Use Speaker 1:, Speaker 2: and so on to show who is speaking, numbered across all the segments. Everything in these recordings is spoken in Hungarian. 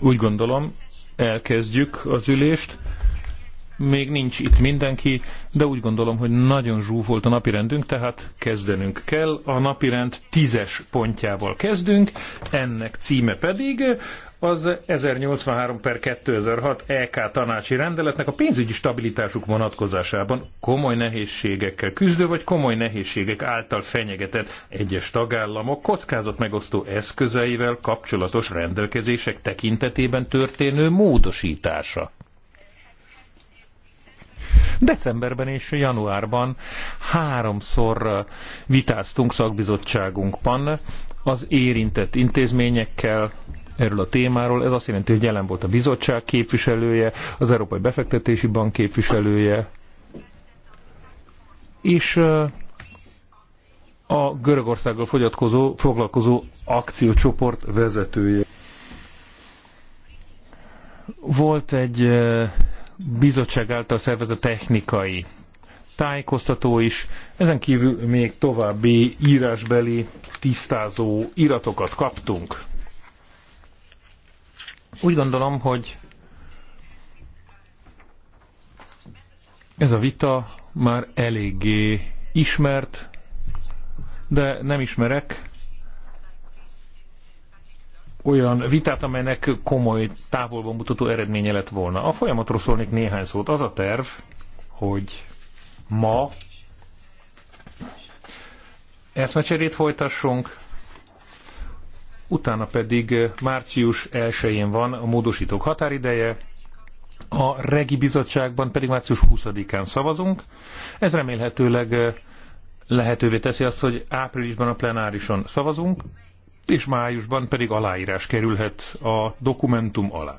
Speaker 1: Úgy gondolom, elkezdjük az ülést. Még nincs itt mindenki, de úgy gondolom, hogy nagyon zsúfolt a napirendünk, tehát kezdenünk kell. A napirend tízes pontjával kezdünk, ennek címe pedig az 1083 per 2006 EK tanácsi rendeletnek a pénzügyi stabilitásuk vonatkozásában komoly nehézségekkel küzdő vagy komoly nehézségek által fenyegetett egyes tagállamok megosztó eszközeivel kapcsolatos rendelkezések tekintetében történő módosítása. Decemberben és januárban háromszor vitáztunk szakbizottságunkban az érintett intézményekkel, erről a témáról. Ez azt jelenti, hogy jelen volt a bizottság képviselője, az Európai Befektetési Bank képviselője, és a Görögországgal fogyatkozó, foglalkozó akciócsoport vezetője. Volt egy bizottság által szervezett technikai tájékoztató is, ezen kívül még további írásbeli tisztázó iratokat kaptunk. Úgy gondolom, hogy ez a vita már eléggé ismert, de nem ismerek olyan vitát, amelynek komoly, távolban mutató eredménye lett volna. A folyamatról szólnék néhány szót. Az a terv, hogy ma eszmecserét folytassunk, utána pedig eh, március 1-én van a módosítók határideje, a Regi Bizottságban pedig március 20-án szavazunk. Ez remélhetőleg eh, lehetővé teszi azt, hogy áprilisban a plenárison szavazunk, és májusban pedig aláírás kerülhet a dokumentum alá.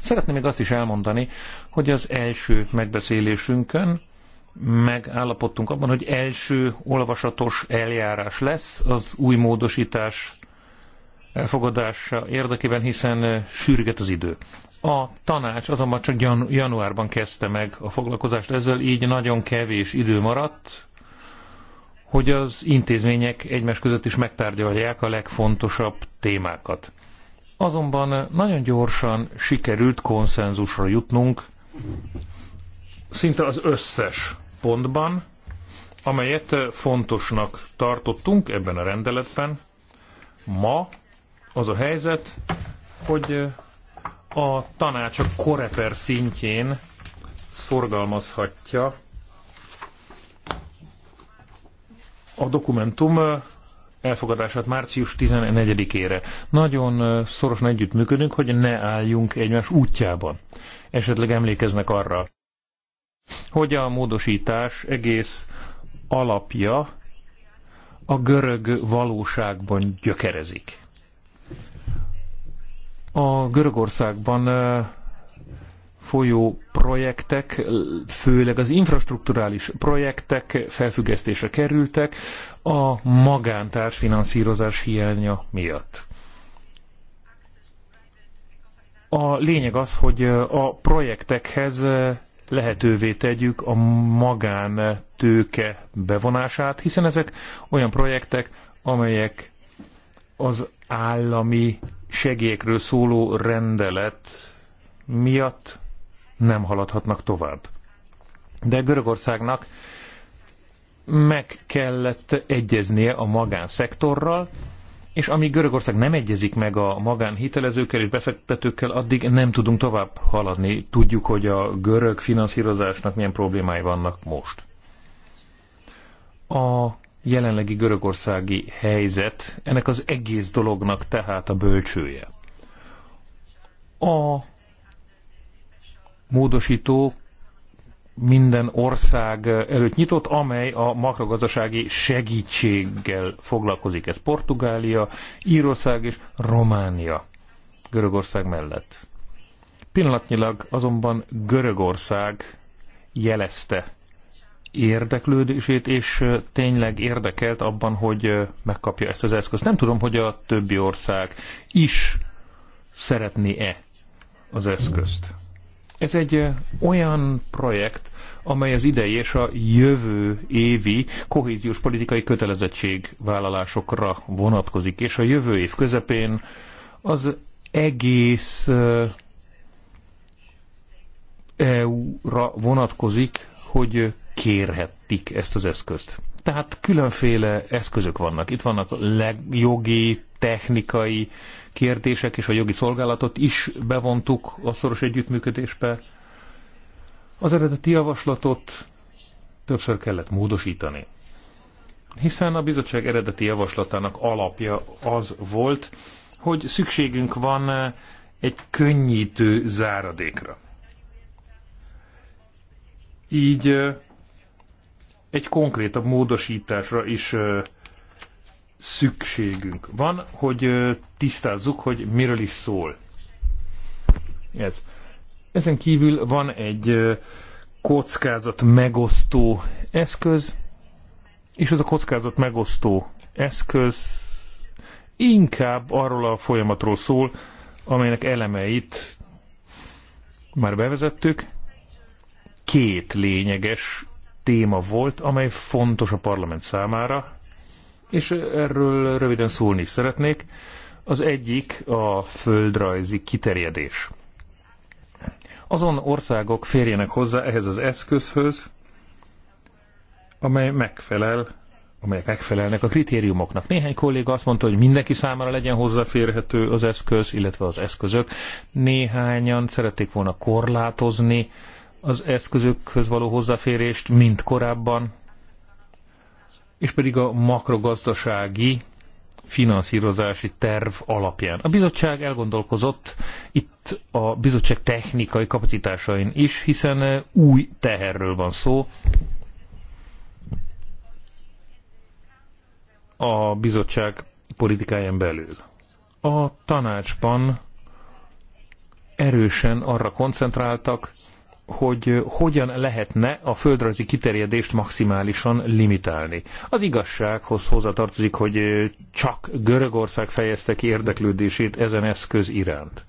Speaker 1: Szeretném még azt is elmondani, hogy az első megbeszélésünkön megállapodtunk abban, hogy első olvasatos eljárás lesz az új módosítás elfogadása érdekében, hiszen sürget az idő. A tanács azonban csak januárban kezdte meg a foglalkozást ezzel, így nagyon kevés idő maradt, hogy az intézmények egymás között is megtárgyalják a legfontosabb témákat. Azonban nagyon gyorsan sikerült konszenzusra jutnunk, szinte az összes pontban, amelyet fontosnak tartottunk ebben a rendeletben. Ma az a helyzet, hogy a tanács a koreper szintjén szorgalmazhatja a dokumentum elfogadását március 14-ére. Nagyon szorosan együttműködünk, hogy ne álljunk egymás útjában. Esetleg emlékeznek arra, hogy a módosítás egész alapja a görög valóságban gyökerezik. A Görögországban folyó projektek, főleg az infrastrukturális projektek felfüggesztésre kerültek a magántárs finanszírozás hiánya miatt. A lényeg az, hogy a projektekhez lehetővé tegyük a magántőke bevonását, hiszen ezek olyan projektek, amelyek az állami segélyekről szóló rendelet miatt nem haladhatnak tovább. De Görögországnak meg kellett egyeznie a magánszektorral, és amíg Görögország nem egyezik meg a magánhitelezőkkel és befektetőkkel, addig nem tudunk tovább haladni. Tudjuk, hogy a görög finanszírozásnak milyen problémái vannak most. A jelenlegi görögországi helyzet ennek az egész dolognak tehát a bölcsője. A módosítók minden ország előtt nyitott, amely a makrogazdasági segítséggel foglalkozik. Ez Portugália, Írország és Románia Görögország mellett. Pillanatnyilag azonban Görögország jelezte érdeklődését, és tényleg érdekelt abban, hogy megkapja ezt az eszközt. Nem tudom, hogy a többi ország is szeretné-e az eszközt. Ez egy olyan projekt, amely az idei és a jövő évi kohéziós politikai kötelezettség vállalásokra vonatkozik, és a jövő év közepén az egész EU-ra vonatkozik, hogy kérhetik ezt az eszközt. Tehát különféle eszközök vannak. Itt vannak jogi, technikai kérdések és a jogi szolgálatot is bevontuk a szoros együttműködésbe. Az eredeti javaslatot többször kellett módosítani. Hiszen a bizottság eredeti javaslatának alapja az volt, hogy szükségünk van egy könnyítő záradékra. Így egy konkrétabb módosításra is szükségünk van, hogy tisztázzuk, hogy miről is szól ez. Ezen kívül van egy kockázat megosztó eszköz, és az a kockázat megosztó eszköz inkább arról a folyamatról szól, amelynek elemeit már bevezettük. Két lényeges téma volt, amely fontos a parlament számára, és erről röviden szólni is szeretnék. Az egyik a földrajzi kiterjedés. Azon országok férjenek hozzá ehhez az eszközhöz, amely megfelel, amelyek megfelelnek a kritériumoknak. Néhány kolléga azt mondta, hogy mindenki számára legyen hozzáférhető az eszköz, illetve az eszközök. Néhányan szerették volna korlátozni az eszközökhöz való hozzáférést, mint korábban és pedig a makrogazdasági finanszírozási terv alapján. A bizottság elgondolkozott itt a bizottság technikai kapacitásain is, hiszen eh, új teherről van szó. A bizottság politikáján belül. A tanácsban erősen arra koncentráltak, hogy hogyan lehetne a földrajzi kiterjedést maximálisan limitálni. Az igazsághoz hozzatartozik, hogy csak Görögország fejezte ki érdeklődését ezen eszköz iránt.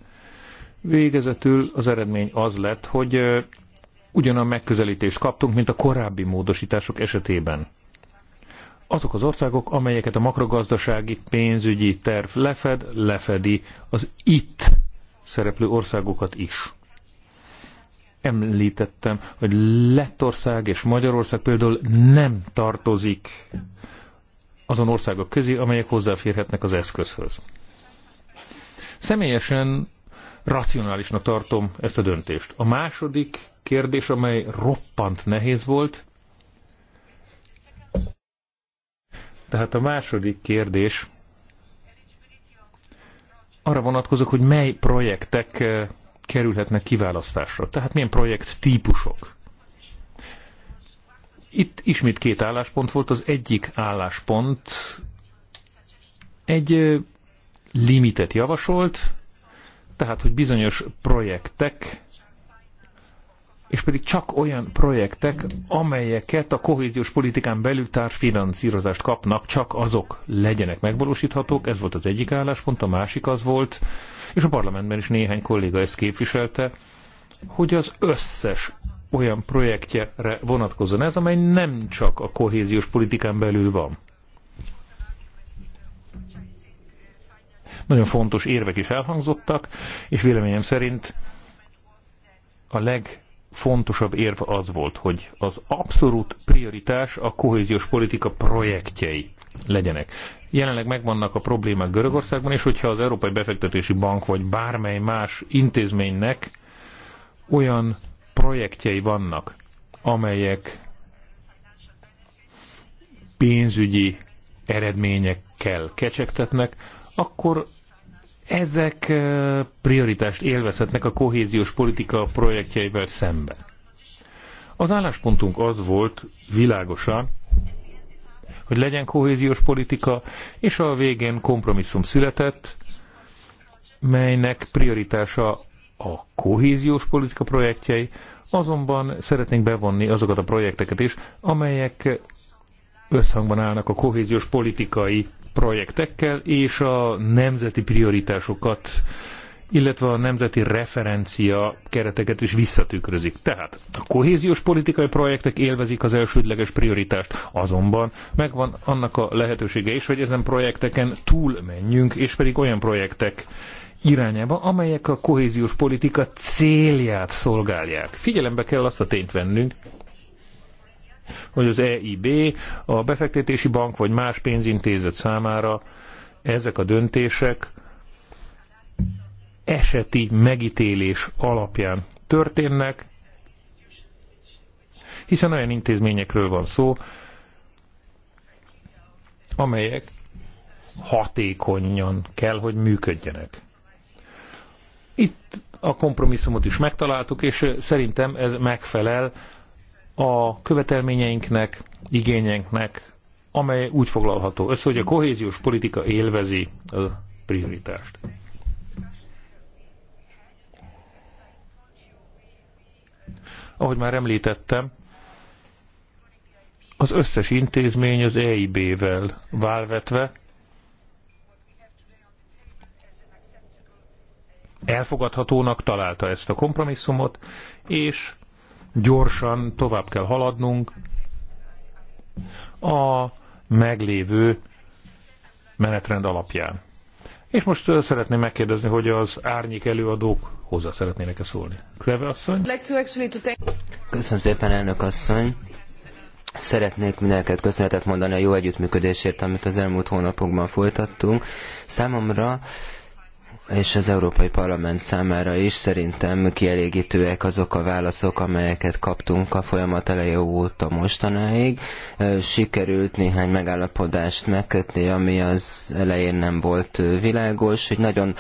Speaker 1: Végezetül az eredmény az lett, hogy a megközelítést kaptunk, mint a korábbi módosítások esetében. Azok az országok, amelyeket a makrogazdasági pénzügyi terv lefed, lefedi az itt szereplő országokat is említettem, hogy Lettország és Magyarország például nem tartozik azon országok közé, amelyek hozzáférhetnek az eszközhöz. Személyesen racionálisnak tartom ezt a döntést. A második kérdés, amely roppant nehéz volt, tehát a második kérdés arra vonatkozik, hogy mely projektek eh, kerülhetnek kiválasztásra? Tehát milyen projekt típusok? Itt ismét két álláspont volt. Az egyik álláspont egy limitet javasolt, tehát, hogy bizonyos projektek, és pedig csak olyan projektek, amelyeket a kohéziós politikán belül társfinanszírozást kapnak, csak azok legyenek megvalósíthatók. Ez volt az egyik álláspont, a másik az volt, és a parlamentben is néhány kolléga ezt képviselte, hogy az összes olyan projektjére vonatkozzon ez, amely nem csak a kohéziós politikán belül van. Nagyon fontos érvek is elhangzottak, és véleményem szerint a legfontosabb érv az volt, hogy az abszolút prioritás a kohéziós politika projektjei legyenek. Jelenleg megvannak a problémák Görögországban, és hogyha az Európai Befektetési Bank vagy bármely más intézménynek olyan projektjei vannak, amelyek pénzügyi eredményekkel kecsegtetnek, akkor ezek eh, prioritást élvezhetnek a kohéziós politika projektjeivel szemben. Az álláspontunk az volt világosan, hogy legyen kohéziós politika, és a végén kompromisszum született, melynek prioritása a kohéziós politika projektjei, azonban szeretnénk bevonni azokat a projekteket is, amelyek összhangban állnak a kohéziós politikai projektekkel és a nemzeti prioritásokat illetve a nemzeti referencia kereteket is visszatükrözik. Tehát a kohéziós politikai projektek élvezik az elsődleges prioritást, azonban megvan annak a lehetősége is, hogy ezen projekteken túl menjünk, és pedig olyan projektek irányába, amelyek a kohéziós politika célját szolgálják. Figyelembe kell azt a tényt vennünk, hogy az EIB, a befektetési bank vagy más pénzintézet számára ezek a döntések eseti megítélés alapján történnek, hiszen olyan intézményekről van szó, amelyek hatékonyan kell, hogy működjenek. Itt a kompromisszumot is megtaláltuk, és szerintem ez megfelel a követelményeinknek, igényeinknek, amely úgy foglalható össze, hogy a kohéziós politika élvezi a prioritást. Ahogy már említettem, az összes intézmény az EIB-vel válvetve elfogadhatónak találta ezt a kompromisszumot, és gyorsan tovább kell haladnunk a meglévő menetrend alapján. És most szeretném megkérdezni, hogy az árnyék előadók hozzá szeretnének-e szólni.
Speaker 2: Kleve asszony? Köszönöm szépen, elnök asszony. Szeretnék mindenket köszönetet mondani a jó együttműködésért, amit az elmúlt hónapokban folytattunk. Számomra és az Európai Parlament számára is szerintem kielégítőek azok a válaszok, amelyeket kaptunk a folyamat eleje óta mostanáig. Sikerült néhány megállapodást megkötni, ami az elején nem volt világos, hogy nagyon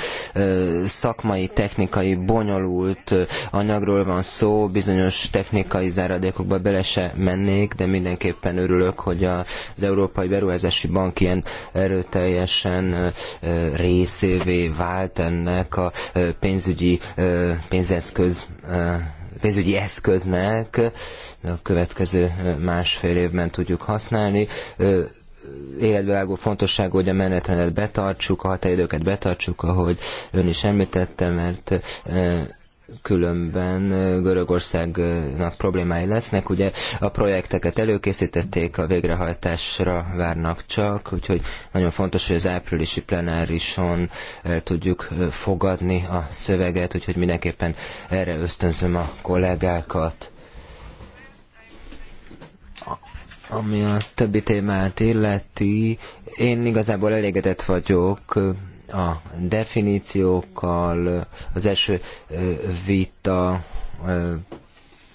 Speaker 2: szakmai, technikai, bonyolult anyagról van szó, bizonyos technikai záradékokba bele se mennék, de mindenképpen örülök, hogy az Európai Beruházási Bank ilyen erőteljesen részévé vált lehet ennek a pénzügyi pénzeszköz pénzügyi eszköznek a következő másfél évben tudjuk használni életbevágó fontosságú, hogy a menetrendet betartsuk, a határidőket betartsuk, ahogy ön is említette, mert különben Görögországnak problémái lesznek. Ugye a projekteket előkészítették, a végrehajtásra várnak csak, úgyhogy nagyon fontos, hogy az áprilisi plenárison el tudjuk fogadni a szöveget, úgyhogy mindenképpen erre ösztönzöm a kollégákat. Ami a többi témát illeti, én igazából elégedett vagyok, a definíciókkal. Az első vita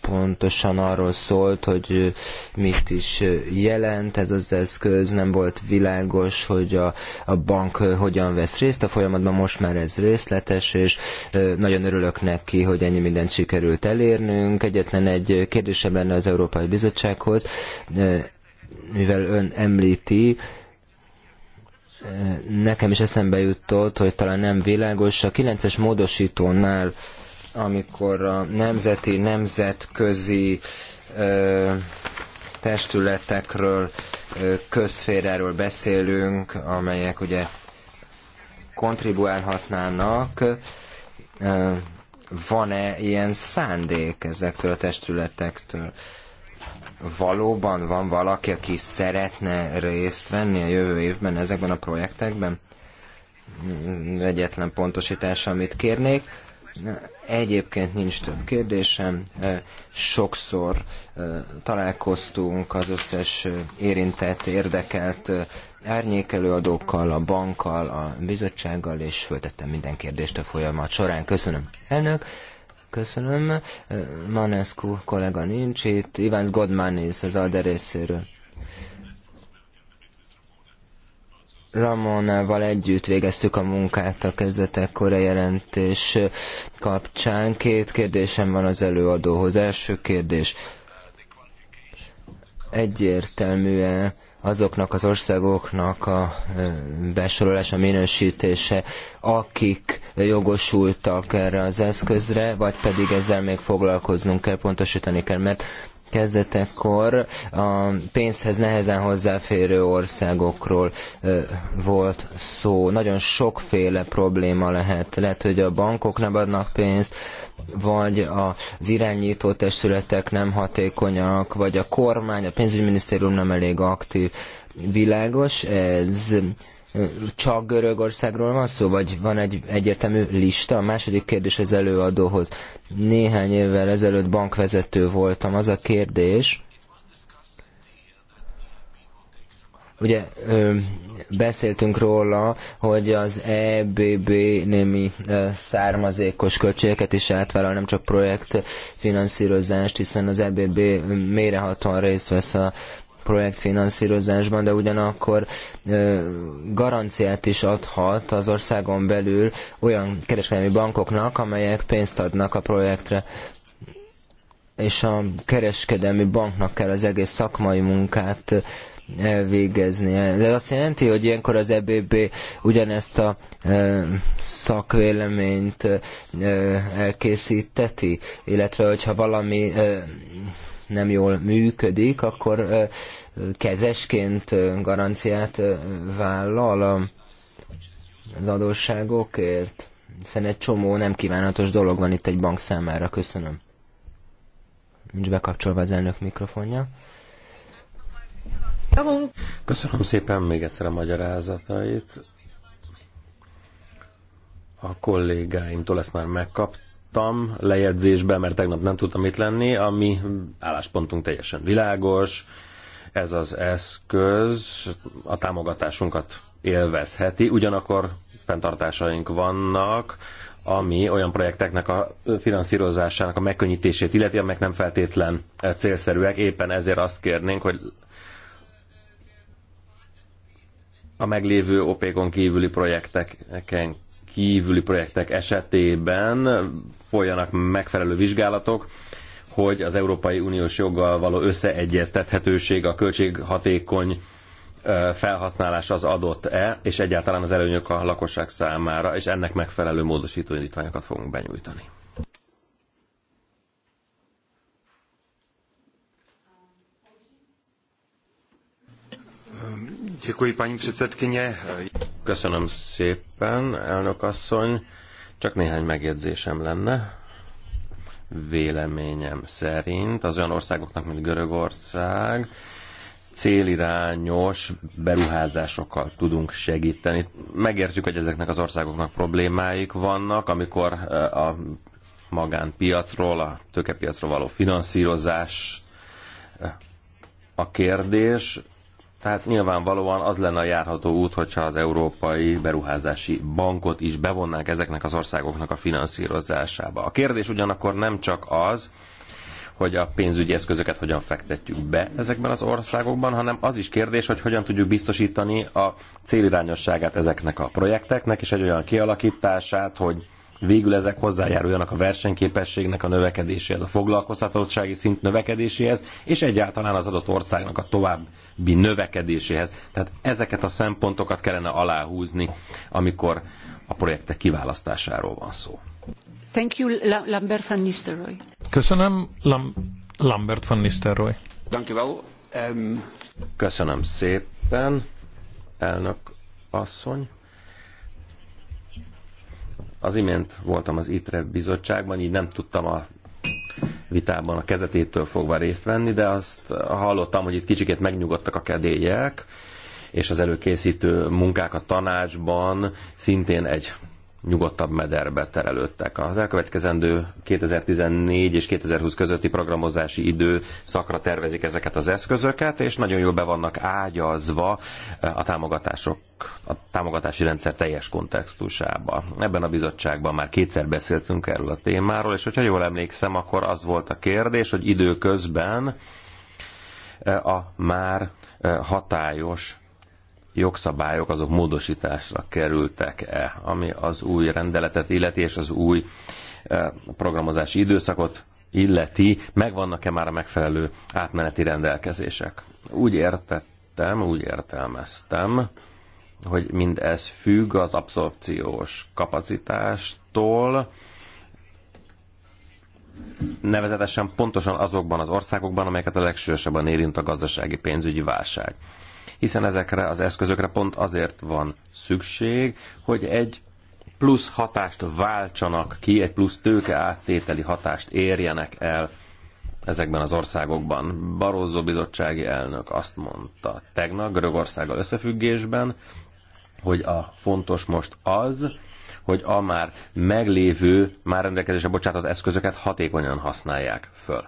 Speaker 2: pontosan arról szólt, hogy mit is jelent ez az eszköz, nem volt világos, hogy a, a bank hogyan vesz részt a folyamatban, most már ez részletes, és nagyon örülök neki, hogy ennyi mindent sikerült elérnünk. Egyetlen egy kérdésem lenne az Európai Bizottsághoz, mivel ön említi, nekem is eszembe jutott, hogy talán nem világos, a 9-es módosítónál, amikor a nemzeti, nemzetközi ö, testületekről, ö, közféráról beszélünk, amelyek ugye kontribuálhatnának, van-e ilyen szándék ezektől a testületektől? Ö, valóban van valaki, aki szeretne részt venni a jövő évben ezekben a projektekben? Egyetlen pontosítás, amit kérnék. Egyébként nincs több kérdésem. Sokszor találkoztunk az összes érintett, érdekelt árnyékelőadókkal, a bankkal, a bizottsággal, és föltettem minden kérdést a folyamat során. Köszönöm, elnök. Köszönöm. Manescu kollega nincs itt. Iván Godmanis az ALDE részéről. Ramonával együtt végeztük a munkát a kezdetekkor jelentés kapcsán. Két kérdésem van az előadóhoz. Első kérdés. Egyértelműen azoknak az országoknak a besorolása, minősítése, akik jogosultak erre az eszközre, vagy pedig ezzel még foglalkoznunk kell, pontosítani kell, mert kezdetekkor a pénzhez nehezen hozzáférő országokról volt szó. Nagyon sokféle probléma lehet. Lehet, hogy a bankok nem adnak pénzt, vagy az irányító testületek nem hatékonyak, vagy a kormány, a pénzügyminisztérium nem elég aktív. Világos, ez csak Görögországról van szó, vagy van egy egyértelmű lista? A második kérdés az előadóhoz. Néhány évvel ezelőtt bankvezető voltam. Az a kérdés, Ugye beszéltünk róla, hogy az EBB némi származékos költségeket is átvállal, nem csak projektfinanszírozást, hiszen az EBB mérehatóan részt vesz a projektfinanszírozásban, de ugyanakkor garanciát is adhat az országon belül olyan kereskedelmi bankoknak, amelyek pénzt adnak a projektre és a kereskedelmi banknak kell az egész szakmai munkát elvégezni. De azt jelenti, hogy ilyenkor az EBB ugyanezt a e, szakvéleményt e, elkészíteti, illetve hogyha valami e, nem jól működik, akkor kezesként garanciát vállal az adósságokért. Hiszen egy csomó nem kívánatos dolog van itt egy bank számára. Köszönöm. Nincs bekapcsolva az elnök mikrofonja.
Speaker 3: Köszönöm szépen még egyszer a magyarázatait. A kollégáimtól ezt már megkaptam lejegyzésbe, mert tegnap nem tudtam itt lenni. A mi álláspontunk teljesen világos. Ez az eszköz a támogatásunkat élvezheti, ugyanakkor fenntartásaink vannak, ami olyan projekteknek a finanszírozásának a megkönnyítését illeti, amelyek nem feltétlen célszerűek. Éppen ezért azt kérnénk, hogy a meglévő opékon kívüli projekteken kívüli projektek esetében folyanak megfelelő vizsgálatok, hogy az Európai Uniós joggal való összeegyeztethetőség, a költséghatékony felhasználás az adott-e, és egyáltalán az előnyök a lakosság számára, és ennek megfelelő módosító indítványokat fogunk benyújtani. Köszönöm szépen, elnök asszony. Csak néhány megjegyzésem lenne. Véleményem szerint az olyan országoknak, mint Görögország, célirányos beruházásokkal tudunk segíteni. Megértjük, hogy ezeknek az országoknak problémáik vannak, amikor eh, a magánpiacról, a tőkepiacról való finanszírozás eh, a kérdés. Tehát nyilvánvalóan az lenne a járható út, hogyha az Európai Beruházási Bankot is bevonnánk ezeknek az országoknak a finanszírozásába. A kérdés ugyanakkor nem csak az, hogy a pénzügyi eszközöket hogyan fektetjük be ezekben az országokban, hanem az is kérdés, hogy hogyan tudjuk biztosítani a célirányosságát ezeknek a projekteknek, és egy olyan kialakítását, hogy végül ezek hozzájáruljanak a versenyképességnek a növekedéséhez, a foglalkoztatottsági szint növekedéséhez, és egyáltalán az adott országnak a további növekedéséhez. Tehát ezeket a szempontokat kellene aláhúzni, amikor a projektek kiválasztásáról van szó.
Speaker 4: Thank you, Lambert van Nistelrooy.
Speaker 1: Köszönöm, Lam Lambert van Nistelrooy. Ehm,
Speaker 3: Köszönöm szépen, elnök asszony. Az imént voltam az ITRE bizottságban, így nem tudtam a vitában a kezetétől fogva részt venni, de azt hallottam, hogy itt kicsikét megnyugodtak a kedélyek, és az előkészítő munkák a tanácsban szintén egy nyugodtabb mederbe terelődtek. Az elkövetkezendő 2014 és 2020 közötti programozási idő szakra tervezik ezeket az eszközöket, és nagyon jól be vannak ágyazva a támogatások a támogatási rendszer teljes kontextusába. Ebben a bizottságban már kétszer beszéltünk erről a témáról, és hogyha jól emlékszem, akkor az volt a kérdés, hogy időközben eh, a már eh, hatályos jogszabályok azok módosításra kerültek-e, ami az új rendeletet illeti és az új e, programozási időszakot illeti, megvannak-e már a megfelelő átmeneti rendelkezések. Úgy értettem, úgy értelmeztem, hogy mindez függ az abszorpciós kapacitástól, nevezetesen pontosan azokban az országokban, amelyeket a legsősebben érint a gazdasági pénzügyi válság hiszen ezekre az eszközökre pont azért van szükség, hogy egy plusz hatást váltsanak ki, egy plusz tőke áttételi hatást érjenek el ezekben az országokban. Barózó bizottsági elnök azt mondta tegnap Görögországgal összefüggésben, hogy a fontos most az, hogy a már meglévő, már rendelkezésre bocsátott eszközöket hatékonyan használják föl.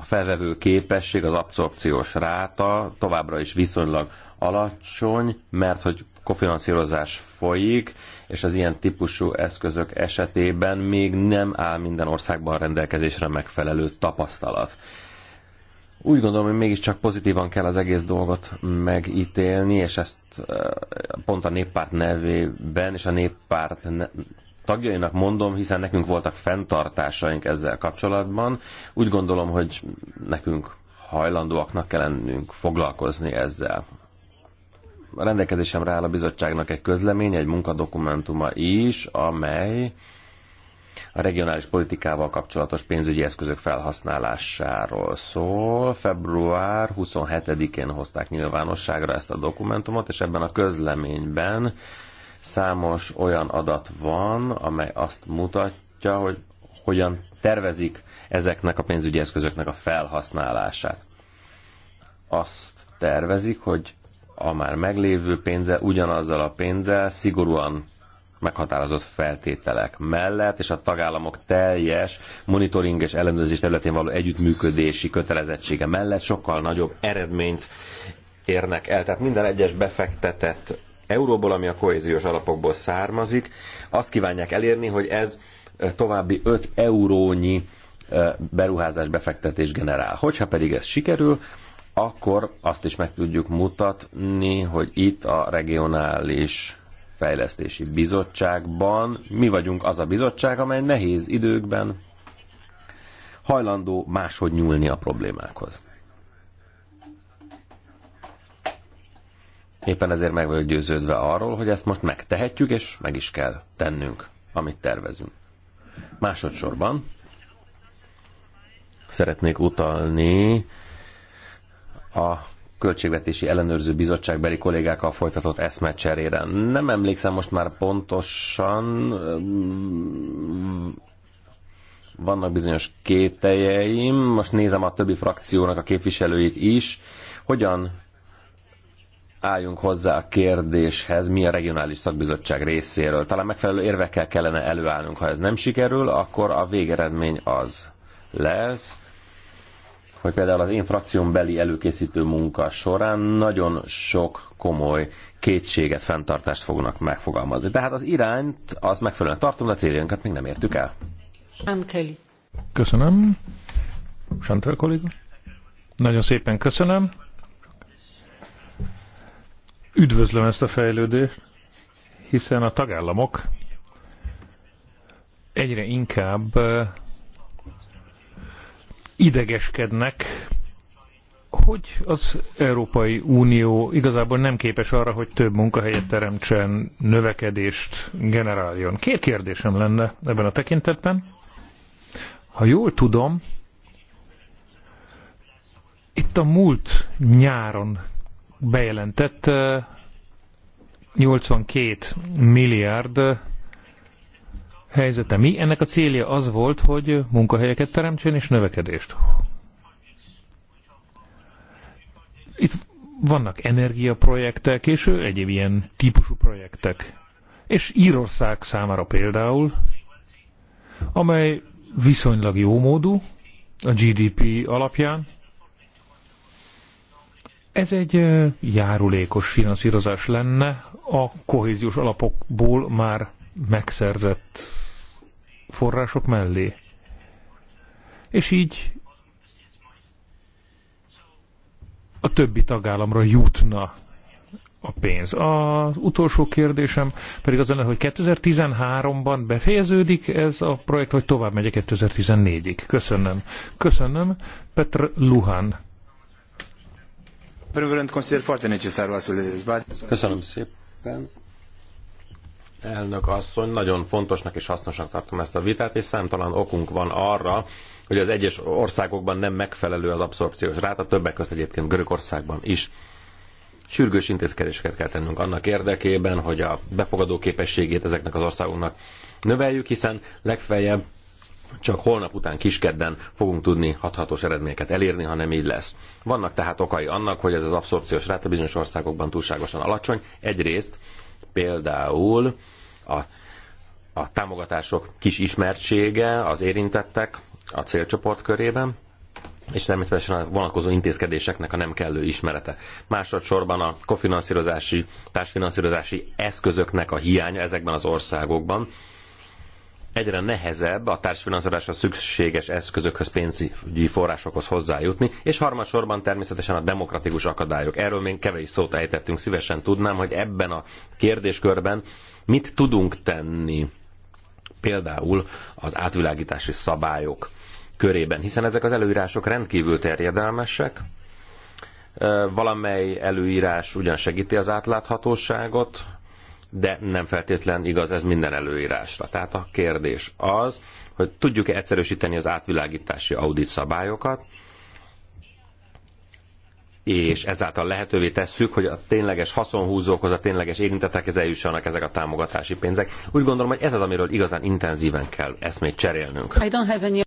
Speaker 3: a felvevő képesség, az abszorpciós ráta továbbra is viszonylag alacsony, mert hogy kofinanszírozás folyik, és az ilyen típusú eszközök esetében még nem áll minden országban rendelkezésre megfelelő tapasztalat. Úgy gondolom, hogy mégiscsak pozitívan kell az egész dolgot megítélni, és ezt eh, pont a néppárt nevében és a néppárt tagjainak mondom, hiszen nekünk voltak fenntartásaink ezzel kapcsolatban. Úgy gondolom, hogy nekünk hajlandóaknak kell lennünk foglalkozni ezzel. A rendelkezésemre áll a bizottságnak egy közlemény, egy munkadokumentuma is, amely a regionális politikával kapcsolatos pénzügyi eszközök felhasználásáról szól. Február 27-én hozták nyilvánosságra ezt a dokumentumot, és ebben a közleményben Számos olyan adat van, amely azt mutatja, hogy hogyan tervezik ezeknek a pénzügyi eszközöknek a felhasználását. Azt tervezik, hogy a már meglévő pénzzel, ugyanazzal a pénzzel szigorúan meghatározott feltételek mellett, és a tagállamok teljes monitoring és ellenőrzés területén való együttműködési kötelezettsége mellett sokkal nagyobb eredményt érnek el. Tehát minden egyes befektetett euróból, ami a kohéziós alapokból származik. Azt kívánják elérni, hogy ez további 5 eurónyi beruházás befektetés generál. Hogyha pedig ez sikerül, akkor azt is meg tudjuk mutatni, hogy itt a regionális fejlesztési bizottságban mi vagyunk az a bizottság, amely nehéz időkben hajlandó máshogy nyúlni a problémákhoz. Éppen ezért meg vagyok győződve arról, hogy ezt most megtehetjük, és meg is kell tennünk, amit tervezünk. Másodszorban szeretnék utalni a Költségvetési Ellenőrző bizottság beli kollégákkal folytatott eszmecserére. Nem emlékszem most már pontosan, mm, vannak bizonyos kételjeim, most nézem a többi frakciónak a képviselőit is, hogyan álljunk hozzá a kérdéshez, mi a regionális szakbizottság részéről. Talán megfelelő érvekkel kellene előállnunk. Ha ez nem sikerül, akkor a végeredmény az lesz, hogy például az én frakción beli előkészítő munka során nagyon sok komoly kétséget, fenntartást fognak megfogalmazni. Tehát az irányt az megfelelően tartom, de a céljainkat még nem
Speaker 1: értük el. Köszönöm. Santel kolléga. Nagyon szépen köszönöm. Üdvözlöm ezt a fejlődést, hiszen a tagállamok egyre inkább idegeskednek, hogy az Európai Unió igazából nem képes arra, hogy több munkahelyet teremtsen, növekedést generáljon. Két kérdésem lenne ebben a tekintetben. Ha jól tudom, itt a múlt nyáron bejelentett 82 milliárd helyzete mi? Ennek a célja az volt, hogy munkahelyeket teremtsen és növekedést. Itt vannak energiaprojektek és egyéb ilyen típusú projektek. És Írország számára például, amely viszonylag jó módú a GDP alapján, ez egy járulékos finanszírozás lenne a kohéziós alapokból már megszerzett források mellé. És így a többi tagállamra jutna a pénz. Az utolsó kérdésem pedig az lenne, hogy 2013-ban befejeződik ez a projekt, vagy tovább megy 2014-ig. Köszönöm. Köszönöm. Petr Luhan
Speaker 2: primul rând, consider foarte necesar astfel de dezbatere. Köszönöm
Speaker 3: szépen. Elnök asszony, nagyon fontosnak és hasznosnak tartom ezt a vitát, és számtalan okunk van arra, hogy az egyes országokban nem megfelelő az abszorpciós ráta, többek között egyébként Görögországban is. Sürgős intézkedéseket kell tennünk annak érdekében, hogy a befogadó képességét ezeknek az országoknak növeljük, hiszen legfeljebb csak holnap után kiskedden fogunk tudni hathatós eredményeket elérni, ha nem így lesz. Vannak tehát okai annak, hogy ez az abszorpciós ráta bizonyos országokban túlságosan alacsony. Egyrészt például a, a támogatások kis ismertsége az érintettek a célcsoport körében, és természetesen a vonatkozó intézkedéseknek a nem kellő ismerete. Másodszorban a kofinanszírozási, társfinanszírozási eszközöknek a hiánya ezekben az országokban, egyre nehezebb a társfinanszírozásra szükséges eszközökhöz, pénzügyi forrásokhoz hozzájutni, és harmadsorban természetesen a demokratikus akadályok. Erről még kevés szót ejtettünk, szívesen tudnám, hogy ebben a kérdéskörben mit tudunk tenni például az átvilágítási szabályok körében, hiszen ezek az előírások rendkívül terjedelmesek, valamely előírás ugyan segíti az átláthatóságot, de nem feltétlen igaz ez minden előírásra. Tehát a kérdés az, hogy tudjuk-e egyszerűsíteni az átvilágítási audit szabályokat, és ezáltal lehetővé tesszük, hogy a tényleges haszonhúzókhoz, a tényleges érintettekhez eljussanak ezek a támogatási pénzek. Úgy gondolom, hogy ez az, amiről igazán intenzíven
Speaker 2: kell eszmét cserélnünk. any...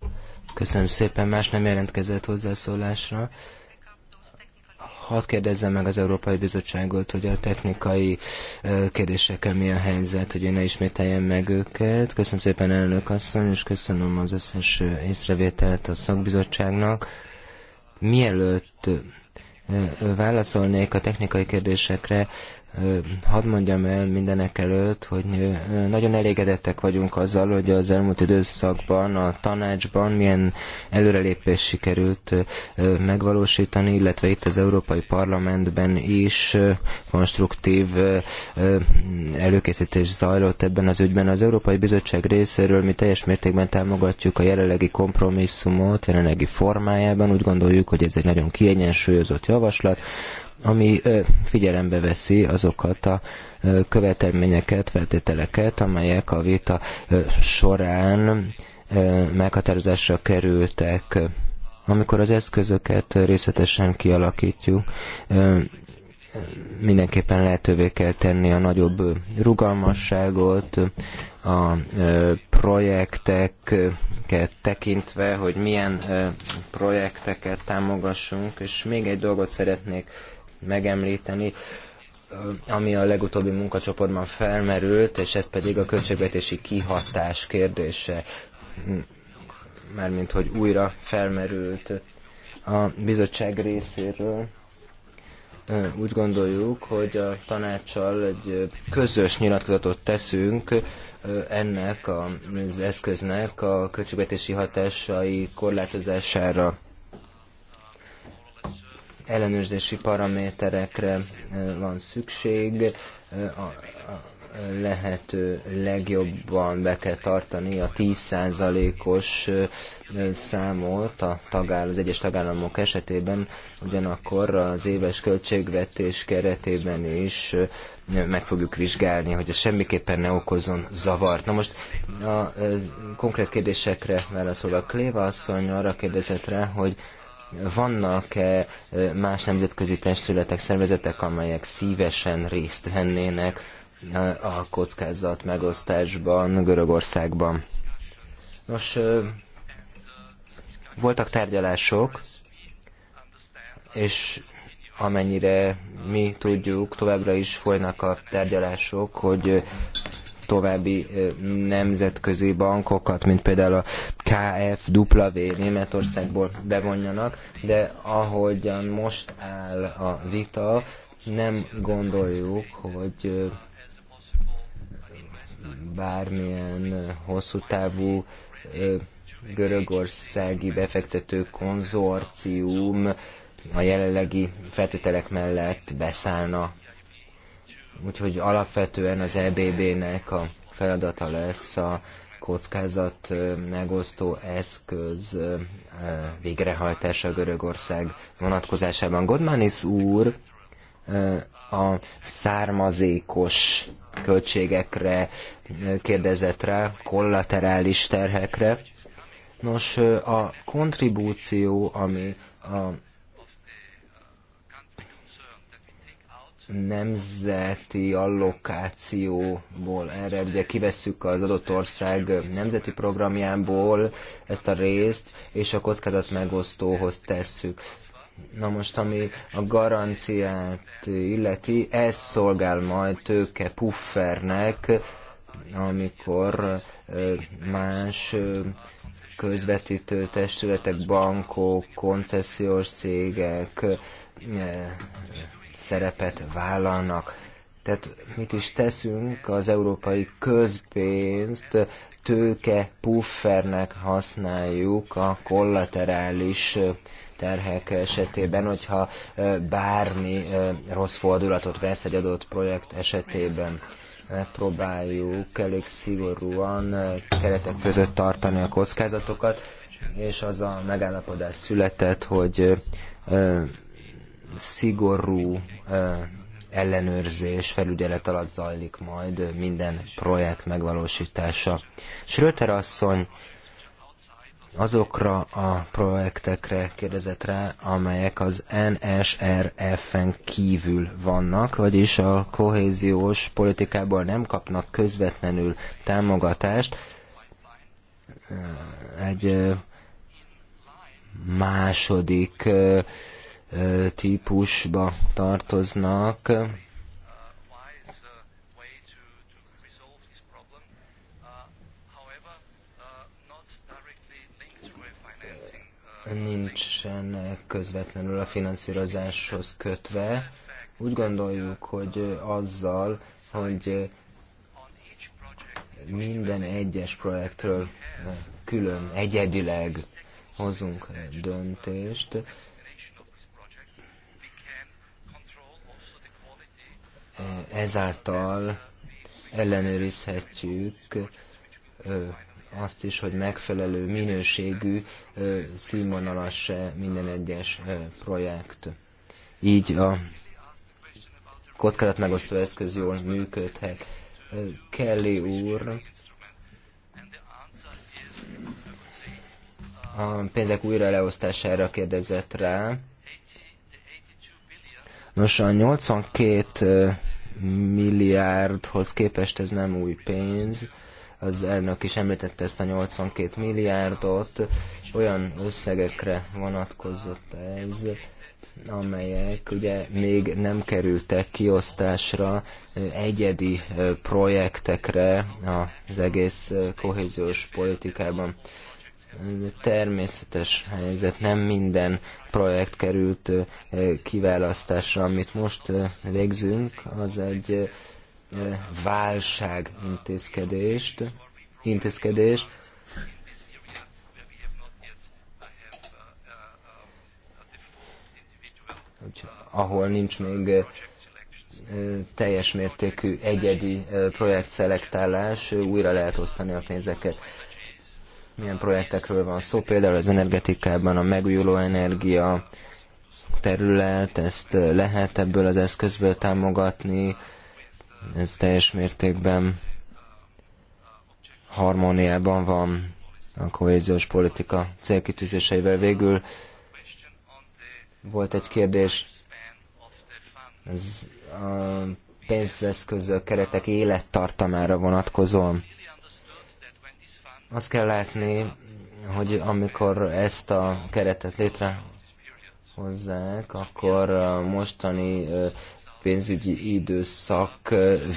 Speaker 2: Köszönöm szépen, más nem jelentkezett hozzászólásra. Hadd kérdezzem meg az Európai Bizottságot, hogy a technikai kérdésekkel mi a helyzet, hogy én ne ismételjem meg őket. Köszönöm szépen elnök asszony, és köszönöm az összes észrevételt a szakbizottságnak. Mielőtt válaszolnék a technikai kérdésekre, hadd mondjam el mindenek előtt, hogy nagyon elégedettek vagyunk azzal, hogy az elmúlt időszakban a tanácsban milyen előrelépés sikerült megvalósítani, illetve itt az Európai Parlamentben is konstruktív előkészítés zajlott ebben az ügyben. Az Európai Bizottság részéről mi teljes mértékben támogatjuk a jelenlegi kompromisszumot, jelenlegi formájában. Úgy gondoljuk, hogy ez egy nagyon kiegyensúlyozott javaslat, ami figyelembe veszi azokat a követelményeket, feltételeket, amelyek a vita során meghatározásra kerültek. Amikor az eszközöket részletesen kialakítjuk, mindenképpen lehetővé kell tenni a nagyobb rugalmasságot, a projekteket tekintve, hogy milyen projekteket támogassunk, és még egy dolgot szeretnék megemlíteni, ami a legutóbbi munkacsoportban felmerült, és ez pedig a költségvetési kihatás kérdése, mármint hogy újra felmerült a bizottság részéről úgy gondoljuk, hogy a tanácssal egy közös nyilatkozatot teszünk ennek az eszköznek a költségvetési hatásai korlátozására ellenőrzési paraméterekre eh, van szükség, eh, a lehető legjobban be kell tartani a 10%-os eh, számot a tagáll- az egyes tagállamok esetében, ugyanakkor az éves költségvetés keretében is meg fogjuk vizsgálni, hogy ez semmiképpen ne okozzon zavart. Na most a konkrét kérdésekre válaszol a Kléva asszony arra kérdezett rá, hogy vannak-e más nemzetközi testületek, szervezetek, amelyek szívesen részt vennének a kockázat megosztásban Görögországban? Nos, voltak tárgyalások, és amennyire mi tudjuk, továbbra is folynak a tárgyalások, hogy további nemzetközi bankokat, mint például a KFW Németországból bevonjanak, de ahogyan most áll a vita, nem gondoljuk, hogy bármilyen hosszú távú görögországi befektető konzorcium a jelenlegi feltételek mellett beszállna Úgyhogy alapvetően az EBB-nek a feladata lesz a kockázat megosztó eszköz végrehajtása Görögország vonatkozásában. Godmanis úr a származékos költségekre kérdezett rá, kollaterális terhekre. Nos, a kontribúció, ami a nemzeti allokációból erre ugye kivesszük az adott ország nemzeti programjából ezt a részt, és a kockázat megosztóhoz tesszük. Na most, ami a garanciát illeti, ez szolgál majd tőke puffernek, amikor más közvetítő testületek, bankok, koncesziós cégek szerepet vállalnak. Tehát mit is teszünk, az európai közpénzt tőke puffernek használjuk a kollaterális terhek esetében, hogyha bármi rossz fordulatot vesz egy adott projekt esetében megpróbáljuk elég szigorúan keretek között tartani a kockázatokat, és az a megállapodás született, hogy szigorú ellenőrzés, felügyelet alatt zajlik majd minden projekt megvalósítása. Schröter asszony azokra a projektekre kérdezett rá, amelyek az NSRF-en kívül vannak, vagyis a kohéziós politikából nem kapnak közvetlenül támogatást. Egy második típusba tartoznak. nincsen közvetlenül a finanszírozáshoz kötve. Úgy gondoljuk, hogy azzal, hogy minden egyes projektről külön, egyedileg hozunk döntést, ezáltal ellenőrizhetjük azt is, hogy megfelelő minőségű színvonalas minden egyes projekt. Így a kockázatmegosztó eszköz jól működhet. Kelly úr a pénzek újra leosztására kérdezett rá. Nos, a 82 milliárdhoz képest ez nem új pénz, az elnök is említette ezt a 82 milliárdot, olyan összegekre vonatkozott ez, amelyek ugye még nem kerültek kiosztásra, egyedi projektekre az egész kohéziós politikában természetes helyzet, nem minden projekt került kiválasztásra, amit most végzünk, az egy válság intézkedést, intézkedés, ahol nincs még teljes mértékű egyedi projektszelektálás, újra lehet osztani a pénzeket milyen projektekről van szó, például az energetikában a megújuló energia terület, ezt lehet ebből az eszközből támogatni, ez teljes mértékben harmóniában van a kohéziós politika célkitűzéseivel. Végül volt egy kérdés ez a pénzeszközök keretek élettartamára vonatkozóan. Azt kell látni, hogy amikor ezt a keretet létrehozzák, akkor a mostani pénzügyi időszak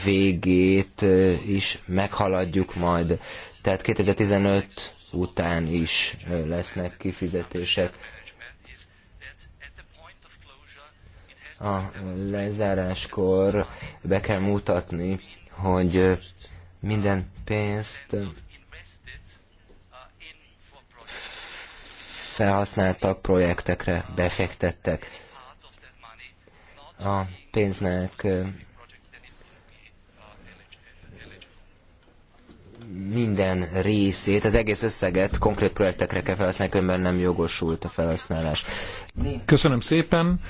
Speaker 2: végét is meghaladjuk majd. Tehát 2015 után is lesznek kifizetések. A lezáráskor be kell mutatni, hogy minden pénzt felhasználtak, projektekre befektettek. A pénznek minden részét, az egész összeget konkrét projektekre kell felhasználni, különben nem jogosult a felhasználás. Köszönöm szépen.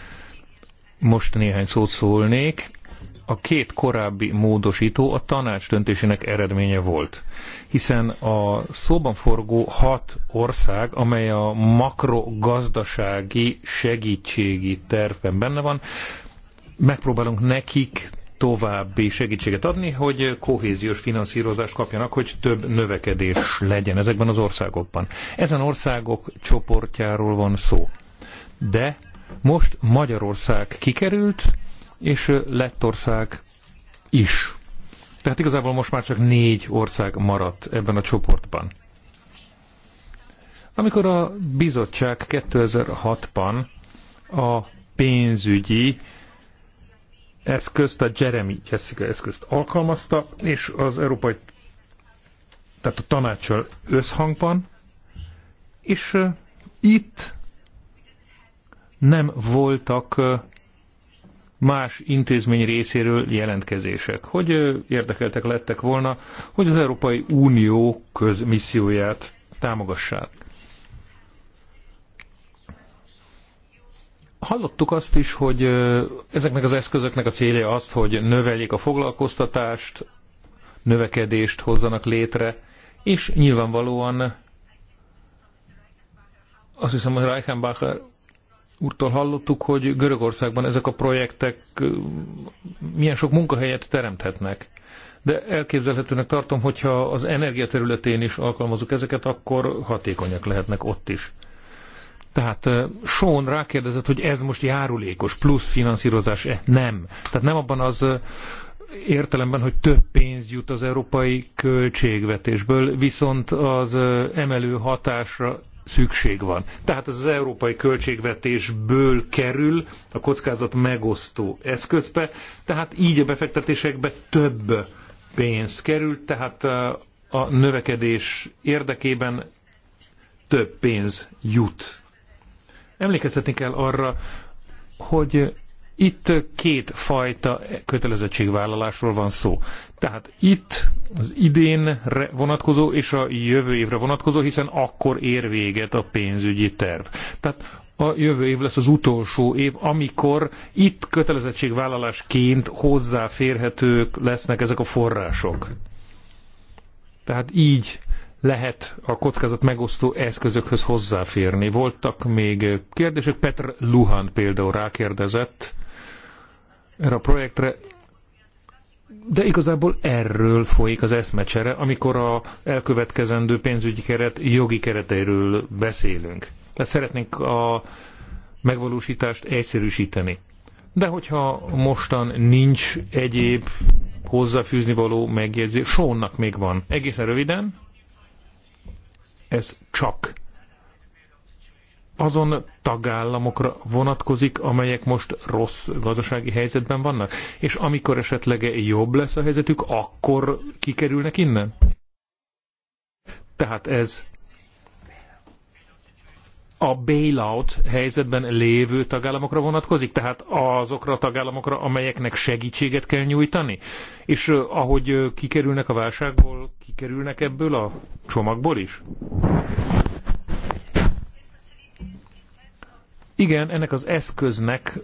Speaker 2: Most néhány szót szólnék a két korábbi
Speaker 1: módosító a tanács döntésének eredménye volt, hiszen a szóban forgó hat ország, amely a makrogazdasági segítségi tervben benne van, megpróbálunk nekik további segítséget adni, hogy kohéziós finanszírozást kapjanak, hogy több növekedés legyen ezekben az országokban. Ezen országok csoportjáról van szó. De most Magyarország kikerült, és Lettország is. Tehát igazából most már csak négy ország maradt ebben a csoportban. Amikor a bizottság 2006-ban a pénzügyi eszközt, a Jeremy Jessica eszközt alkalmazta, és az európai, tehát a tanácssal összhangban, és itt nem voltak más intézmény részéről jelentkezések, hogy érdekeltek lettek volna, hogy az Európai Unió közmisszióját támogassák. Hallottuk azt is, hogy ezeknek az eszközöknek a célja az, hogy növeljék a foglalkoztatást, növekedést hozzanak létre, és nyilvánvalóan azt hiszem, hogy Reichenbacher úrtól hallottuk, hogy Görögországban ezek a projektek milyen sok munkahelyet teremthetnek. De elképzelhetőnek tartom, hogyha az energia területén is alkalmazunk ezeket, akkor hatékonyak lehetnek ott is. Tehát Sean rákérdezett, hogy ez most járulékos, plusz finanszírozás-e? Nem. Tehát nem abban az értelemben, hogy több pénz jut az európai költségvetésből, viszont az emelő hatásra szükség van. Tehát ez az európai költségvetésből kerül a kockázat megosztó eszközbe, tehát így a befektetésekbe több pénz kerül, tehát eh, a növekedés érdekében több pénz jut. Emlékeztetni kell arra, hogy itt két fajta kötelezettségvállalásról van szó. Tehát itt az idénre vonatkozó és a jövő évre vonatkozó, hiszen akkor ér véget a pénzügyi terv. Tehát a jövő év lesz az utolsó év, amikor itt kötelezettségvállalásként hozzáférhetők lesznek ezek a források. Tehát így lehet a kockázat megosztó eszközökhöz hozzáférni. Voltak még kérdések, Petr Luhan például rákérdezett erre a projektre, de igazából erről folyik az eszmecsere, amikor a elkövetkezendő pénzügyi keret jogi kereteiről beszélünk. Tehát szeretnénk a megvalósítást egyszerűsíteni. De hogyha mostan nincs egyéb hozzáfűzni való megjegyzés, Sónnak még van. Egészen röviden, ez csak azon tagállamokra vonatkozik, amelyek most rossz gazdasági helyzetben vannak? És amikor esetleg jobb lesz a helyzetük, akkor kikerülnek innen? Tehát ez a bailout helyzetben lévő tagállamokra vonatkozik? Tehát azokra a tagállamokra, amelyeknek segítséget kell nyújtani? És ahogy kikerülnek a válságból, kikerülnek ebből a csomagból is? Igen, ennek az eszköznek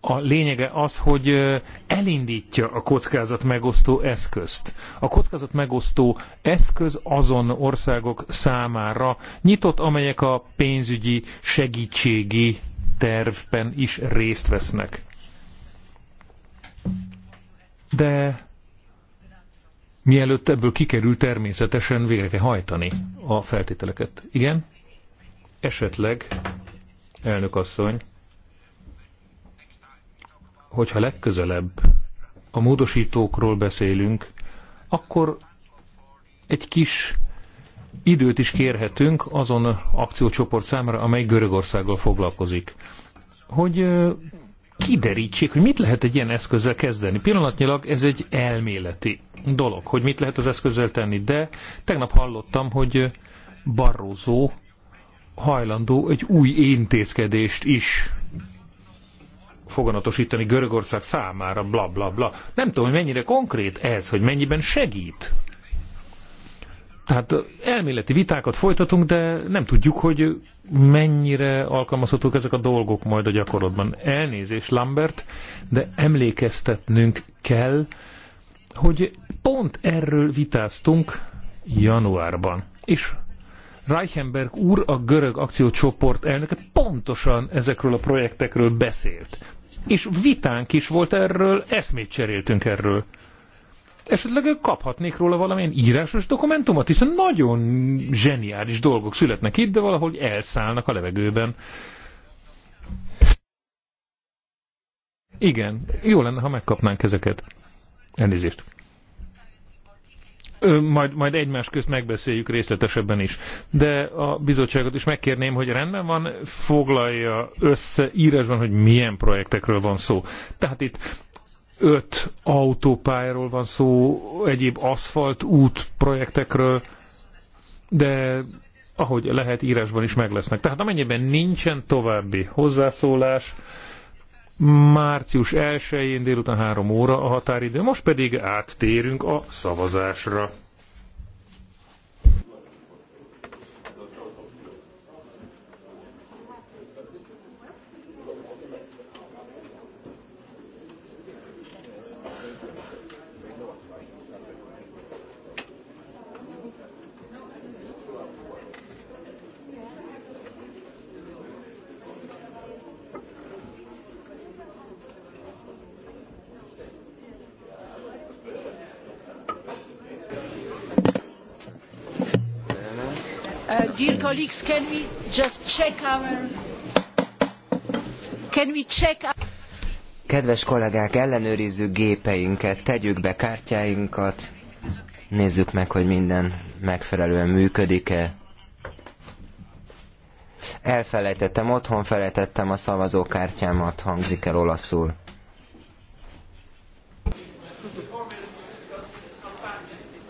Speaker 1: a lényege az, hogy elindítja a kockázat megosztó eszközt. A kockázat megosztó eszköz azon országok számára nyitott, amelyek a pénzügyi segítségi tervben is részt vesznek. De mielőtt ebből kikerül, természetesen végre kell hajtani a feltételeket. Igen? Esetleg elnök asszony, hogyha legközelebb a módosítókról beszélünk, akkor egy kis időt is kérhetünk azon akciócsoport számára, amely Görögországgal foglalkozik. Hogy kiderítsék, hogy mit lehet egy ilyen eszközzel kezdeni. Pillanatnyilag ez egy elméleti dolog, hogy mit lehet az eszközzel tenni, de tegnap hallottam, hogy Barroso hajlandó egy új intézkedést is foganatosítani Görögország számára, bla bla bla. Nem tudom, hogy mennyire konkrét ez, hogy mennyiben segít. Tehát elméleti vitákat folytatunk, de nem tudjuk, hogy mennyire alkalmazhatók ezek a dolgok majd a gyakorlatban. Elnézés, Lambert, de emlékeztetnünk kell, hogy pont erről vitáztunk januárban. És Reichenberg úr, a görög akciócsoport elnöke pontosan ezekről a projektekről beszélt. És vitánk is volt erről, eszmét cseréltünk erről. Esetleg kaphatnék róla valamilyen írásos dokumentumot, hiszen nagyon zseniális dolgok születnek itt, de valahogy elszállnak a levegőben. Igen, jó lenne, ha megkapnánk ezeket. Elnézést majd, majd egymás közt megbeszéljük részletesebben is. De a bizottságot is megkérném, hogy rendben van, foglalja össze írásban, hogy milyen projektekről van szó. Tehát itt öt autópályáról van szó, egyéb aszfalt út projektekről, de ahogy lehet írásban is meg lesznek. Tehát amennyiben nincsen további hozzászólás, március 1-én délután 3 óra a határidő, most pedig áttérünk a szavazásra.
Speaker 4: colleagues, can we just check our... Can we check our...
Speaker 2: Kedves kollégák, ellenőrizzük gépeinket, tegyük be kártyáinkat, nézzük meg, hogy minden megfelelően működik-e. Elfelejtettem, otthon felejtettem a szavazókártyámat, hangzik el olaszul.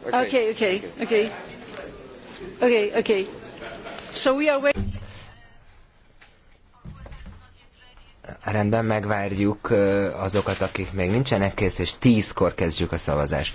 Speaker 4: Okay, okay, okay. Okay, okay.
Speaker 2: Rendben, megvárjuk azokat, akik még nincsenek kész, és tízkor kezdjük a szavazást.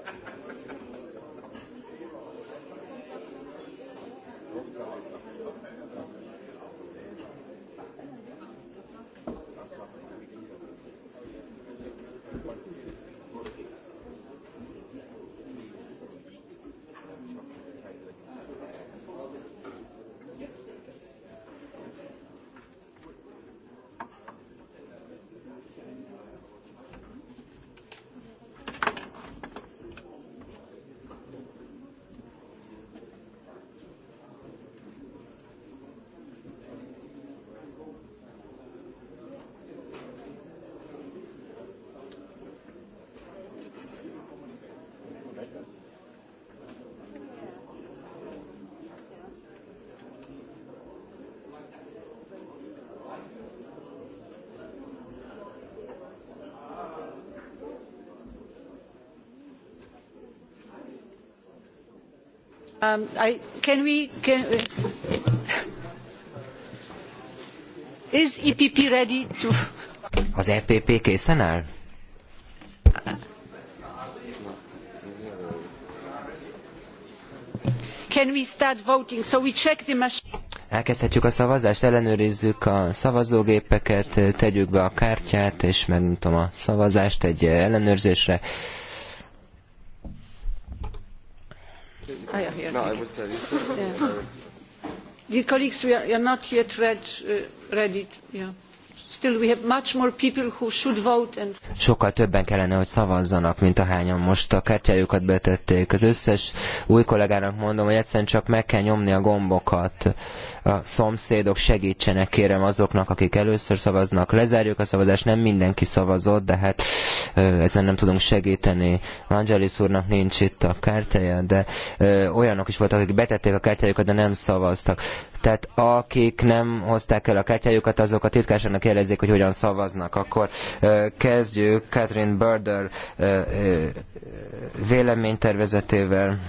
Speaker 4: Um, can we, is EPP ready to...
Speaker 2: Az EPP készen áll?
Speaker 4: Can we start voting? So we check the
Speaker 2: Elkezdhetjük a szavazást, ellenőrizzük a szavazógépeket, tegyük be a kártyát, és megnyitom a szavazást egy ellenőrzésre. I will tell you. Yeah.
Speaker 4: Dear colleagues, we are, we are not yet read, uh, ready. Yeah. Still we have much more people who should vote and...
Speaker 2: Sokkal többen kellene, hogy szavazzanak, mint ahányan most a kártyájukat betették. Az összes új kollégának mondom, hogy egyszerűen csak meg kell nyomni a gombokat. A szomszédok segítsenek, kérem azoknak, akik először szavaznak. Lezárjuk a szavazást, nem mindenki szavazott, de hát ezen nem tudunk segíteni. Angelis úrnak nincs itt a kártyája, de olyanok is voltak, akik betették a kártyájukat, de nem szavaztak. Tehát akik nem hozták el a kártyájukat, azok a titkárságnak jelezik, hogy hogyan szavaznak. Akkor kezdjük Catherine Burder véleménytervezetével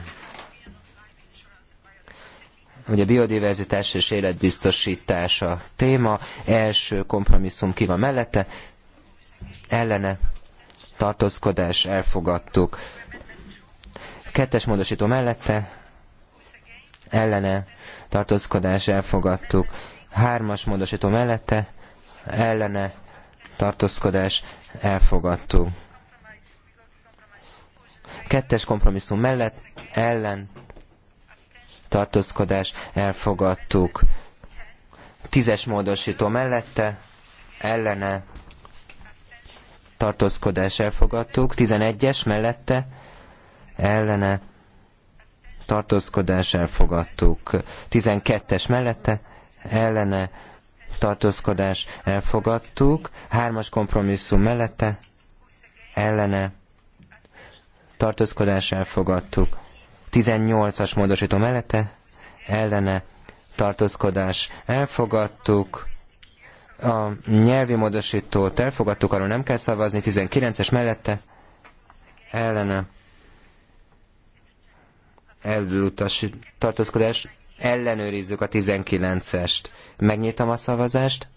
Speaker 2: Ugye a biodiverzitás és életbiztosítás a téma. Első kompromisszum ki van mellette, ellene tartózkodás, elfogadtuk. Kettes módosító mellette, ellene, tartózkodás, elfogadtuk. Hármas módosító mellette, ellene, tartózkodás, elfogadtuk. Kettes kompromisszum mellett, ellen, tartózkodás, elfogadtuk. Tízes módosító mellette, ellene, tartózkodás elfogadtuk, 11-es mellette ellene tartózkodás elfogadtuk, 12-es mellette ellene tartózkodás elfogadtuk, 3-as kompromisszum mellette ellene tartózkodás elfogadtuk, 18-as módosító mellette ellene tartózkodás elfogadtuk, a nyelvi módosítót elfogadtuk, arról nem kell szavazni, 19-es mellette ellene elutas tartózkodás, ellenőrizzük a 19-est. Megnyitom a szavazást.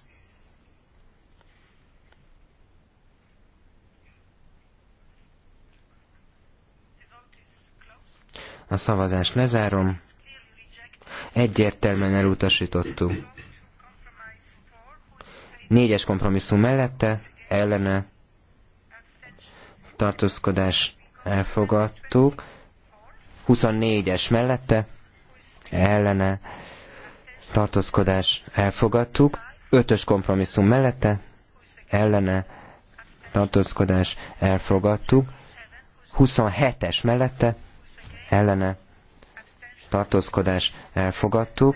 Speaker 2: A szavazást lezárom. Egyértelműen elutasítottuk. Négyes kompromisszum mellette, ellene tartózkodás elfogadtuk. 24-es mellette, ellene tartózkodás elfogadtuk. Ötös kompromisszum mellette, ellene tartózkodás elfogadtuk. 27-es mellette, ellene tartózkodás elfogadtuk.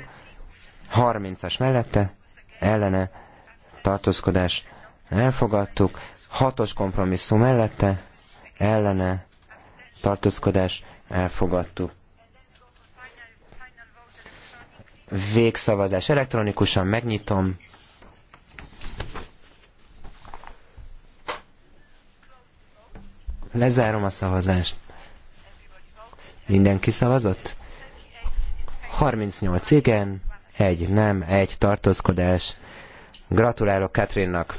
Speaker 2: 30-as mellette, ellene tartózkodás elfogadtuk, hatos kompromisszum mellette, ellene, tartózkodás elfogadtuk. Végszavazás elektronikusan megnyitom. Lezárom a szavazást. Mindenki szavazott? 38 igen, egy nem, egy tartózkodás. Gratulálok Katrinnak!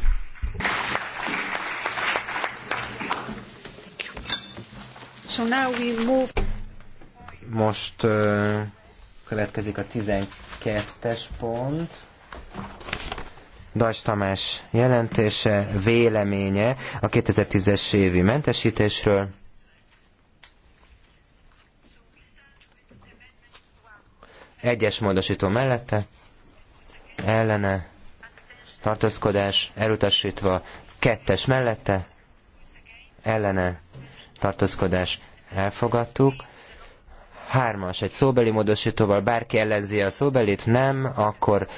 Speaker 4: So now we move...
Speaker 2: Most uh, következik a 12-es pont. Dajs Tamás jelentése, véleménye a 2010-es évi mentesítésről. Egyes módosító mellette, ellene, tartózkodás elutasítva, kettes mellette, ellene tartózkodás elfogadtuk, hármas egy szóbeli módosítóval, bárki ellenzi a szóbelit, nem, akkor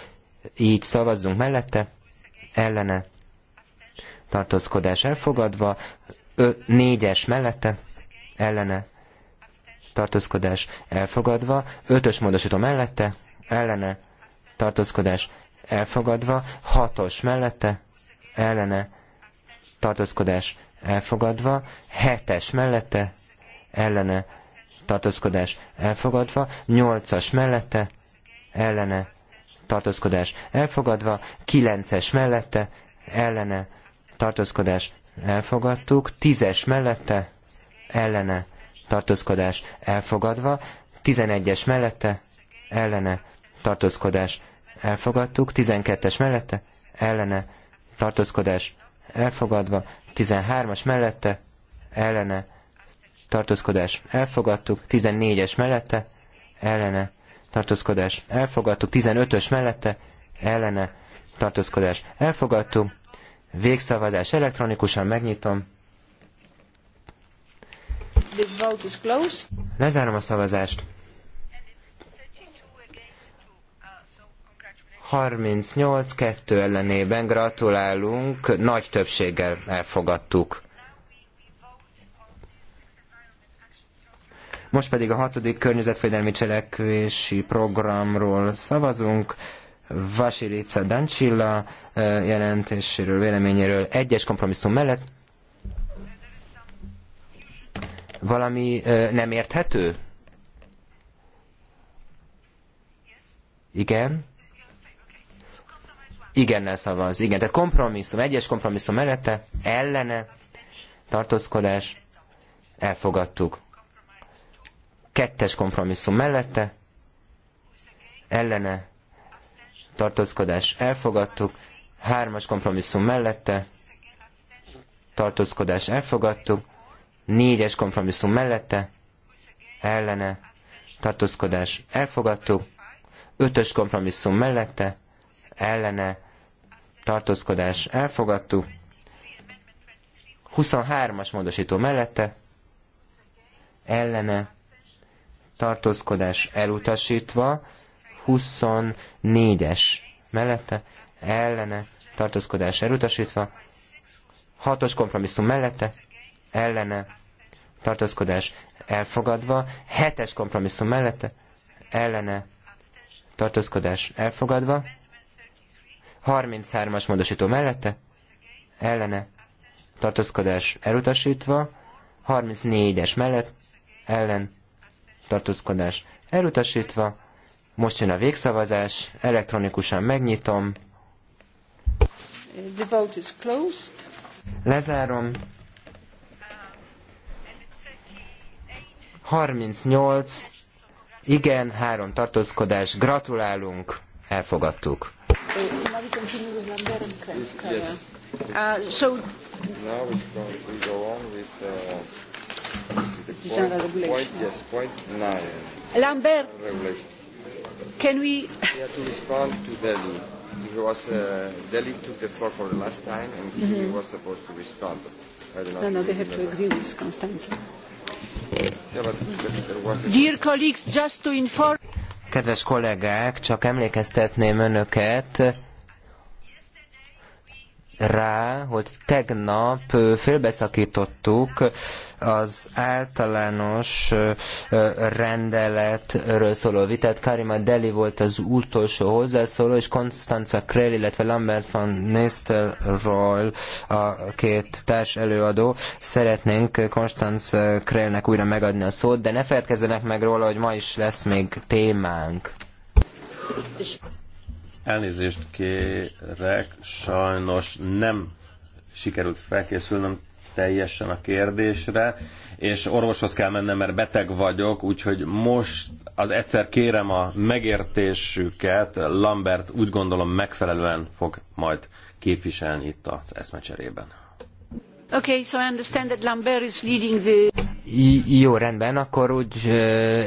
Speaker 2: így szavazzunk mellette, ellene tartózkodás elfogadva, ö, négyes mellette, ellene tartózkodás elfogadva, ötös módosító mellette, ellene tartózkodás elfogadva, hatos mellette, ellene, tartózkodás elfogadva, hetes mellette, ellene, tartózkodás elfogadva, nyolcas mellette, ellene, tartózkodás elfogadva, kilences mellette, ellene, tartózkodás elfogadtuk, tízes mellette, ellene, tartózkodás elfogadva, tizenegyes mellette, ellene, tartózkodás elfogadtuk, 12-es mellette, ellene, tartózkodás, elfogadva, 13-as mellette, ellene, tartózkodás, elfogadtuk, 14-es mellette, ellene, tartózkodás, elfogadtuk, 15-ös mellette, ellene, tartózkodás, elfogadtuk, végszavazás elektronikusan megnyitom. Lezárom a szavazást. 38-2 ellenében gratulálunk, nagy többséggel elfogadtuk. Most pedig a hatodik környezetvédelmi cselekvési programról szavazunk. Vasilica Dancsilla jelentéséről, véleményéről egyes kompromisszum mellett. Valami nem érthető? Igen? igennel szavaz. Igen, tehát kompromisszum, egyes kompromisszum mellette, ellene, tartózkodás, elfogadtuk. Kettes kompromisszum mellette, ellene, tartózkodás, elfogadtuk. Hármas kompromisszum mellette, tartózkodás, elfogadtuk. Négyes kompromisszum mellette, ellene, tartózkodás, elfogadtuk. Ötös kompromisszum mellette, ellene tartózkodás elfogadtuk. 23-as módosító mellette ellene tartózkodás elutasítva, 24-es mellette ellene tartózkodás elutasítva, 6-os kompromisszum mellette ellene tartózkodás elfogadva, 7-es kompromisszum mellette ellene tartózkodás elfogadva, 33-as módosító mellette, ellene, tartózkodás elutasítva, 34-es mellett, ellen, tartózkodás elutasítva, most jön a végszavazás, elektronikusan megnyitom.
Speaker 4: The vote is closed.
Speaker 2: Lezárom. 38, igen, három tartózkodás, gratulálunk, elfogadtuk.
Speaker 4: Lambert Yes. so
Speaker 2: now we go, on with point, yes, point nine. Lambert. Can we? We have to respond to Delhi. He was uh, Delhi took the floor for the last time, and mm -hmm. he mm-hmm. was supposed to respond. I don't know. No, no, they have to agree
Speaker 4: with Constanza.
Speaker 2: Yeah, but there was.
Speaker 4: Dear colleagues, just to inform.
Speaker 2: Kedves kollégák, csak emlékeztetném önöket, rá, hogy tegnap félbeszakítottuk az általános rendeletről szóló vitát. Karima Deli volt az utolsó hozzászóló, és Konstanza Krell, illetve Lambert van Nistelrooy a két társ előadó. Szeretnénk Konstanz Krellnek újra megadni a szót, de ne feledkezzenek meg róla, hogy ma is lesz még témánk.
Speaker 3: Elnézést kérek, sajnos nem sikerült felkészülnöm teljesen a kérdésre, és orvoshoz kell mennem, mert beteg vagyok, úgyhogy most az egyszer kérem a megértésüket, Lambert úgy gondolom megfelelően fog majd
Speaker 2: képviselni itt
Speaker 3: az eszmecserében.
Speaker 4: Okay, so I understand that Lambert is leading the...
Speaker 2: I, jó, rendben, akkor úgy ö,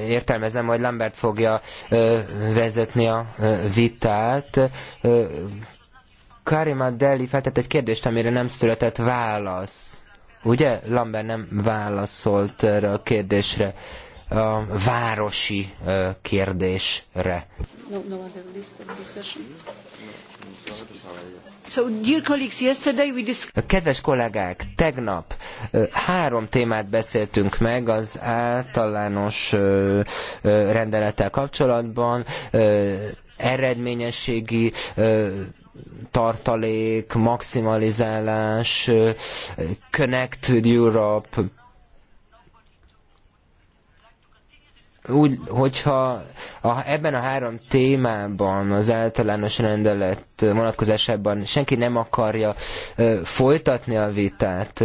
Speaker 2: értelmezem, hogy Lambert fogja ö, vezetni a ö, vitát. Ö, Karima Deli feltett egy kérdést, amire nem született válasz. Ugye? Lambert nem válaszolt erre a kérdésre. A városi ö, kérdésre. No, no, Kedves kollégák, tegnap három témát beszéltünk meg az általános rendelettel kapcsolatban, eredményességi tartalék, maximalizálás, Connect with Europe, úgy, hogyha a, ebben a három témában az általános rendelet vonatkozásában senki nem akarja ö, folytatni a vitát,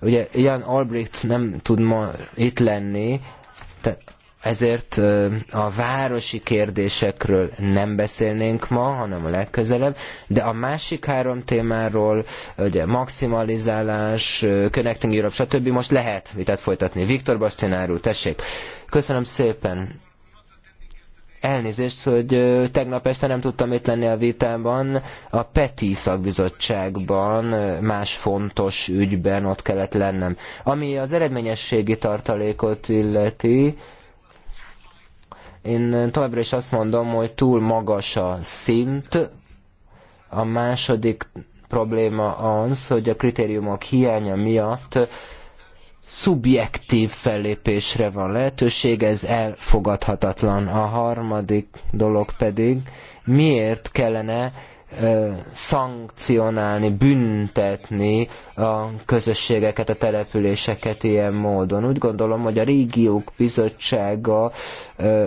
Speaker 2: ugye Jan Albrecht nem tud ma itt lenni, tehát ezért a városi kérdésekről nem beszélnénk ma, hanem a legközelebb, de a másik három témáról, ugye maximalizálás, Connecting Europe, stb. most lehet vitát folytatni. Viktor Bastinárú, tessék. Köszönöm szépen. Elnézést, hogy tegnap este nem tudtam itt lenni a vitában. A PETI szakbizottságban más fontos ügyben ott kellett lennem. Ami az eredményességi tartalékot illeti, én továbbra is azt mondom, hogy túl magas a szint. A második probléma az, hogy a kritériumok hiánya miatt szubjektív fellépésre van lehetőség, ez elfogadhatatlan. A harmadik dolog pedig, miért kellene szankcionálni, büntetni a közösségeket, a településeket ilyen módon. Úgy gondolom, hogy a régiók bizottsága ö,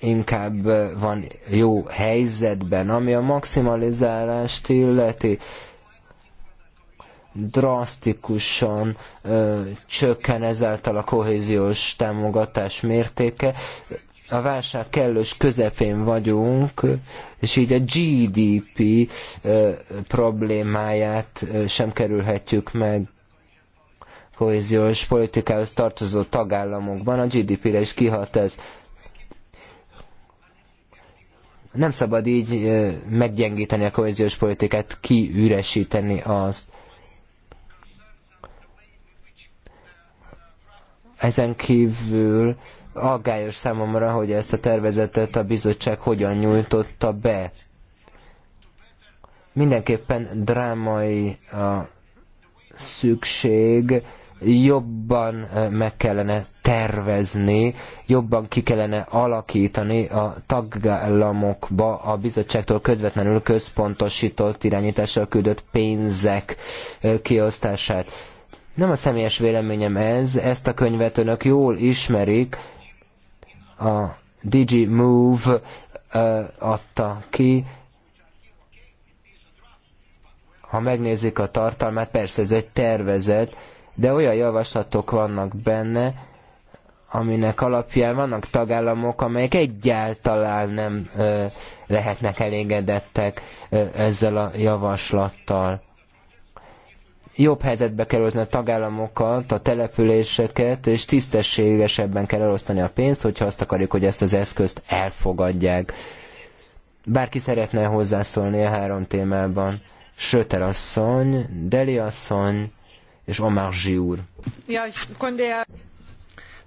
Speaker 2: inkább van jó helyzetben, ami a maximalizálást illeti drasztikusan ö, csökken ezáltal a kohéziós támogatás mértéke. A válság kellős közepén vagyunk, és így a GDP ö, problémáját ö, sem kerülhetjük meg kohéziós politikához tartozó tagállamokban a GDP-re is kihat ez. Nem szabad így meggyengíteni a kohéziós politikát, kiüresíteni azt. Ezen kívül aggályos számomra, hogy ezt a tervezetet a bizottság hogyan nyújtotta be. Mindenképpen drámai a szükség jobban eh, meg kellene tervezni, jobban ki kellene alakítani a tagállamokba a bizottságtól közvetlenül központosított irányítással küldött pénzek eh, kiosztását. Nem a személyes véleményem ez, ezt a könyvet önök jól ismerik, a Digi Move eh, adta ki, ha megnézik a tartalmát, persze ez egy tervezet, de olyan javaslatok vannak benne, aminek alapján vannak tagállamok, amelyek egyáltalán nem ö, lehetnek elégedettek ö, ezzel a javaslattal. Jobb helyzetbe kell hozni a tagállamokat, a településeket, és tisztességesebben kell elosztani a pénzt, hogyha azt akarjuk, hogy ezt az eszközt elfogadják. Bárki szeretne hozzászólni a három témában. Söter asszony, Deli asszony, és Omarzsi úr. Ja,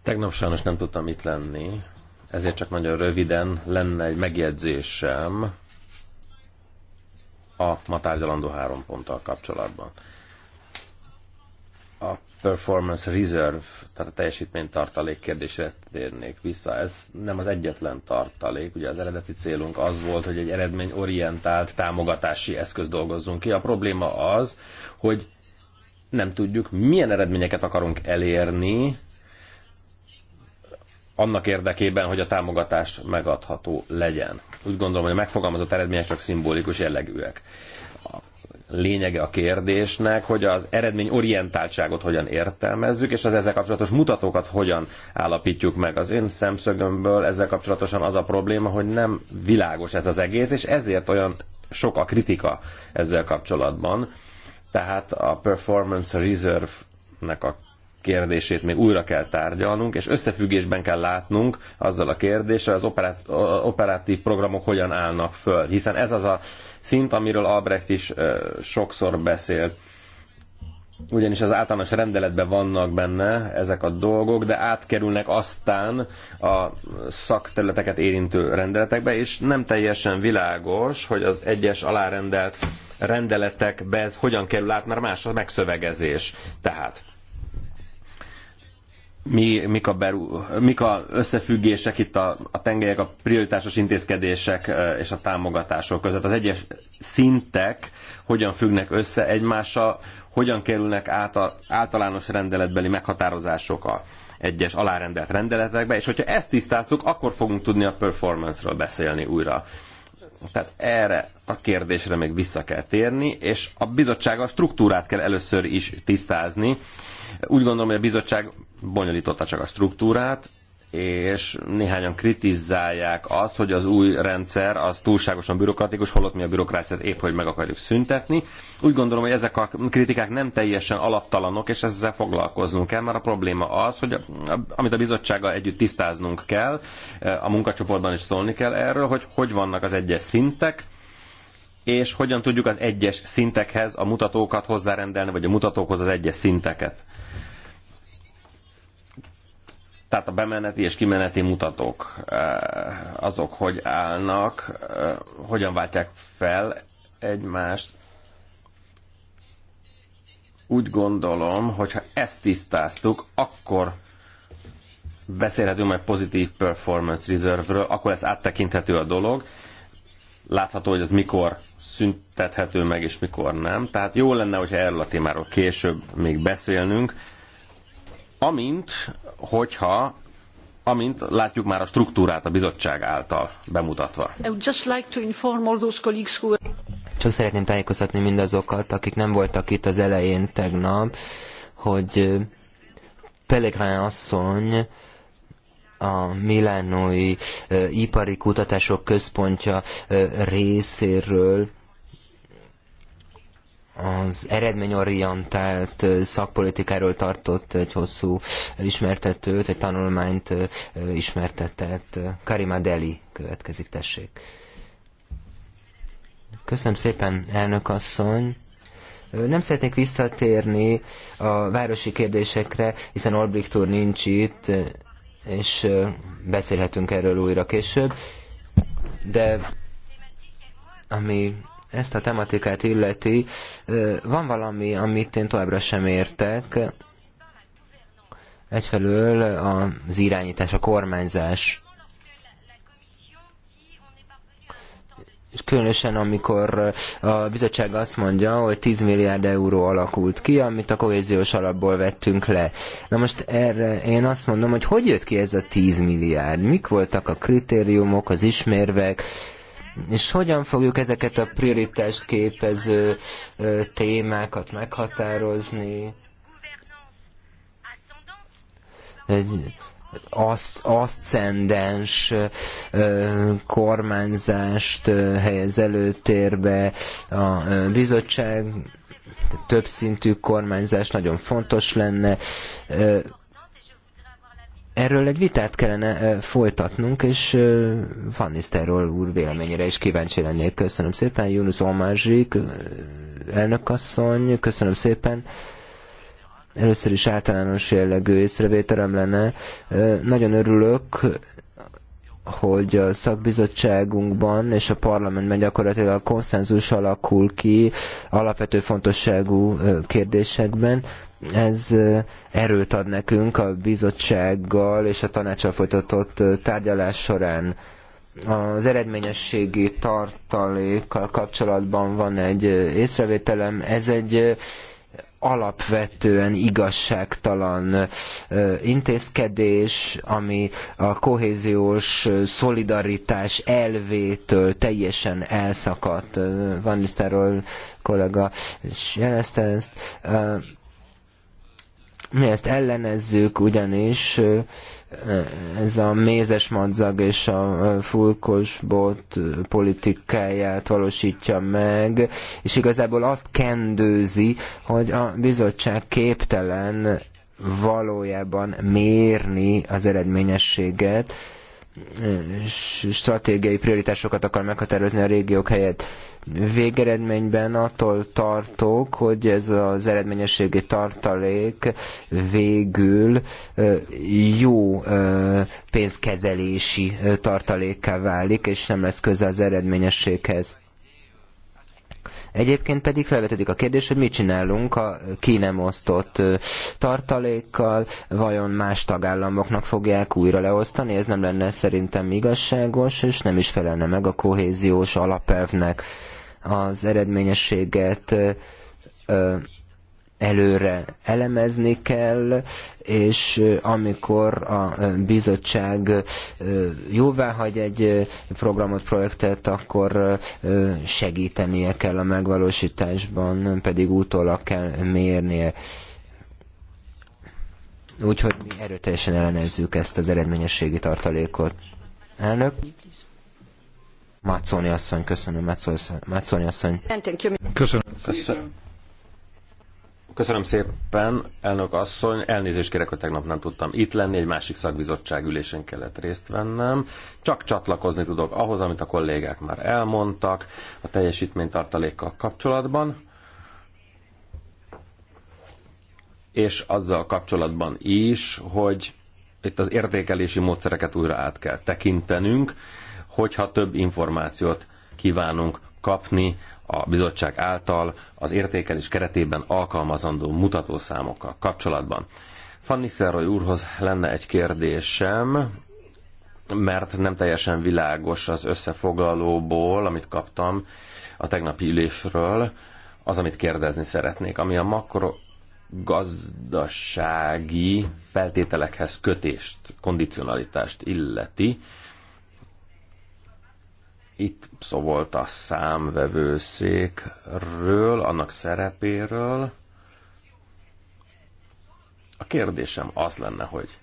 Speaker 2: Tegnap sajnos nem tudtam itt lenni, ezért csak
Speaker 3: nagyon röviden lenne egy megjegyzésem a ma tárgyalandó három ponttal kapcsolatban. A performance reserve, tehát a teljesítménytartalék kérdésre térnék vissza. Ez nem az egyetlen tartalék. Ugye az eredeti célunk az volt, hogy egy eredményorientált támogatási eszköz dolgozzunk ki. A probléma az, hogy nem tudjuk, milyen eredményeket akarunk elérni annak érdekében, hogy a támogatás megadható legyen. Úgy gondolom, hogy a megfogalmazott eredmények csak szimbolikus jellegűek. A lényege a kérdésnek, hogy az eredmény orientáltságot hogyan értelmezzük, és az ezzel kapcsolatos mutatókat hogyan állapítjuk meg. Az én szemszögömből ezzel kapcsolatosan az a probléma, hogy nem világos ez az egész, és ezért olyan sok a kritika ezzel kapcsolatban tehát a Performance Reserve-nek a kérdését még újra kell tárgyalnunk, és összefüggésben kell látnunk azzal a kérdéssel, az operát, operatív programok hogyan állnak föl, hiszen ez az a szint, amiről Albrecht is sokszor beszélt ugyanis az általános rendeletben vannak benne ezek a dolgok, de átkerülnek aztán a szakterületeket érintő rendeletekbe, és nem teljesen világos, hogy az egyes alárendelt rendeletekbe ez hogyan kerül át, mert más a megszövegezés. Tehát mi, mik, a beru, mik a összefüggések itt a, a tengelyek, a prioritásos intézkedések és a támogatások között. Az egyes szintek hogyan függnek össze egymással, hogyan kerülnek át a általános rendeletbeli meghatározások a egyes alárendelt rendeletekbe, és hogyha ezt tisztáztuk, akkor fogunk tudni a performance-ről beszélni újra. Tehát erre a kérdésre még vissza kell térni, és a bizottság a struktúrát kell először is tisztázni. Úgy gondolom, hogy a bizottság bonyolította csak a struktúrát, és néhányan kritizálják azt, hogy az új rendszer az túlságosan bürokratikus, holott mi a bürokráciát épp, hogy meg akarjuk szüntetni. Úgy gondolom, hogy ezek a kritikák nem teljesen alaptalanok, és ezzel foglalkoznunk kell, mert a probléma az, hogy amit a bizottsággal együtt tisztáznunk kell, eh, a munkacsoportban is szólni kell erről, hogy hogy vannak az egyes szintek, és hogyan tudjuk az egyes szintekhez a mutatókat hozzárendelni, vagy a mutatókhoz az egyes szinteket tehát a bemeneti és kimeneti mutatók eh, azok, hogy állnak, eh, hogyan váltják fel egymást. Úgy gondolom, hogy ha ezt tisztáztuk, akkor beszélhetünk majd pozitív performance reserve-ről, akkor ez áttekinthető a dolog. Látható, hogy ez mikor szüntethető meg, és mikor nem. Tehát jó lenne, hogyha erről a témáról később még beszélnünk, amint hogyha amint látjuk már a struktúrát a bizottság által bemutatva.
Speaker 2: Csak szeretném tájékoztatni mindazokat, akik nem voltak itt az elején tegnap, hogy Pellegrin asszony a Milánói Ipari Kutatások Központja részéről az eredményorientált szakpolitikáról tartott egy hosszú ismertetőt, egy tanulmányt ismertetett. Karima Deli következik, tessék. Köszönöm szépen, elnök asszony. Nem szeretnék visszatérni a városi kérdésekre, hiszen Olbricht úr nincs itt, és beszélhetünk erről újra később, de ami ezt a tematikát illeti, van valami, amit én továbbra sem értek. Egyfelől az irányítás, a kormányzás. különösen amikor a bizottság azt mondja, hogy 10 milliárd euró alakult ki, amit a kohéziós alapból vettünk le. Na most erre én azt mondom, hogy hogy jött ki ez a 10 milliárd? Mik voltak a kritériumok, az ismérvek? És hogyan fogjuk ezeket a prioritást képező témákat meghatározni? Egy aszcendens kormányzást helyez előtérbe a bizottság, többszintű kormányzás nagyon fontos lenne. Erről egy vitát kellene folytatnunk, és Van Nistelrooy úr véleményére is kíváncsi lennék. Köszönöm szépen, Yunus Omazsik, elnökasszony, köszönöm szépen először is általános jellegű észrevételem lenne. Nagyon örülök, hogy a szakbizottságunkban és a parlamentben gyakorlatilag konszenzus alakul ki alapvető fontosságú kérdésekben. Ez erőt ad nekünk a bizottsággal és a tanácsal folytatott tárgyalás során. Az eredményességi tartalékkal kapcsolatban van egy észrevételem. Ez egy alapvetően igazságtalan intézkedés, ami a kohéziós szolidaritás elvétől teljesen elszakadt. Van Lisztáról kollega is jelezte ezt mi ezt ellenezzük, ugyanis ez a mézes madzag és a fulkos bot politikáját valósítja meg, és igazából azt kendőzi, hogy a bizottság képtelen valójában mérni az eredményességet, stratégiai prioritásokat akar meghatározni a régiók helyett. Végeredményben attól tartok, hogy ez az eredményességi tartalék végül jó pénzkezelési tartalékká válik, és nem lesz köze az eredményességhez. Egyébként pedig felvetődik a kérdés, hogy mit csinálunk a ki nem osztott tartalékkal, vajon más tagállamoknak fogják újra leosztani, ez nem lenne szerintem igazságos, és nem is felelne meg a kohéziós alapelvnek az eredményességet előre elemezni kell, és amikor a bizottság jóvá hagy egy programot, projektet, akkor segítenie kell a megvalósításban, pedig utólag kell mérnie. Úgyhogy mi erőteljesen ellenezzük ezt az eredményességi tartalékot. Elnök? Mácóni asszony, köszönöm, Mácóni asszony.
Speaker 1: Köszönöm. köszönöm.
Speaker 3: Köszönöm szépen, elnök asszony. Elnézést kérek, hogy tegnap nem tudtam itt lenni, egy másik szakbizottság ülésén kellett részt vennem. Csak csatlakozni tudok ahhoz, amit a kollégák már elmondtak a teljesítménytartalékkal kapcsolatban. És azzal kapcsolatban is, hogy itt az értékelési módszereket újra át kell tekintenünk, hogyha több információt kívánunk kapni a bizottság által az értékelés keretében alkalmazandó mutatószámokkal kapcsolatban. Fanny Nisztelrooy úrhoz lenne egy kérdésem, mert nem teljesen világos az összefoglalóból, amit kaptam a tegnapi ülésről, az, amit kérdezni szeretnék, ami a makro gazdasági feltételekhez kötést, kondicionalitást illeti. Itt szó volt a számvevőszékről, annak szerepéről. A kérdésem az lenne, hogy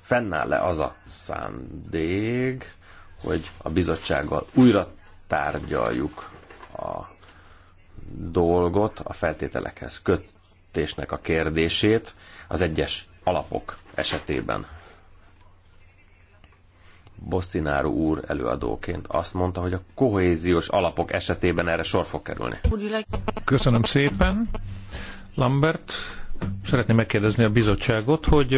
Speaker 3: fennáll-e az a szándék, hogy a bizottsággal újra tárgyaljuk a dolgot, a feltételekhez kötésnek a kérdését az egyes alapok esetében. Bostináru úr előadóként azt mondta, hogy a kohéziós alapok esetében erre sor fog kerülni.
Speaker 1: Köszönöm szépen. Lambert, szeretném megkérdezni a bizottságot, hogy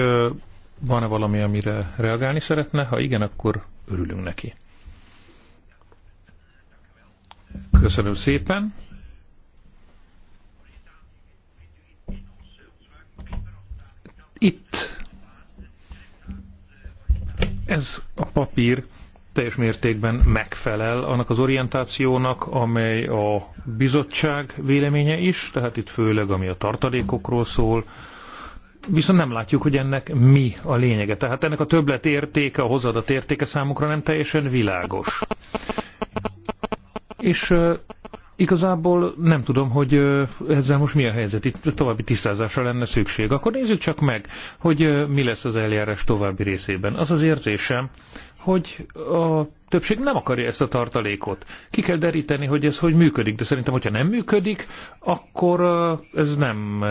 Speaker 1: van-e valami, amire reagálni szeretne? Ha igen, akkor örülünk neki. Köszönöm szépen. papír teljes mértékben megfelel annak az orientációnak, amely a bizottság véleménye is, tehát itt főleg ami a tartalékokról szól, viszont nem látjuk, hogy ennek mi a lényege. Tehát ennek a többlet értéke, a hozzáadott értéke számukra nem teljesen világos. És Igazából nem tudom, hogy ezzel most mi a helyzet. Itt további tisztázásra lenne szükség. Akkor nézzük csak meg, hogy mi lesz az eljárás további részében. Az az érzésem, hogy a többség nem akarja ezt a tartalékot. Ki kell deríteni, hogy ez hogy működik, de szerintem, hogyha nem működik, akkor ez nem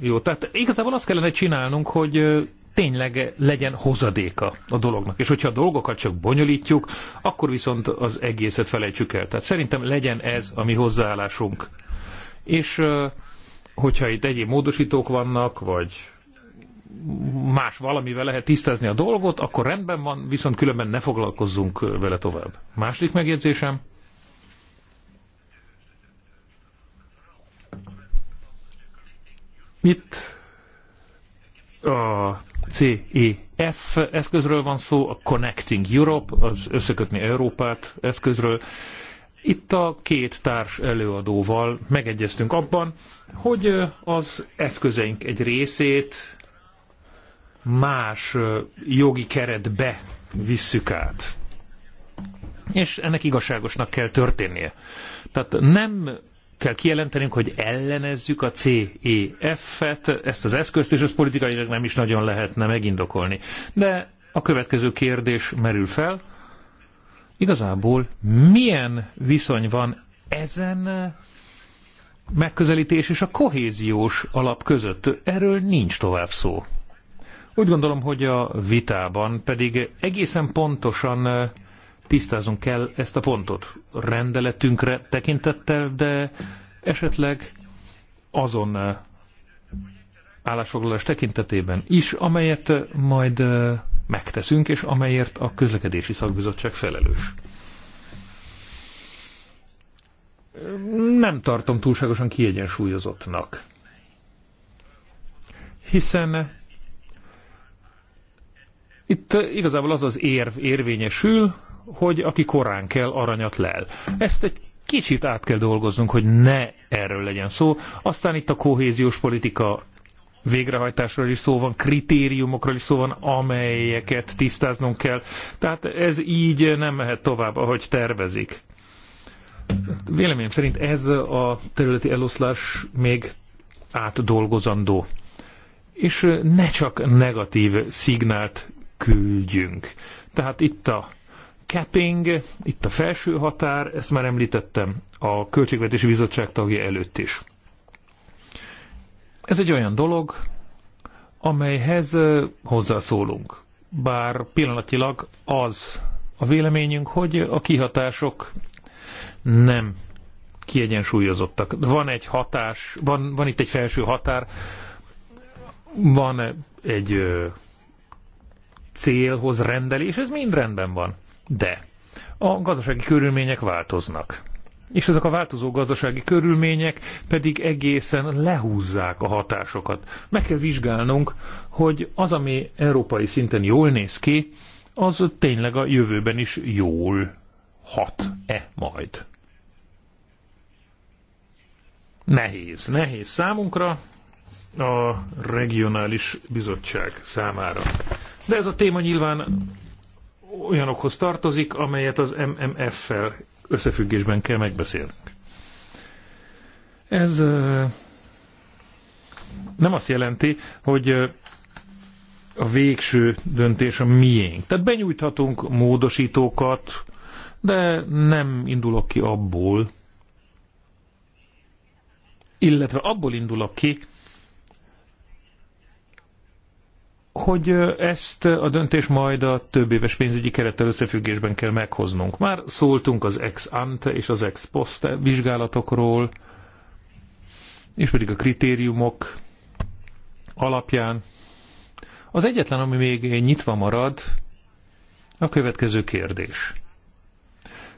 Speaker 1: jó. Tehát igazából azt kellene csinálnunk, hogy tényleg legyen hozadéka a dolognak. És hogyha a dolgokat csak bonyolítjuk, akkor viszont az egészet felejtsük el. Tehát szerintem legyen ez a mi hozzáállásunk. És hogyha itt egyéb módosítók vannak, vagy más valamivel lehet tisztázni a dolgot, akkor rendben van, viszont különben ne foglalkozzunk vele tovább. Második megjegyzésem. Itt a CEF eszközről van szó, a Connecting Europe, az összekötni Európát eszközről. Itt a két társ előadóval megegyeztünk abban, hogy az eszközeink egy részét más jogi keretbe visszük át. És ennek igazságosnak kell történnie. Tehát nem kell kijelentenünk, hogy ellenezzük a CEF-et, ezt az eszközt, és ezt politikailag nem is nagyon lehetne megindokolni. De a következő kérdés merül fel. Igazából milyen viszony van ezen megközelítés és a kohéziós alap között? Erről nincs tovább szó. Úgy gondolom, hogy a vitában pedig egészen pontosan tisztázunk kell ezt a pontot rendeletünkre tekintettel, de esetleg azon eh, állásfoglalás tekintetében is, amelyet eh, majd eh, megteszünk, és amelyért a közlekedési szakbizottság felelős. Nem tartom túlságosan kiegyensúlyozottnak, hiszen itt igazából az az érv érvényesül, hogy aki korán kell, aranyat lel. Ezt egy kicsit át kell dolgoznunk, hogy ne erről legyen szó. Aztán itt a kohéziós politika végrehajtásról is szó van, kritériumokról is szó van, amelyeket tisztáznunk kell. Tehát ez így nem mehet tovább, ahogy tervezik. Véleményem szerint ez a területi eloszlás még átdolgozandó. És ne csak negatív szignált küldjünk. Tehát itt a capping, itt a felső határ, ezt már említettem a Költségvetési Bizottság tagja előtt is. Ez egy olyan dolog, amelyhez hozzászólunk. Bár pillanatilag az a véleményünk, hogy a kihatások nem kiegyensúlyozottak. Van egy hatás, van, van itt egy felső határ, van egy célhoz rendelés, ez mind rendben van. De a gazdasági körülmények változnak. És ezek a változó gazdasági körülmények pedig egészen lehúzzák a hatásokat. Meg kell vizsgálnunk, hogy az, ami európai szinten jól néz ki, az tényleg a jövőben is jól hat-e majd. Nehéz, nehéz számunkra, a regionális bizottság számára. De ez a téma nyilván olyanokhoz tartozik, amelyet az MMF-fel összefüggésben kell megbeszélnünk. Ez nem azt jelenti, hogy a végső döntés a miénk. Tehát benyújthatunk módosítókat, de nem indulok ki abból, illetve abból indulok ki, hogy ezt a döntés majd a több éves pénzügyi kerettel összefüggésben kell meghoznunk. Már szóltunk az ex ante és az ex post vizsgálatokról, és pedig a kritériumok alapján. Az egyetlen, ami még nyitva marad, a következő kérdés.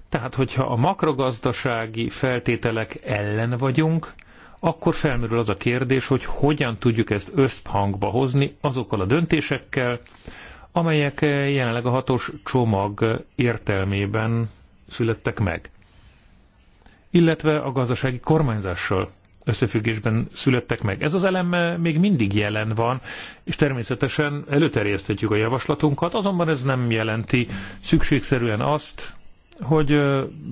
Speaker 1: Tehát, hogyha a makrogazdasági feltételek ellen vagyunk, akkor felmerül az a kérdés, hogy hogyan tudjuk ezt összhangba hozni azokkal a döntésekkel, amelyek jelenleg a hatos csomag értelmében születtek meg, illetve a gazdasági kormányzással összefüggésben születtek meg. Ez az elem még mindig jelen van, és természetesen előterjesztetjük a javaslatunkat, azonban ez nem jelenti szükségszerűen azt, hogy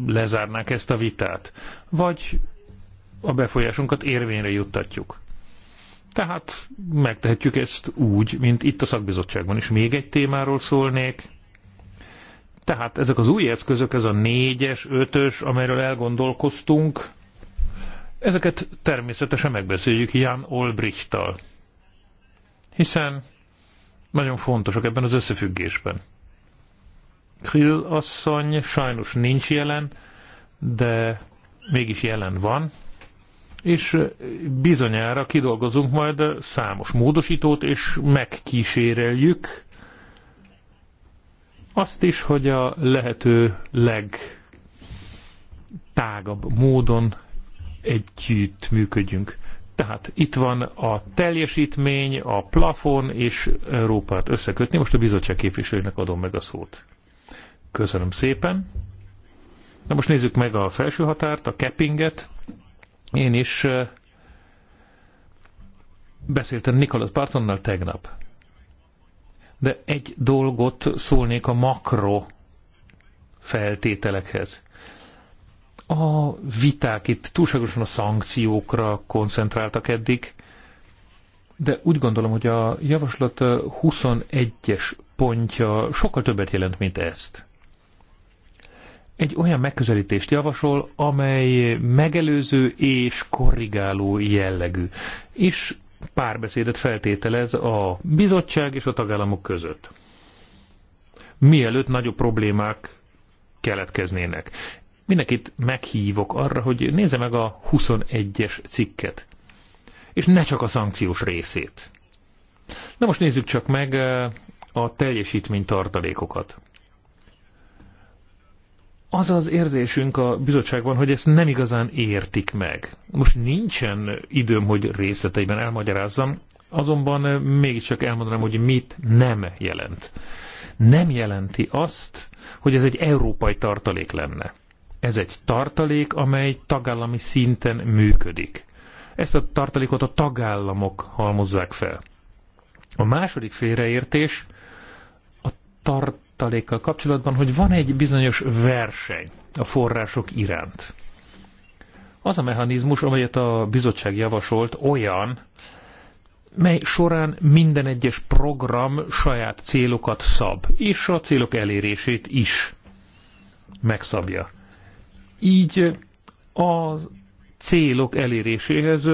Speaker 1: lezárnák ezt a vitát, vagy a befolyásunkat érvényre juttatjuk. Tehát megtehetjük ezt úgy, mint itt a szakbizottságban is. Még egy témáról szólnék. Tehát ezek az új eszközök, ez a négyes, ötös, amelyről elgondolkoztunk, ezeket természetesen megbeszéljük Jan Olbrichtal. Hiszen nagyon fontosak ebben az összefüggésben. Krill asszony sajnos nincs jelen, de mégis jelen van és bizonyára kidolgozunk majd számos módosítót, és megkíséreljük azt is, hogy a lehető legtágabb módon együtt működjünk. Tehát itt van a teljesítmény, a plafon és Európát összekötni. Most a bizottság képviselőnek adom meg a szót. Köszönöm szépen. Na most nézzük meg a felső határt, a cappinget. Én is beszéltem Nikolas Bartonnal tegnap. De egy dolgot szólnék a makro feltételekhez. A viták itt túlságosan a szankciókra koncentráltak eddig, de úgy gondolom, hogy a javaslat 21-es pontja sokkal többet jelent, mint ezt egy olyan megközelítést javasol, amely megelőző és korrigáló jellegű, és párbeszédet feltételez a bizottság és a tagállamok között. Mielőtt nagyobb problémák keletkeznének. Mindenkit meghívok arra, hogy nézze meg a 21-es cikket, és ne csak a szankciós részét. Na most nézzük csak meg eh, a teljesítménytartalékokat az az érzésünk a bizottságban, hogy ezt nem igazán értik meg. Most nincsen időm, hogy részleteiben elmagyarázzam, azonban mégiscsak elmondanám, hogy mit nem jelent. Nem jelenti azt, hogy ez egy európai tartalék lenne. Ez egy tartalék, amely tagállami szinten működik. Ezt a tartalékot a tagállamok halmozzák fel. A második félreértés a tartalék tartalékkal kapcsolatban, hogy van egy bizonyos verseny a források iránt. Az a mechanizmus, amelyet a bizottság javasolt, olyan, mely során minden egyes program saját célokat szab, és a célok elérését is megszabja. Így a célok eléréséhez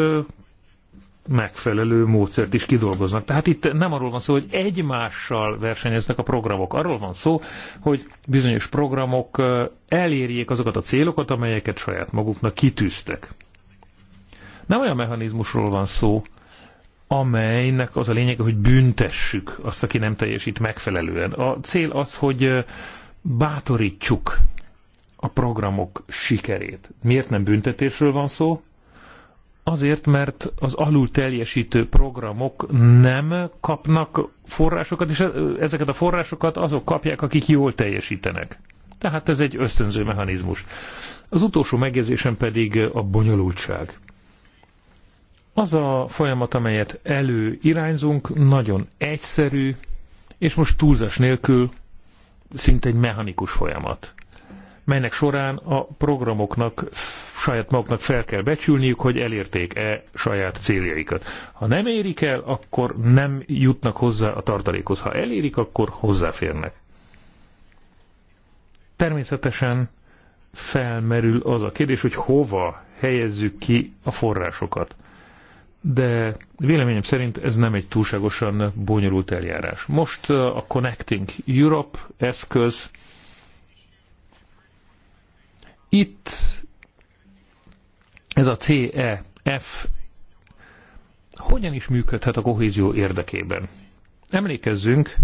Speaker 1: megfelelő módszert is kidolgoznak. Tehát itt nem arról van szó, hogy egymással versenyeznek a programok. Arról van szó, hogy bizonyos programok elérjék azokat a célokat, amelyeket saját maguknak kitűztek. Nem olyan mechanizmusról van szó, amelynek az a lényege, hogy büntessük azt, aki nem teljesít megfelelően. A cél az, hogy bátorítsuk a programok sikerét. Miért nem büntetésről van szó? Azért, mert az alul teljesítő programok nem kapnak forrásokat, és ezeket a forrásokat azok kapják, akik jól teljesítenek. Tehát ez egy ösztönző mechanizmus. Az utolsó megjegyzésem pedig a bonyolultság. Az a folyamat, amelyet előirányzunk, nagyon egyszerű, és most túlzás nélkül szinte egy mechanikus folyamat melynek során a programoknak saját maguknak fel kell becsülniük, hogy elérték-e saját céljaikat. Ha nem érik el, akkor nem jutnak hozzá a tartalékhoz. Ha elérik, akkor hozzáférnek. Természetesen felmerül az a kérdés, hogy hova helyezzük ki a forrásokat. De véleményem szerint ez nem egy túlságosan bonyolult eljárás. Most uh, a Connecting Europe eszköz itt ez a CEF hogyan is működhet a kohézió érdekében? Emlékezzünk,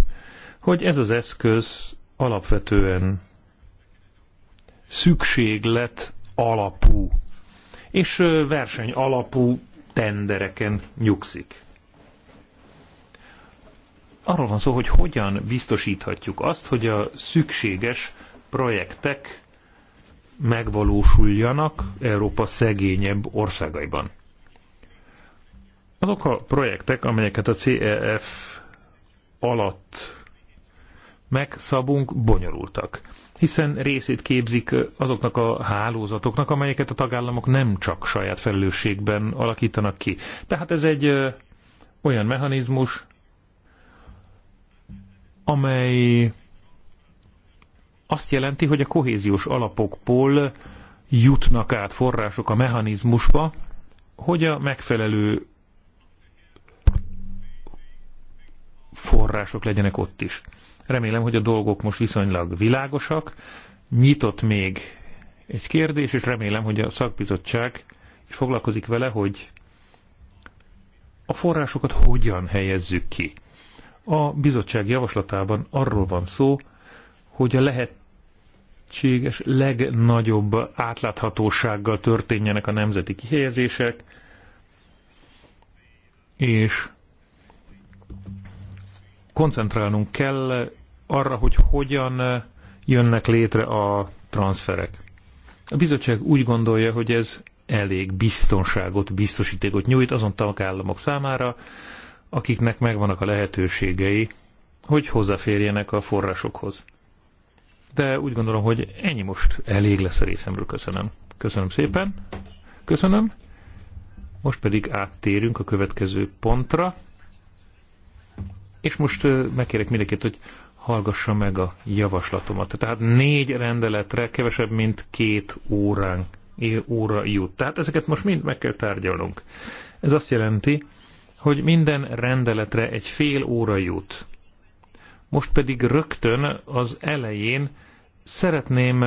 Speaker 1: hogy ez az eszköz alapvetően szükséglet alapú és verseny alapú tendereken nyugszik. Arról van szó, hogy hogyan biztosíthatjuk azt, hogy a szükséges projektek megvalósuljanak Európa szegényebb országaiban. Azok a projektek, amelyeket a CEF alatt megszabunk, bonyolultak, hiszen részét képzik azoknak a hálózatoknak, amelyeket a tagállamok nem csak saját felelősségben alakítanak ki. Tehát ez egy olyan mechanizmus, amely azt jelenti, hogy a kohéziós alapokból jutnak át források a mechanizmusba, hogy a megfelelő források legyenek ott is. Remélem, hogy a dolgok most viszonylag világosak. Nyitott még egy kérdés, és remélem, hogy a szakbizottság is foglalkozik vele, hogy a forrásokat hogyan helyezzük ki. A bizottság javaslatában arról van szó, hogy a lehet lehetséges legnagyobb átláthatósággal történjenek a nemzeti kihelyezések, és koncentrálnunk kell arra, hogy hogyan jönnek létre a transferek. A bizottság úgy gondolja, hogy ez elég biztonságot, biztosítékot nyújt azon tagállamok számára, akiknek megvannak a lehetőségei, hogy hozzáférjenek a forrásokhoz de úgy gondolom, hogy ennyi most elég lesz a részemről. Köszönöm. Köszönöm szépen. Köszönöm. Most pedig áttérünk a következő pontra. És most megkérek mindenkit, hogy hallgassa meg a javaslatomat. Tehát négy rendeletre kevesebb, mint két órán óra jut. Tehát ezeket most mind meg kell tárgyalnunk. Ez azt jelenti, hogy minden rendeletre egy fél óra jut. Most pedig rögtön az elején szeretném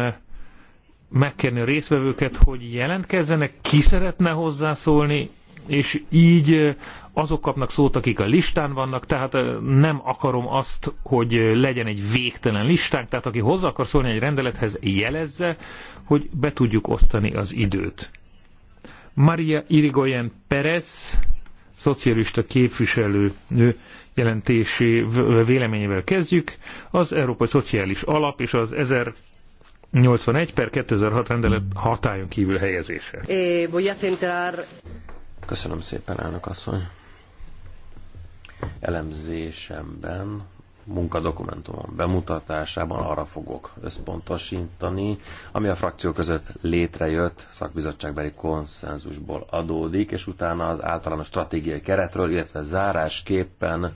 Speaker 1: megkérni a részvevőket, hogy jelentkezzenek, ki szeretne hozzászólni, és így azok kapnak szót, akik a listán vannak, tehát nem akarom azt, hogy legyen egy végtelen listánk, tehát aki hozzá akar szólni egy rendelethez, jelezze, hogy be tudjuk osztani az időt. Maria Irigoyen Perez, szocialista képviselő nő, jelentési véleményével kezdjük. Az Európai Szociális Alap és az 81 per 2006 rendelet hatályon kívül helyezése.
Speaker 4: Eh,
Speaker 1: Köszönöm szépen, elnök asszony.
Speaker 3: Elemzésemben munkadokumentumom bemutatásában arra fogok összpontosítani, ami a frakció között létrejött szakbizottságbeli konszenzusból adódik, és utána az általános stratégiai keretről, illetve zárásképpen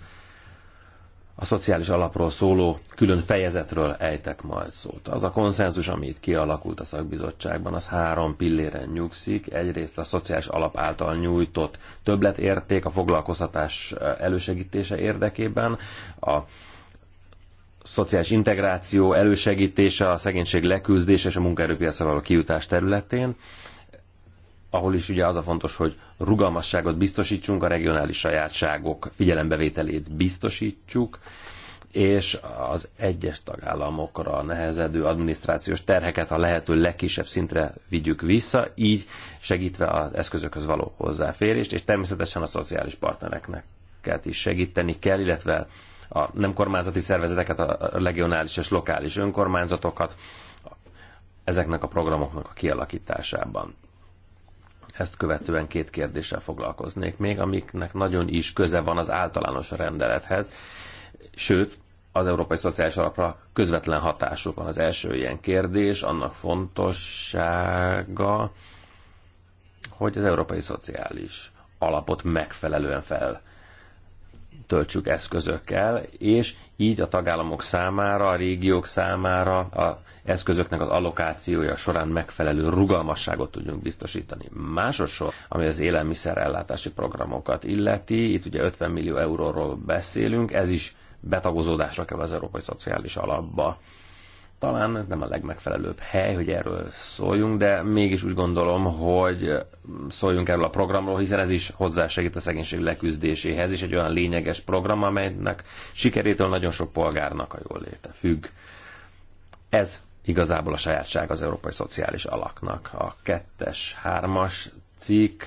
Speaker 3: a szociális alapról szóló külön fejezetről ejtek majd szót. Az a konszenzus, amit kialakult a szakbizottságban, az három pilléren nyugszik. Egyrészt a szociális alap által nyújtott többletérték a foglalkoztatás elősegítése érdekében, a szociális integráció elősegítése, a szegénység leküzdése és a munkaerőpiacra való kijutás területén, ahol is ugye az a fontos, hogy rugalmasságot biztosítsunk, a regionális sajátságok figyelembevételét biztosítsuk, és az egyes tagállamokra nehezedő adminisztrációs terheket a lehető legkisebb szintre vigyük vissza, így segítve az eszközökhöz való hozzáférést, és természetesen a szociális partnereknek is segíteni kell, illetve a nem kormányzati szervezeteket, a regionális és lokális önkormányzatokat ezeknek a programoknak a kialakításában. Ezt követően két kérdéssel foglalkoznék még, amiknek nagyon is köze van az általános rendelethez, sőt, az Európai Szociális Alapra közvetlen hatásuk van. Az első ilyen kérdés, annak fontossága, hogy az Európai Szociális Alapot megfelelően fel töltsük eszközökkel, és így a tagállamok számára, a régiók számára a eszközöknek az allokációja során megfelelő rugalmasságot tudjunk biztosítani. Másosor, ami az élelmiszerellátási programokat illeti, itt ugye 50 millió euróról beszélünk, ez is betagozódásra kell az Európai Szociális Alapba. Talán ez nem a legmegfelelőbb hely, hogy erről szóljunk, de mégis úgy gondolom, hogy szóljunk erről a programról, hiszen ez is hozzásegít a szegénység leküzdéséhez, és egy olyan lényeges program, amelynek sikerétől nagyon sok polgárnak a jól léte függ. Ez igazából a sajátság az európai szociális alaknak. A kettes, hármas cikk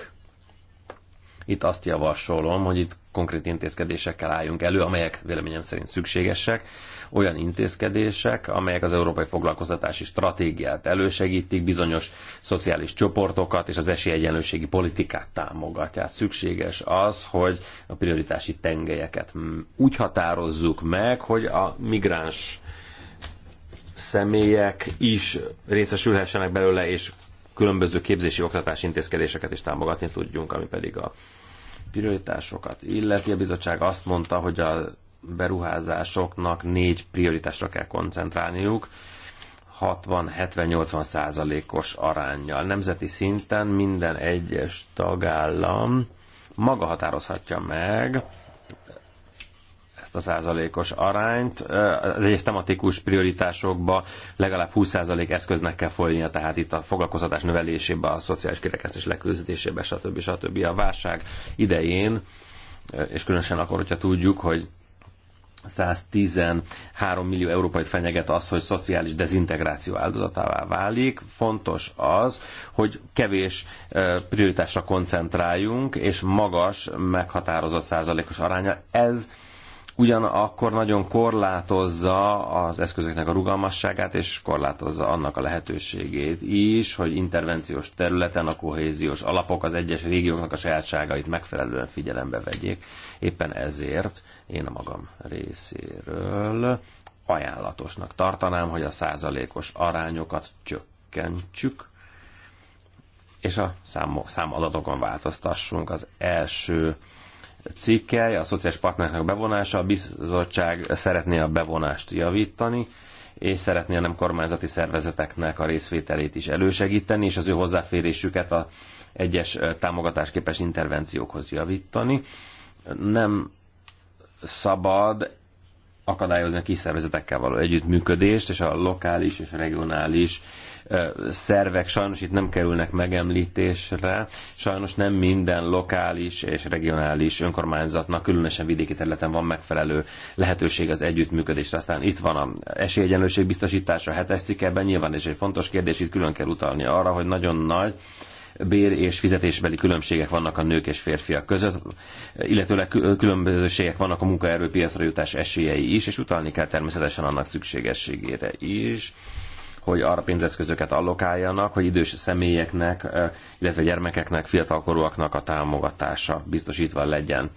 Speaker 3: itt azt javasolom, hogy itt konkrét intézkedésekkel álljunk elő, amelyek véleményem szerint szükségesek, olyan intézkedések, amelyek az európai foglalkoztatási stratégiát elősegítik, bizonyos szociális csoportokat és az esélyegyenlőségi politikát támogatják. Szükséges az, hogy a prioritási tengelyeket úgy határozzuk meg, hogy a migráns személyek is részesülhessenek belőle, és különböző képzési oktatási intézkedéseket is támogatni tudjunk, ami pedig a prioritásokat illeti, a bizottság azt mondta, hogy a beruházásoknak négy prioritásra kell koncentrálniuk, 60-70-80 százalékos arányjal. Nemzeti szinten minden egyes tagállam maga határozhatja meg, ezt a százalékos arányt. Az egyes tematikus prioritásokba legalább 20 százalék eszköznek kell folynia, tehát itt a foglalkoztatás növelésébe, a szociális kirekesztés leküzdésébe, stb. stb. A válság idején, és különösen akkor, hogyha tudjuk, hogy 113 millió európait fenyeget az, hogy szociális dezintegráció áldozatává válik. Fontos az, hogy kevés prioritásra koncentráljunk, és magas, meghatározott százalékos aránya. Ez ugyanakkor nagyon korlátozza az eszközöknek a rugalmasságát, és korlátozza annak a lehetőségét is, hogy intervenciós területen a kohéziós alapok az egyes régióknak a sajátságait megfelelően figyelembe vegyék. Éppen ezért én a magam részéről ajánlatosnak tartanám, hogy a százalékos arányokat csökkentsük, és a számadatokon változtassunk. Az első cikkely, a szociális partnereknek bevonása, a bizottság szeretné a bevonást javítani, és szeretné a nem kormányzati szervezeteknek a részvételét is elősegíteni, és az ő hozzáférésüket a egyes támogatásképes intervenciókhoz javítani. Nem szabad akadályozni a kis szervezetekkel való együttműködést, és a lokális és regionális szervek sajnos itt nem kerülnek megemlítésre. Sajnos nem minden lokális és regionális önkormányzatnak, különösen vidéki területen van megfelelő lehetőség az együttműködésre. Aztán itt van a esélyegyenlőség biztosítása hetes ebben nyilván és egy fontos kérdés, itt külön kell utalni arra, hogy nagyon nagy bér és fizetésbeli különbségek vannak a nők és férfiak között, illetőleg különbözőségek vannak a munkaerőpiacra jutás esélyei is, és utalni kell természetesen annak szükségességére is hogy arra pénzeszközöket allokáljanak, hogy idős személyeknek, illetve gyermekeknek, fiatalkorúaknak a támogatása biztosítva legyen.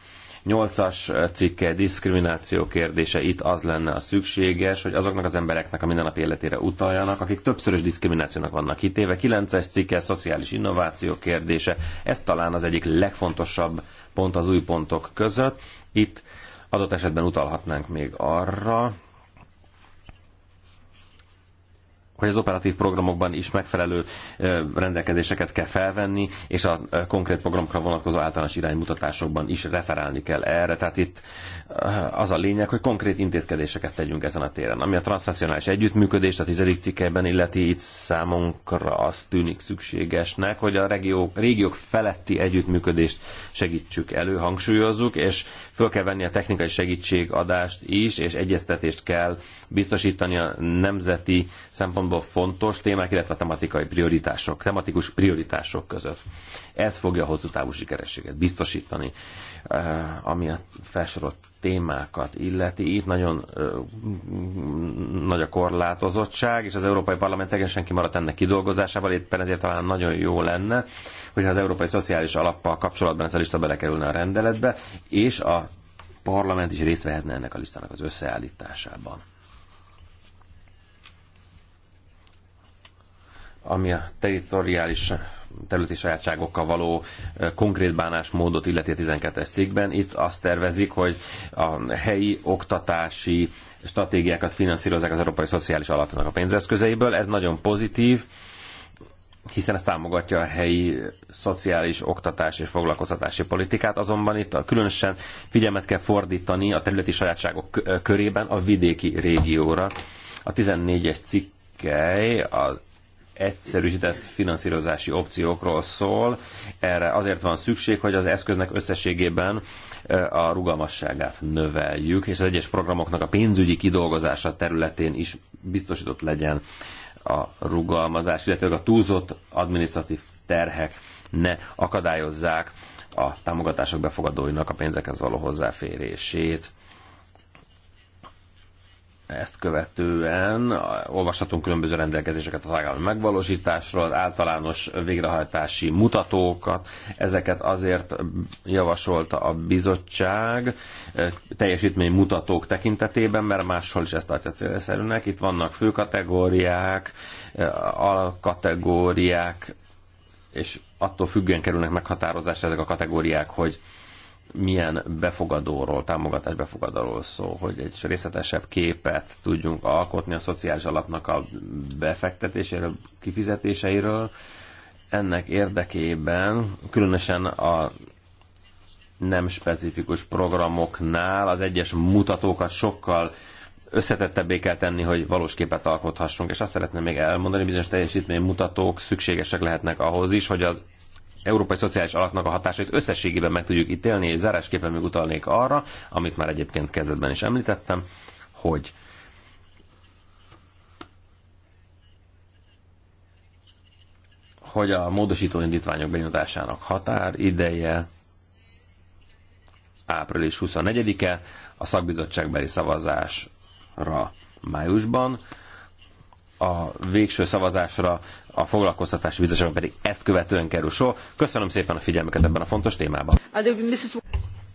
Speaker 3: Nyolcas cikke diszkrimináció kérdése itt az lenne a szükséges, hogy azoknak az embereknek a mindennapi életére utaljanak, akik többszörös diszkriminációnak vannak kitéve. kilences cikke szociális innováció kérdése, ez talán az egyik legfontosabb pont az új pontok között. Itt adott esetben utalhatnánk még arra, hogy az operatív programokban is megfelelő rendelkezéseket kell felvenni, és a konkrét programokra vonatkozó általános iránymutatásokban is referálni kell erre. Tehát itt az a lényeg, hogy konkrét intézkedéseket tegyünk ezen a téren. Ami a transnacionális együttműködést a tizedik cikkelyben illeti, itt számunkra az tűnik szükségesnek, hogy a regió, régiók feletti együttműködést segítsük elő, hangsúlyozzuk, és föl kell venni a technikai segítségadást is, és egyeztetést kell biztosítani a nemzeti szempontból fontos témák, illetve a tematikai prioritások, tematikus prioritások között. Ez fogja a hosszú távú sikerességet biztosítani. Eh, ami a felsorolt témákat illeti, itt nagyon eh, nagy a korlátozottság, és az Európai Parlament teljesen kimaradt ennek kidolgozásával, éppen ezért talán nagyon jó lenne, hogyha az Európai Szociális Alappal kapcsolatban ez a lista belekerülne a rendeletbe, és a parlament is részt vehetne ennek a listának az összeállításában. Ami a territoriális területi sajátságokkal való konkrét bánásmódot illeti a 12-es cikkben. Itt azt tervezik, hogy a helyi oktatási stratégiákat finanszírozzák az Európai Szociális Alapnak a pénzeszközeiből. Ez nagyon pozitív, hiszen ez támogatja a helyi szociális, oktatás és foglalkoztatási politikát, azonban itt a különösen figyelmet kell fordítani a területi sajátságok körében a vidéki régióra. A 14-es cikkely az egyszerűsített finanszírozási opciókról szól. Erre azért van szükség, hogy az eszköznek összességében a rugalmasságát növeljük, és az egyes programoknak a pénzügyi kidolgozása területén is biztosított legyen a rugalmazás, illetve a túlzott administratív terhek ne akadályozzák a támogatások befogadóinak a pénzekhez való hozzáférését. Ezt követően olvashatunk különböző rendelkezéseket a tagállami megvalósításról, általános végrehajtási mutatókat. Ezeket azért javasolta a bizottság eh, teljesítménymutatók tekintetében, mert máshol is ezt tartja célszerűnek. Itt vannak főkategóriák, eh, alkategóriák, és attól függően kerülnek meghatározásra ezek a kategóriák, hogy milyen befogadóról, támogatás befogadóról szó, hogy egy részletesebb képet tudjunk alkotni a szociális alapnak a befektetéséről, kifizetéseiről. Ennek érdekében, különösen a nem specifikus programoknál az egyes mutatókat sokkal összetettebbé kell tenni, hogy valós képet alkothassunk, és azt szeretném még elmondani, bizonyos teljesítménymutatók szükségesek lehetnek ahhoz is, hogy az Európai Szociális Alapnak a hatásait összességében meg tudjuk ítélni, és zárásképpen még utalnék arra, amit már egyébként kezdetben is említettem, hogy hogy a módosító indítványok benyújtásának határ ideje április 24-e, a szakbizottságbeli szavazásra májusban, a végső szavazásra a foglalkoztatási bizottságban pedig ezt követően kerül sor. Köszönöm szépen a figyelmüket
Speaker 2: ebben a fontos témában.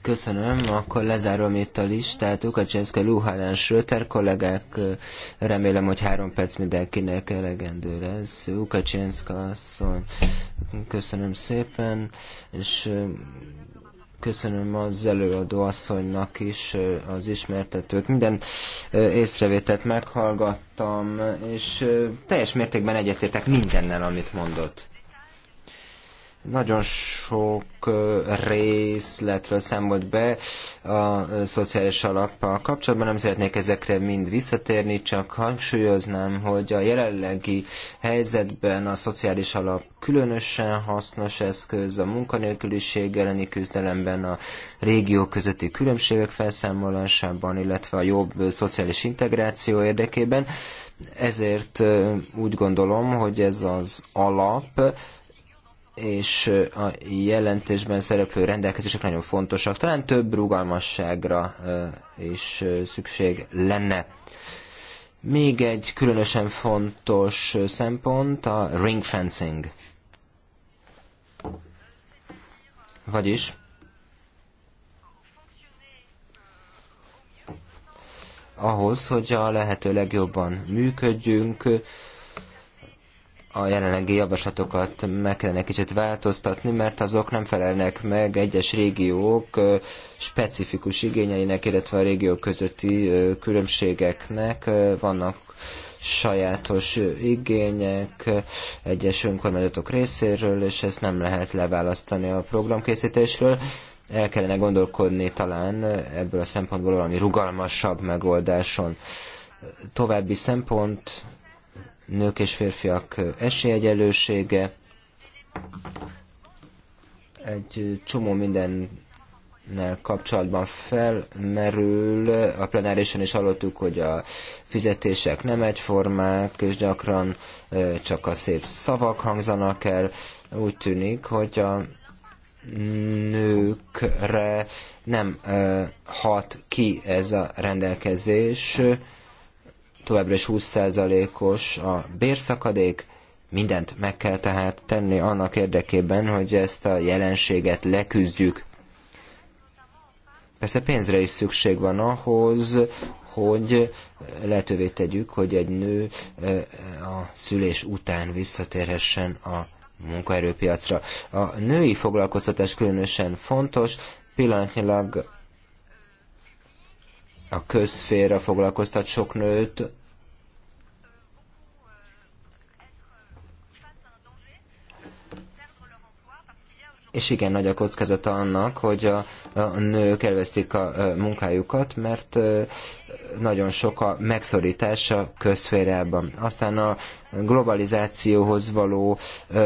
Speaker 2: Köszönöm, akkor lezárom itt a listát. a Luhalán, Schröter kollégák, remélem, hogy három perc mindenkinek elegendő lesz. Ukacsenszke, Csenszka köszönöm szépen, és Köszönöm az előadó asszonynak is az ismertetőt. Minden észrevételt meghallgattam, és teljes mértékben egyetértek mindennel, amit mondott nagyon sok részletről számolt be a szociális alappal kapcsolatban. Nem szeretnék ezekre mind visszatérni, csak hangsúlyoznám, hogy a jelenlegi helyzetben a szociális alap különösen hasznos eszköz a munkanélküliség elleni küzdelemben, a régió közötti különbségek felszámolásában, illetve a jobb szociális integráció érdekében. Ezért úgy gondolom, hogy ez az alap, és a jelentésben szereplő rendelkezések nagyon fontosak. Talán több rugalmasságra is szükség lenne. Még egy különösen fontos szempont a ring fencing. Vagyis ahhoz, hogy a lehető legjobban működjünk, a jelenlegi javaslatokat meg kellene kicsit változtatni, mert azok nem felelnek meg egyes régiók specifikus igényeinek, illetve a régiók közötti különbségeknek. Vannak sajátos igények egyes önkormányzatok részéről, és ezt nem lehet leválasztani a programkészítésről. El kellene gondolkodni talán ebből a szempontból valami rugalmasabb megoldáson. További szempont nők és férfiak esélyegyelősége, egy csomó mindennel kapcsolatban felmerül. A plenárisan is hallottuk, hogy a fizetések nem egyformák, és gyakran csak a szép szavak hangzanak el. Úgy tűnik, hogy a nőkre nem hat ki ez a rendelkezés továbbra is 20%-os a bérszakadék, mindent meg kell tehát tenni annak érdekében, hogy ezt a jelenséget leküzdjük. Persze pénzre is szükség van ahhoz, hogy lehetővé tegyük, hogy egy nő a szülés után visszatérhessen a munkaerőpiacra. A női foglalkoztatás különösen fontos, pillanatnyilag a közféra foglalkoztat sok nőt, és igen nagy a kockázata annak, hogy a, a nők elveszik a, a munkájukat, mert nagyon sok a megszorítás a közférában. Aztán a globalizációhoz való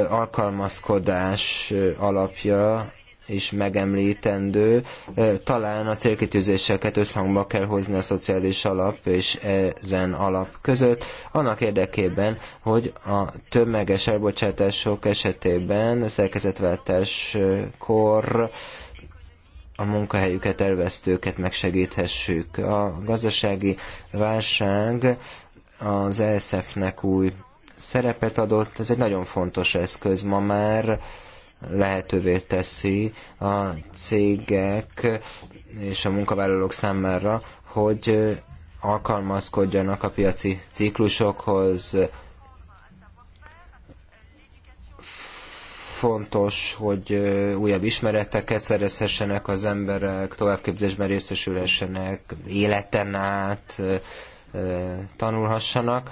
Speaker 2: alkalmazkodás alapja is megemlítendő. Talán a célkitűzéseket összhangba kell hozni a szociális alap és ezen alap között, annak érdekében, hogy a tömeges elbocsátások esetében szerkezetváltáskor a munkahelyüket elvesztőket megsegíthessük. A gazdasági válság az ESF-nek új szerepet adott, ez egy nagyon fontos eszköz ma már, lehetővé teszi a cégek és a munkavállalók számára, hogy alkalmazkodjanak a piaci ciklusokhoz. Fontos, hogy újabb ismereteket szerezhessenek az emberek, továbbképzésben részesülhessenek, életen át tanulhassanak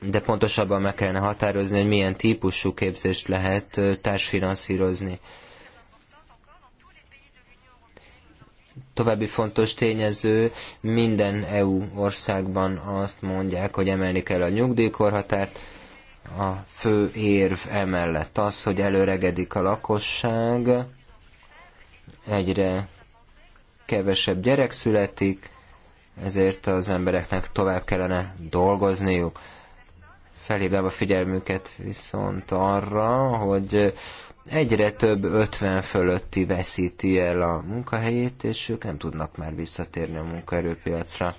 Speaker 2: de pontosabban meg kellene határozni, hogy milyen típusú képzést lehet társfinanszírozni. További fontos tényező, minden EU országban azt mondják, hogy emelni kell a nyugdíjkorhatárt, a fő érv emellett az, hogy előregedik a lakosság, egyre kevesebb gyerek születik, ezért az embereknek tovább kellene dolgozniuk. Felhívnám a figyelmüket viszont arra, hogy egyre több 50 fölötti veszíti el a munkahelyét, és ők nem tudnak már visszatérni a munkaerőpiacra.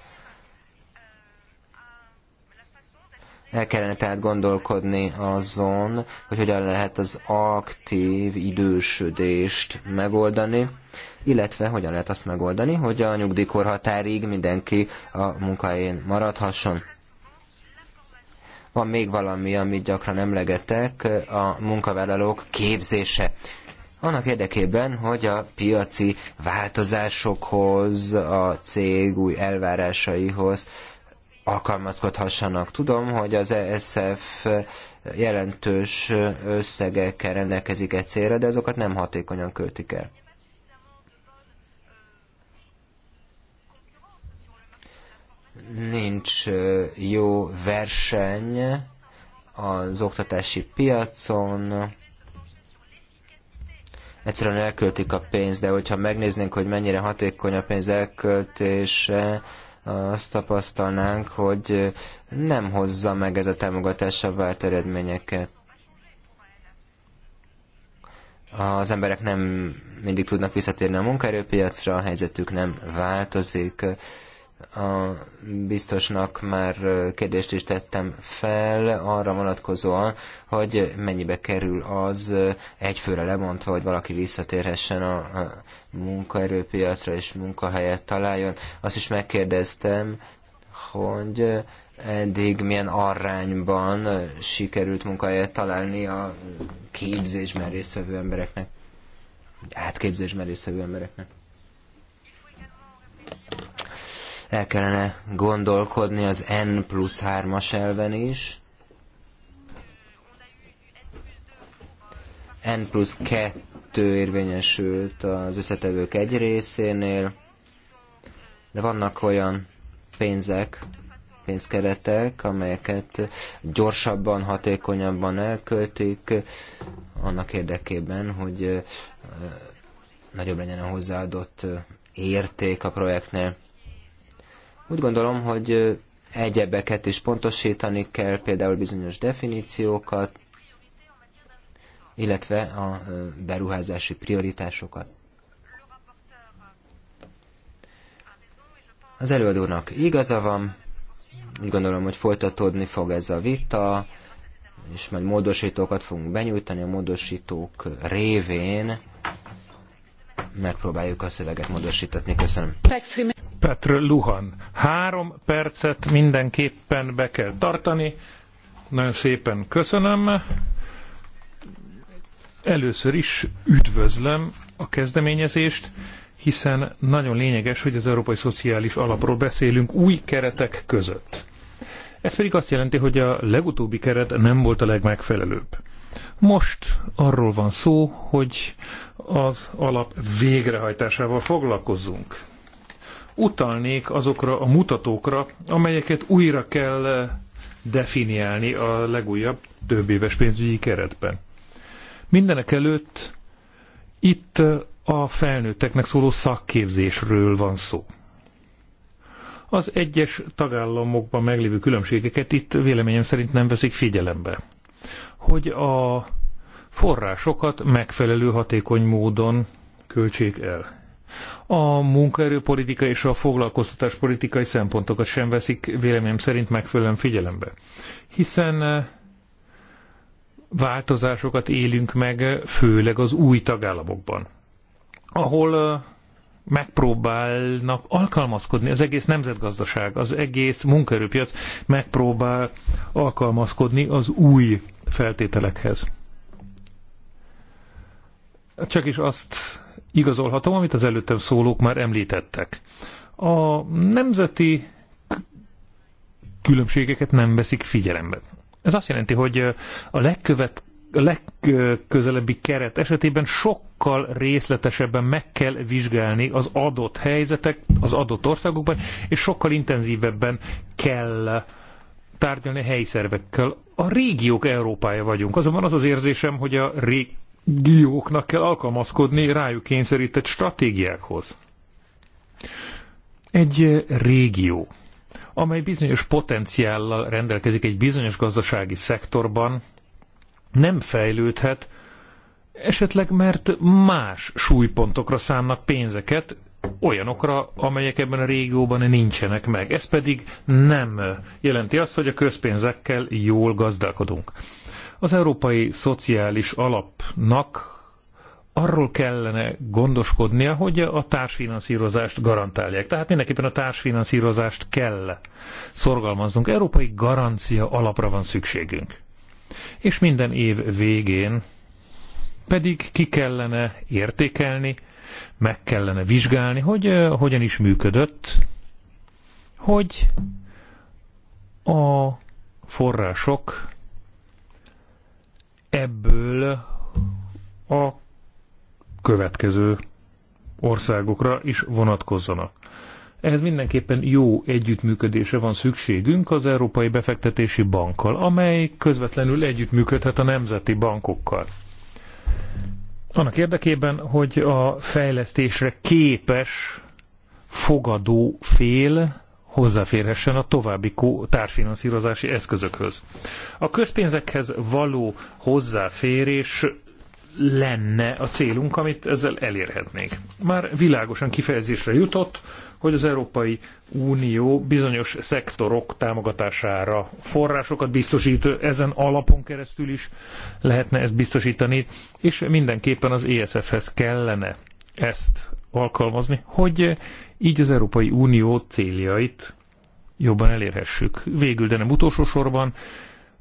Speaker 2: El kellene tehát gondolkodni azon, hogy hogyan lehet az aktív idősödést megoldani, illetve hogyan lehet azt megoldani, hogy a határig mindenki a munkahelyén maradhasson. Van még valami, amit gyakran emlegetek, a munkavállalók képzése annak érdekében, hogy a piaci változásokhoz, a cég új elvárásaihoz alkalmazkodhassanak. Tudom, hogy az ESF jelentős összegekkel rendelkezik egy célra, de azokat nem hatékonyan költik el. nincs jó verseny az oktatási piacon, egyszerűen elköltik a pénzt, de hogyha megnéznénk, hogy mennyire hatékony a pénz elköltése, azt tapasztalnánk, hogy nem hozza meg ez a támogatás a várt eredményeket. Az emberek nem mindig tudnak visszatérni a munkaerőpiacra, a helyzetük nem változik a biztosnak már kérdést is tettem fel arra vonatkozóan, hogy mennyibe kerül az egyfőre lemondva, hogy valaki visszatérhessen a, munkaerőpiacra és munkahelyet találjon. Azt is megkérdeztem, hogy eddig milyen arányban sikerült munkahelyet találni a képzésben résztvevő embereknek, átképzésben résztvevő embereknek el kellene gondolkodni az N plusz 3-as elven is. N plusz 2 érvényesült az összetevők egy részénél, de vannak olyan pénzek, pénzkeretek, amelyeket gyorsabban, hatékonyabban elköltik, annak érdekében, hogy nagyobb legyen a hozzáadott érték a projektnél. Úgy gondolom, hogy egyebeket is pontosítani kell, például bizonyos definíciókat, illetve a beruházási prioritásokat. Az előadónak igaza van, úgy gondolom, hogy folytatódni fog ez a vita, és majd módosítókat fogunk benyújtani, a módosítók révén megpróbáljuk a szöveget módosítatni. Köszönöm.
Speaker 1: Petr Luhan. Három percet mindenképpen be kell tartani. Nagyon szépen köszönöm. Először is üdvözlöm a kezdeményezést, hiszen nagyon lényeges, hogy az Európai Szociális Alapról beszélünk új keretek között. Ez pedig azt jelenti, hogy a legutóbbi keret nem volt a legmegfelelőbb. Most arról van szó, hogy az alap végrehajtásával foglalkozzunk utalnék azokra a mutatókra, amelyeket újra kell eh, definiálni a legújabb több éves pénzügyi keretben. Mindenek előtt itt eh, a felnőtteknek szóló szakképzésről van szó. Az egyes tagállamokban meglévő különbségeket itt véleményem szerint nem veszik figyelembe. Hogy a forrásokat megfelelő hatékony módon költsék el. A munkaerőpolitika és a foglalkoztatáspolitikai szempontokat sem veszik véleményem szerint megfelelően figyelembe. Hiszen eh, változásokat élünk meg, főleg az új tagállamokban, ahol eh, megpróbálnak alkalmazkodni, az egész nemzetgazdaság, az egész munkaerőpiac megpróbál alkalmazkodni az új feltételekhez. Csak is azt igazolhatom, amit az előttem szólók már említettek. A nemzeti különbségeket nem veszik figyelembe. Ez azt jelenti, hogy a legkövet a legközelebbi keret esetében sokkal részletesebben meg kell vizsgálni az adott helyzetek az adott országokban, és sokkal intenzívebben kell tárgyalni a helyszervekkel. A régiók Európája vagyunk. Azonban az az érzésem, hogy a rég dióknak kell alkalmazkodni rájuk kényszerített stratégiákhoz. Egy régió, amely bizonyos potenciállal rendelkezik egy bizonyos gazdasági szektorban, nem fejlődhet, esetleg mert más súlypontokra szánnak pénzeket, olyanokra, amelyek ebben a régióban nincsenek meg. Ez pedig nem jelenti azt, hogy a közpénzekkel jól gazdálkodunk. Az európai szociális alapnak arról kellene gondoskodnia, hogy a társfinanszírozást garantálják. Tehát mindenképpen a társfinanszírozást kell szorgalmaznunk. Európai garancia alapra van szükségünk. És minden év végén pedig ki kellene értékelni, meg kellene vizsgálni, hogy uh, hogyan is működött, hogy a források ebből a következő országokra is vonatkozzanak. Ehhez mindenképpen jó együttműködése van szükségünk az Európai Befektetési Bankkal, amely közvetlenül együttműködhet a nemzeti bankokkal. Annak érdekében, hogy a fejlesztésre képes fogadó fél hozzáférhessen a további társfinanszírozási eszközökhöz. A közpénzekhez való hozzáférés lenne a célunk, amit ezzel elérhetnénk. Már világosan kifejezésre jutott, hogy az Európai Unió bizonyos szektorok támogatására forrásokat biztosít, ezen alapon keresztül is lehetne ezt biztosítani, és mindenképpen az ESF-hez kellene ezt alkalmazni, hogy így az Európai Unió céljait jobban elérhessük. Végül, de nem utolsó sorban,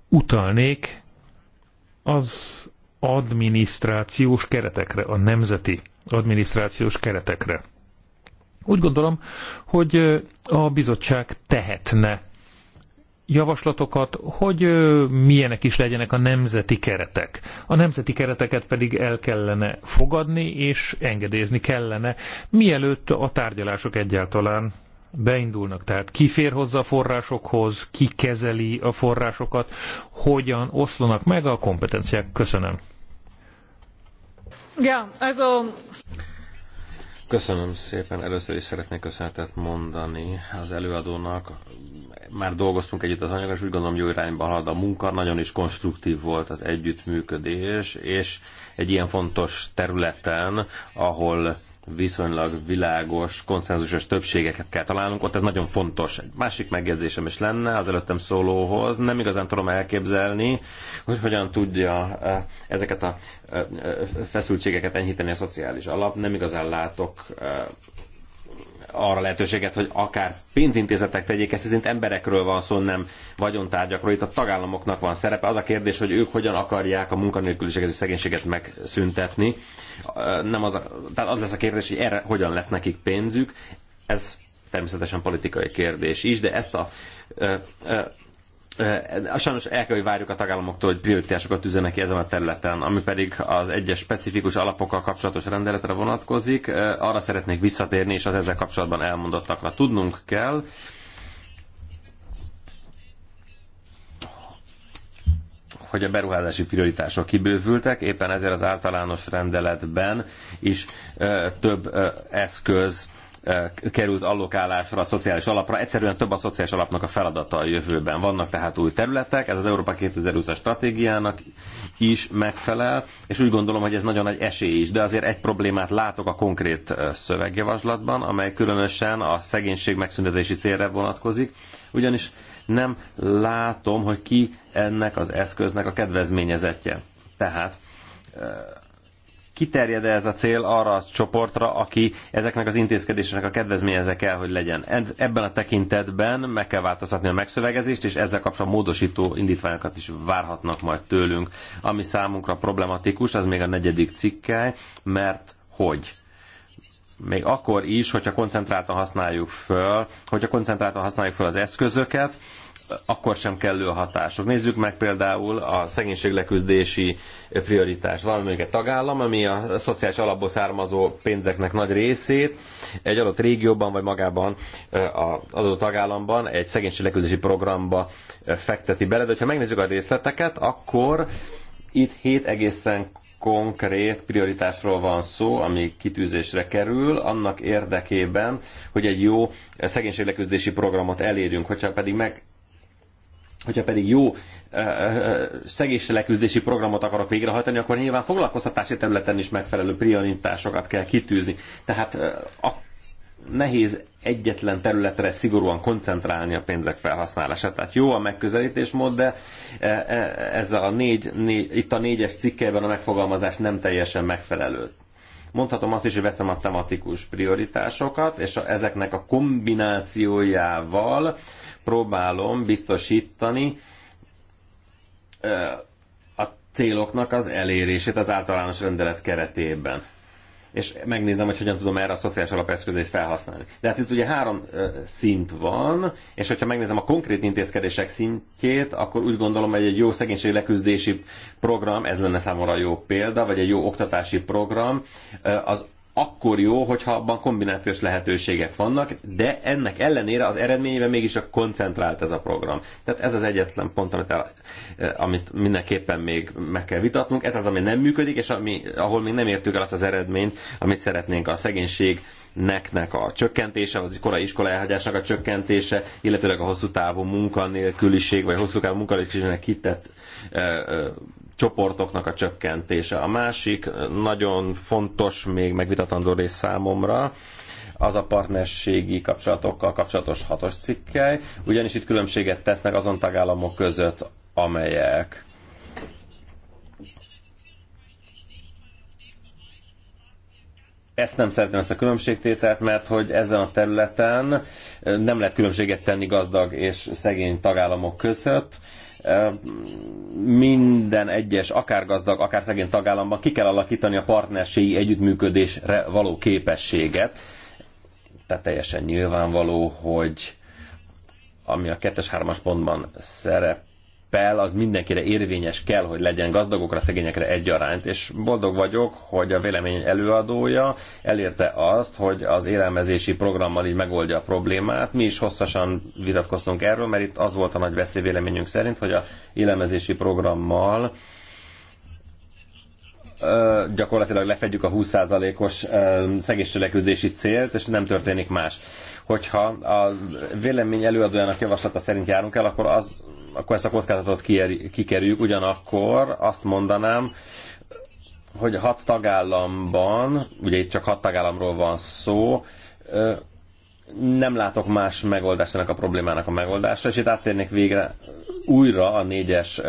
Speaker 1: utalnék az adminisztrációs keretekre, a nemzeti adminisztrációs keretekre. Úgy gondolom, hogy a bizottság tehetne javaslatokat, hogy milyenek is legyenek a nemzeti keretek. A nemzeti kereteket pedig el kellene fogadni és engedélyezni kellene, mielőtt a tárgyalások egyáltalán beindulnak. Tehát ki fér hozzá a forrásokhoz, ki kezeli a forrásokat, hogyan oszlanak meg a kompetenciák. Köszönöm.
Speaker 4: Ja, also...
Speaker 3: Köszönöm szépen. Először is szeretnék köszönetet mondani az előadónak. Már dolgoztunk együtt az anyagon, és úgy gondolom jó irányba halad a munka. Nagyon is konstruktív volt az együttműködés, és egy ilyen fontos területen, ahol viszonylag világos, konszenzusos többségeket kell találnunk, ott ez nagyon fontos. Egy másik megjegyzésem is lenne az előttem szólóhoz, nem igazán tudom elképzelni, hogy hogyan tudja eh, ezeket a eh, eh, feszültségeket enyhíteni a szociális alap, nem igazán látok arra lehetőséget, hogy akár pénzintézetek tegyék ezt, hiszen emberekről van szó, nem vagyontárgyakról. Itt a tagállamoknak van szerepe. Az a kérdés, hogy ők hogyan akarják a munkanélküliséget és szegénységet megszüntetni. Nem az a, tehát az lesz a kérdés, hogy erre hogyan lesz nekik pénzük. Ez természetesen politikai kérdés is, de ezt a Eh, eh, sajnos el kell, hogy várjuk a tagállamoktól, hogy prioritásokat üzenek ki ezen a területen, ami pedig az egyes specifikus alapokkal kapcsolatos rendeletre vonatkozik. Eh, arra szeretnék visszatérni, és az ezzel kapcsolatban elmondottakra tudnunk kell, hogy a beruházási prioritások kibővültek, éppen ezért az általános rendeletben is ö, több ö, eszköz került allokálásra, a szociális alapra. Egyszerűen több a szociális alapnak a feladata a jövőben. Vannak tehát új területek, ez az Európa 2020-as stratégiának is megfelel, és úgy gondolom, hogy ez nagyon nagy esély is, de azért egy problémát látok a konkrét szövegjavaslatban, amely különösen a szegénység megszüntetési célra vonatkozik, ugyanis nem látom, hogy ki ennek az eszköznek a kedvezményezetje. Tehát kiterjed -e ez a cél arra a csoportra, aki ezeknek az intézkedéseknek a kedvezményeze kell, hogy legyen. Ebben a tekintetben meg kell változtatni a megszövegezést, és ezzel kapcsolatban módosító indítványokat is várhatnak majd tőlünk. Ami számunkra problematikus, az még a negyedik cikkely, mert hogy? még akkor is, hogyha koncentráltan használjuk föl, hogyha koncentráltan használjuk föl az eszközöket, akkor sem kellő a hatások. Nézzük meg például a szegénység leküzdési prioritást. Van még egy tagállam, ami a szociális alapból származó pénzeknek nagy részét egy adott régióban vagy magában az adott tagállamban egy szegénység leküzdési programba fekteti bele. De ha megnézzük a részleteket, akkor itt hét egészen konkrét prioritásról van szó, ami kitűzésre kerül, annak érdekében, hogy egy jó szegénységleküzdési programot elérjünk. Hogyha pedig meg Hogyha pedig jó eh, eh, szegéssel programot akarok végrehajtani, akkor nyilván foglalkoztatási területen is megfelelő prioritásokat kell kitűzni. Tehát eh, a nehéz egyetlen területre szigorúan koncentrálni a pénzek felhasználását. Tehát jó a megközelítésmód, de ez a négy, négy, itt a négyes cikkelben a megfogalmazás nem teljesen megfelelő. Mondhatom azt is, hogy veszem a tematikus prioritásokat, és a, ezeknek a kombinációjával próbálom biztosítani a céloknak az elérését az általános rendelet keretében. És megnézem, hogy hogyan tudom erre a szociális alapeszközét felhasználni. De hát itt ugye három szint van, és hogyha megnézem a konkrét intézkedések szintjét, akkor úgy gondolom, hogy egy jó szegénység leküzdési program, ez lenne számomra a jó példa, vagy egy jó oktatási program, az akkor jó, hogyha abban kombinációs lehetőségek vannak, de ennek ellenére az eredményében mégis a koncentrált ez a program. Tehát ez az egyetlen pont, amit, el, eh, amit mindenképpen még meg kell vitatnunk. Ez az, ami nem működik, és ami, ahol még nem értük el azt az eredményt, amit szeretnénk a szegénység neknek a csökkentése, vagy korai iskola elhagyásnak a csökkentése, illetőleg a hosszú távú munkanélküliség, vagy a hosszú távú munkanélküliségnek kitett eh, eh, csoportoknak a csökkentése. A másik nagyon fontos, még megvitatandó rész számomra, az a partnerségi kapcsolatokkal kapcsolatos hatos cikkely, ugyanis itt különbséget tesznek azon tagállamok között, amelyek ezt nem szeretném ezt a különbségtételt, mert hogy ezen a területen nem lehet különbséget tenni gazdag és szegény tagállamok között minden egyes, akár gazdag, akár szegény tagállamban ki kell alakítani a partnerségi együttműködésre való képességet. Tehát teljesen nyilvánvaló, hogy ami a kettes-hármas pontban szerep appell az mindenkire érvényes kell, hogy legyen gazdagokra, szegényekre egyaránt. És boldog vagyok, hogy a vélemény előadója elérte azt, hogy az élelmezési programmal így megoldja a problémát. Mi is hosszasan vitatkoztunk erről, mert itt az volt a nagy veszély véleményünk szerint, hogy a élelmezési programmal gyakorlatilag lefedjük a 20%-os szegénységeküldési célt, és nem történik más. Hogyha a vélemény előadójának javaslata szerint járunk el, akkor az akkor ezt a kockázatot kikerüljük. Ugyanakkor azt mondanám, hogy a hat tagállamban, ugye itt csak hat tagállamról van szó, nem látok más megoldást ennek a problémának a megoldása, és itt áttérnék végre újra a négyes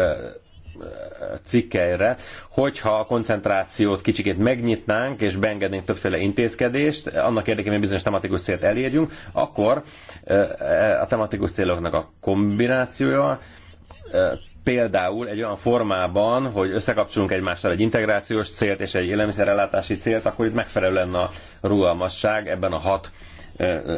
Speaker 3: cikkeire, hogyha a koncentrációt kicsikét megnyitnánk és beengednénk többféle intézkedést, annak érdekében, hogy bizonyos tematikus célt elérjünk, akkor e, a tematikus céloknak a kombinációja például egy olyan formában, hogy összekapcsolunk egymással egy integrációs célt és egy élelmiszerellátási célt, akkor itt megfelelő lenne a rugalmasság ebben a hat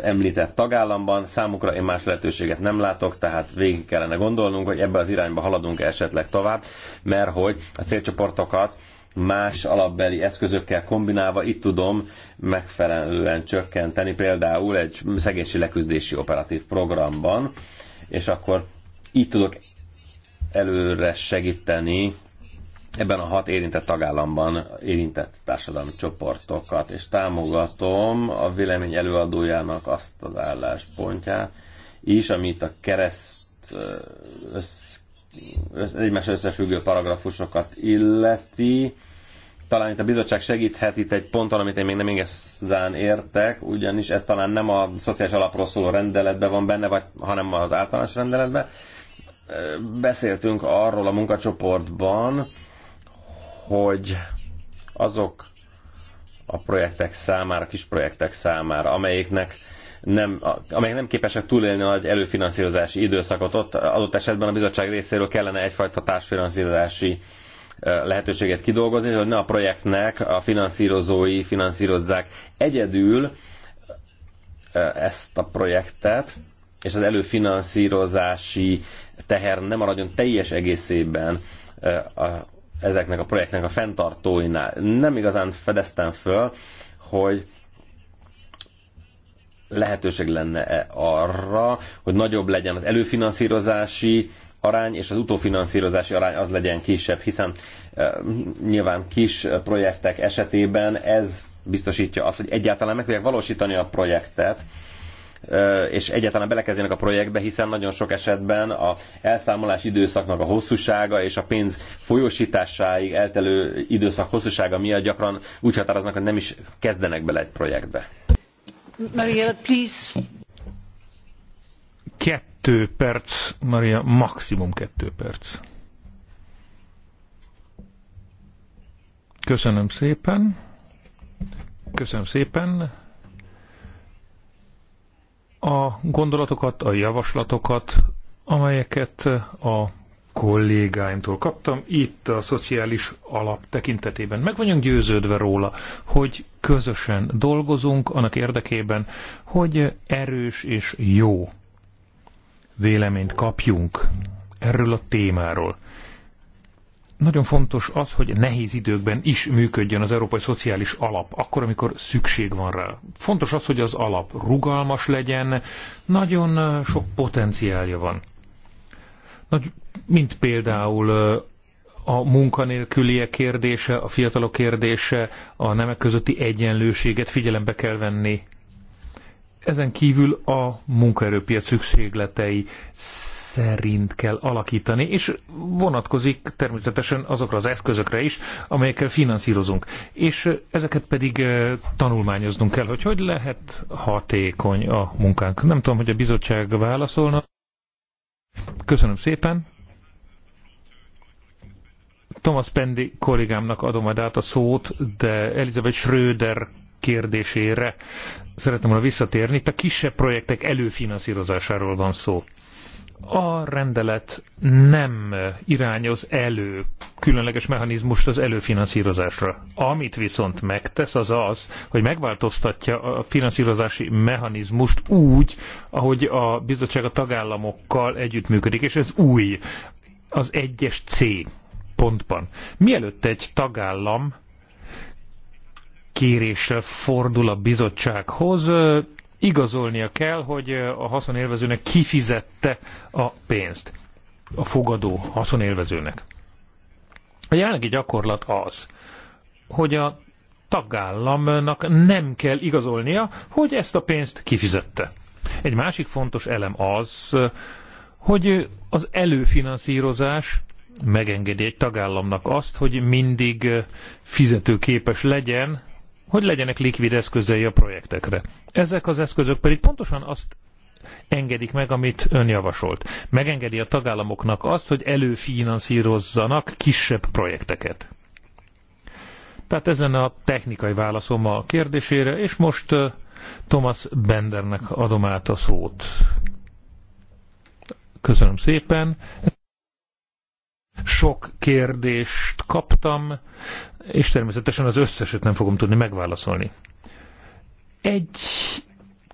Speaker 3: említett tagállamban. Számukra én más lehetőséget nem látok, tehát végig kellene gondolnunk, hogy ebbe az irányba haladunk -e esetleg tovább, mert hogy a célcsoportokat más alapbeli eszközökkel kombinálva itt tudom megfelelően csökkenteni, például egy szegénység leküzdési operatív programban, és akkor így tudok előre segíteni ebben a hat érintett tagállamban érintett társadalmi csoportokat, és támogatom a vélemény előadójának azt az álláspontját is, amit a kereszt össz, össz, egymás összefüggő paragrafusokat illeti. Talán itt a bizottság segíthet itt egy ponton, amit én még nem igazán értek, ugyanis ez talán nem a szociális alapról szóló rendeletben van benne, vagy, hanem az általános rendeletben beszéltünk arról a munkacsoportban, hogy azok a projektek számára, kis projektek számára, amelyiknek nem, amelyek nem képesek túlélni a nagy előfinanszírozási időszakot, ott adott esetben a bizottság részéről kellene egyfajta társfinanszírozási lehetőséget kidolgozni, hogy ne a projektnek a finanszírozói finanszírozzák egyedül ezt a projektet, és az előfinanszírozási teher nem maradjon teljes egészében eh, a, ezeknek a projektnek a fenntartóinál. Nem igazán fedeztem föl, hogy lehetőség lenne -e arra, hogy nagyobb legyen az előfinanszírozási arány, és az utófinanszírozási arány az legyen kisebb, hiszen eh, nyilván kis projektek esetében ez biztosítja azt, hogy egyáltalán meg tudják valósítani a projektet, és egyáltalán belekezdenek a projektbe, hiszen nagyon sok esetben a elszámolás időszaknak a hosszúsága és a pénz folyósításáig eltelő időszak hosszúsága miatt gyakran úgy határoznak, hogy nem is kezdenek bele egy projektbe.
Speaker 4: Maria, please.
Speaker 1: Kettő perc, Maria, maximum kettő perc. Köszönöm szépen. Köszönöm szépen a gondolatokat, a javaslatokat, amelyeket a kollégáimtól kaptam itt a szociális alap tekintetében. Meg vagyunk győződve róla, hogy közösen dolgozunk annak érdekében, hogy erős és jó véleményt kapjunk erről a témáról nagyon fontos az, hogy nehéz időkben is működjön az európai szociális alap, akkor, amikor szükség van rá. Fontos az, hogy az alap rugalmas legyen, nagyon sok potenciálja van. Nagy, mint például a munkanélküliek kérdése, a fiatalok kérdése, a nemek közötti egyenlőséget figyelembe kell venni, ezen kívül a munkaerőpiac szükségletei szerint kell alakítani, és vonatkozik természetesen azokra az eszközökre is, amelyekkel finanszírozunk. És ezeket pedig tanulmányoznunk kell, hogy hogy lehet hatékony a munkánk. Nem tudom, hogy a bizottság válaszolna. Köszönöm szépen. Thomas Pendi kollégámnak adom majd át a szót, de Elizabeth Schröder kérdésére szeretném volna visszatérni. Itt a kisebb projektek előfinanszírozásáról van szó. A rendelet nem irányoz elő különleges mechanizmust az előfinanszírozásra. Amit viszont megtesz, az az, hogy megváltoztatja a finanszírozási mechanizmust úgy, ahogy a bizottság a tagállamokkal együttműködik, és ez új. Az egyes C pontban. Mielőtt egy tagállam kérésre fordul a bizottsághoz, igazolnia kell, hogy a haszonélvezőnek kifizette a pénzt. A fogadó haszonélvezőnek. A jelenlegi gyakorlat az, hogy a tagállamnak nem kell igazolnia, hogy ezt a pénzt kifizette. Egy másik fontos elem az, hogy az előfinanszírozás megengedi egy tagállamnak azt, hogy mindig fizetőképes legyen hogy legyenek likvid eszközei a projektekre. Ezek az eszközök pedig pontosan azt engedik meg, amit ön javasolt. Megengedi a tagállamoknak azt, hogy előfinanszírozzanak kisebb projekteket. Tehát ez lenne a technikai válaszom a kérdésére, és most Thomas Bendernek adom át a szót. Köszönöm szépen. Sok kérdést kaptam, és természetesen az összeset nem fogom tudni megválaszolni. Egy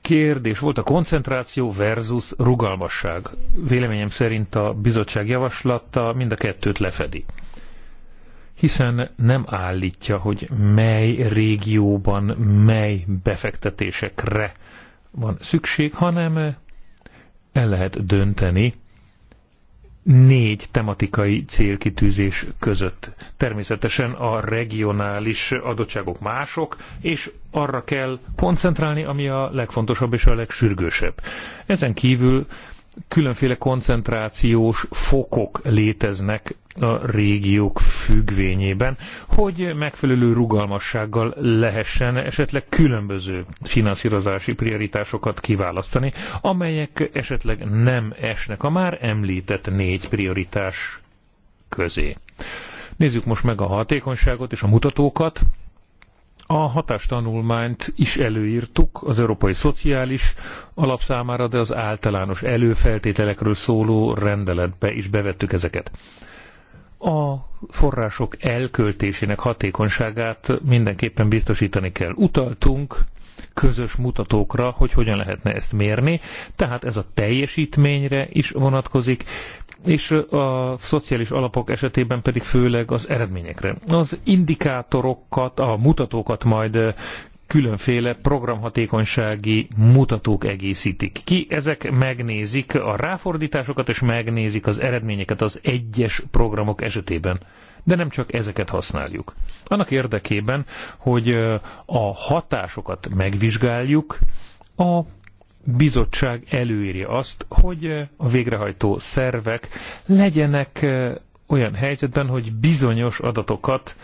Speaker 1: kérdés volt a koncentráció versus rugalmasság. Véleményem szerint a bizottság javaslata mind a kettőt lefedi. Hiszen nem állítja, hogy mely régióban mely befektetésekre van szükség, hanem el lehet dönteni, négy tematikai célkitűzés között. Természetesen a regionális adottságok mások, és arra kell koncentrálni, ami a legfontosabb és a legsürgősebb. Ezen kívül különféle koncentrációs fokok léteznek a régiók függvényében, hogy megfelelő rugalmassággal lehessen esetleg különböző finanszírozási prioritásokat kiválasztani, amelyek esetleg nem esnek a már említett négy prioritás közé. Nézzük most meg a hatékonyságot és a mutatókat. A hatástanulmányt is előírtuk az európai szociális alap számára, de az általános előfeltételekről szóló rendeletbe is bevettük ezeket. A források elköltésének hatékonyságát mindenképpen biztosítani kell. Utaltunk közös mutatókra, hogy hogyan lehetne ezt mérni, tehát ez a teljesítményre is vonatkozik, és a szociális alapok esetében pedig főleg az eredményekre. Az indikátorokat, a mutatókat majd különféle programhatékonysági mutatók egészítik ki. Ezek megnézik a ráfordításokat, és megnézik az eredményeket az egyes programok esetében. De nem csak ezeket használjuk. Annak érdekében, hogy a hatásokat megvizsgáljuk a bizottság előírja azt, hogy eh, a végrehajtó szervek legyenek eh, olyan helyzetben, hogy bizonyos adatokat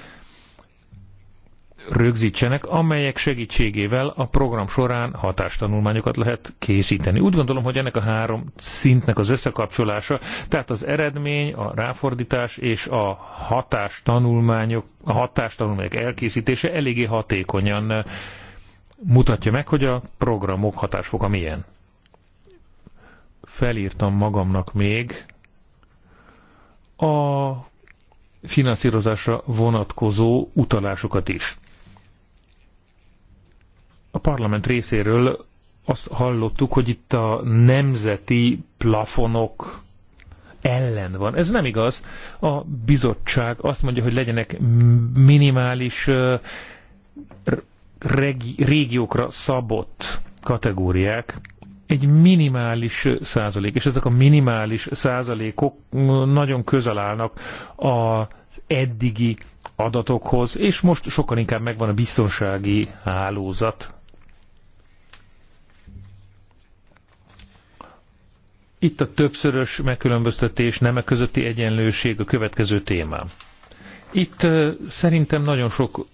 Speaker 1: rögzítsenek, amelyek segítségével a program során hatástanulmányokat lehet készíteni. Úgy gondolom, hogy ennek a három szintnek az összekapcsolása, tehát az eredmény, a ráfordítás és a hatástanulmányok, a hatástanulmányok elkészítése eléggé hatékonyan eh, mutatja meg, hogy a programok hatásfoka milyen. Felírtam magamnak még a finanszírozásra vonatkozó utalásokat is. A parlament részéről azt hallottuk, hogy itt a nemzeti plafonok ellen van. Ez nem igaz. A bizottság azt mondja, hogy legyenek minimális regi, régiókra szabott kategóriák egy minimális százalék, és ezek a minimális százalékok nagyon közel állnak az eddigi adatokhoz, és most sokkal inkább megvan a biztonsági hálózat. Itt a többszörös megkülönböztetés, nemek közötti egyenlőség a következő témám. Itt szerintem nagyon sok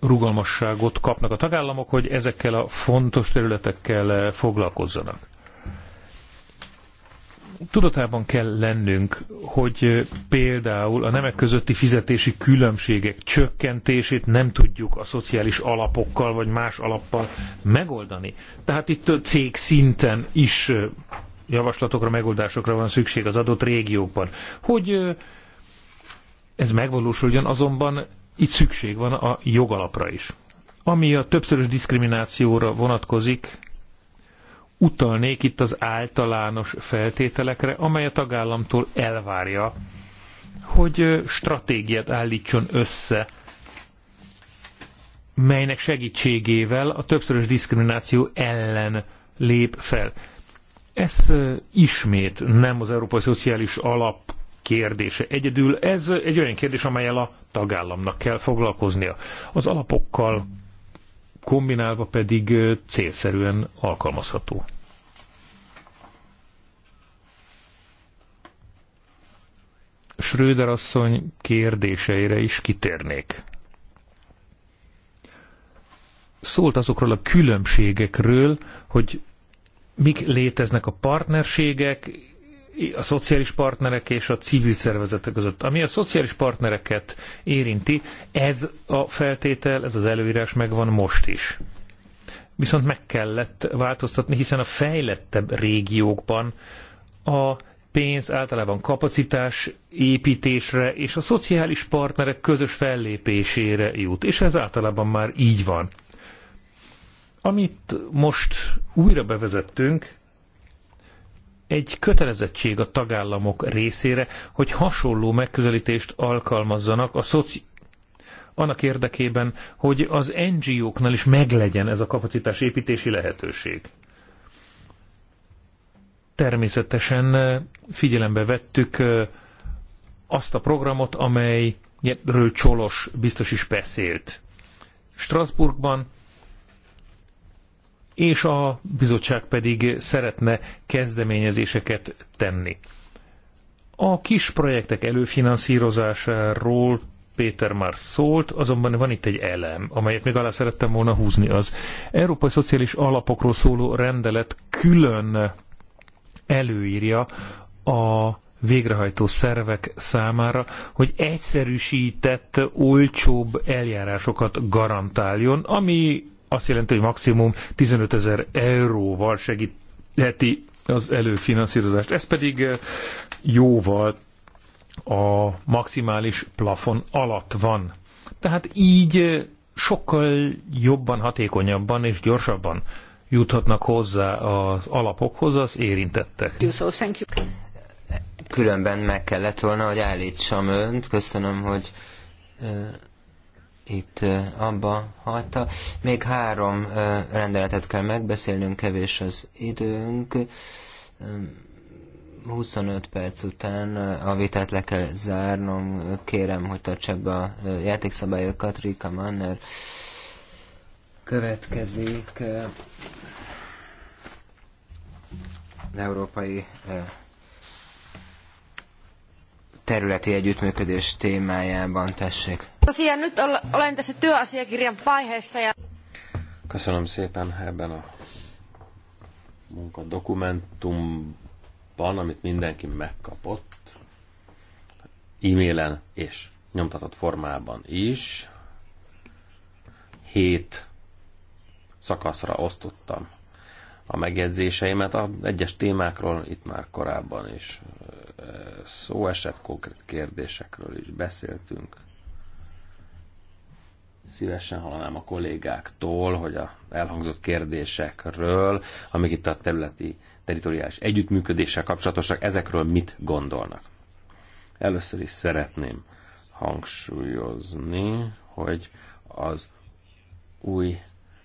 Speaker 1: rugalmasságot kapnak a tagállamok, hogy ezekkel a fontos területekkel eh, foglalkozzanak. Tudatában kell lennünk, hogy eh, például a nemek közötti fizetési különbségek csökkentését nem tudjuk a szociális alapokkal vagy más alappal megoldani. Tehát itt eh, cég szinten is javaslatokra, megoldásokra van szükség az adott régiókban. Hogy ez megvalósuljon, azonban itt szükség van a jogalapra is. Ami a többszörös diszkriminációra vonatkozik, utalnék itt az általános feltételekre, amely a tagállamtól elvárja, hogy stratégiát állítson össze, melynek segítségével a többszörös diszkrimináció ellen lép fel. Ez ismét nem az Európai Szociális Alap kérdése egyedül. Ez egy olyan kérdés, amelyel a tagállamnak kell foglalkoznia. Az alapokkal kombinálva pedig célszerűen alkalmazható. Schröder asszony kérdéseire is kitérnék. Szólt azokról a különbségekről, hogy mik léteznek a partnerségek, a szociális partnerek és a civil szervezetek között. Ami a szociális partnereket érinti, ez a feltétel, ez az előírás megvan most is. Viszont meg kellett változtatni, hiszen a fejlettebb régiókban a pénz általában kapacitás építésre és a szociális partnerek közös fellépésére jut, és ez általában már így van. Amit most újra bevezettünk, egy kötelezettség a tagállamok részére, hogy hasonló megközelítést alkalmazzanak a szoci annak érdekében, hogy az NGO-knál is meglegyen ez a kapacitás építési lehetőség. Természetesen eh, figyelembe vettük eh, azt a programot, amelyről Csolos biztos is beszélt. Strasbourgban és a bizottság pedig szeretne kezdeményezéseket tenni. A kis projektek előfinanszírozásáról Péter már szólt, azonban van itt egy elem, amelyet még alá szerettem volna húzni. Az Európai Szociális Alapokról szóló rendelet külön előírja a végrehajtó szervek számára, hogy egyszerűsített, olcsóbb eljárásokat garantáljon, ami azt jelenti, hogy maximum 15 ezer euróval segítheti az előfinanszírozást. Ez pedig eh, jóval a maximális plafon alatt van. Tehát így eh, sokkal jobban, hatékonyabban és gyorsabban juthatnak hozzá az alapokhoz
Speaker 2: az érintettek. Különben meg kellett volna, hogy állítsam önt. Köszönöm, hogy eh, itt abba hagyta. Még három rendeletet kell megbeszélnünk, kevés az időnk. 25 perc után a vitát le kell zárnom. Kérem, hogy tartsák be a játékszabályokat. Rika Manner következik. Európai területi együttműködés témájában tessék.
Speaker 4: Tosiaan nyt olen tässä työasiakirjan vaiheessa ja...
Speaker 2: Köszönöm szépen ebben a
Speaker 3: munkadokumentumban, amit mindenki megkapott, e-mailen és nyomtatott formában is. Hét szakaszra osztottam a megjegyzéseimet. A egyes témákról itt már korábban is szó esett, konkrét kérdésekről is beszéltünk szívesen hallanám a kollégáktól, hogy a elhangzott kérdésekről, amik itt a területi teritoriális együttműködéssel kapcsolatosak, ezekről mit gondolnak. Először is szeretném hangsúlyozni, hogy az új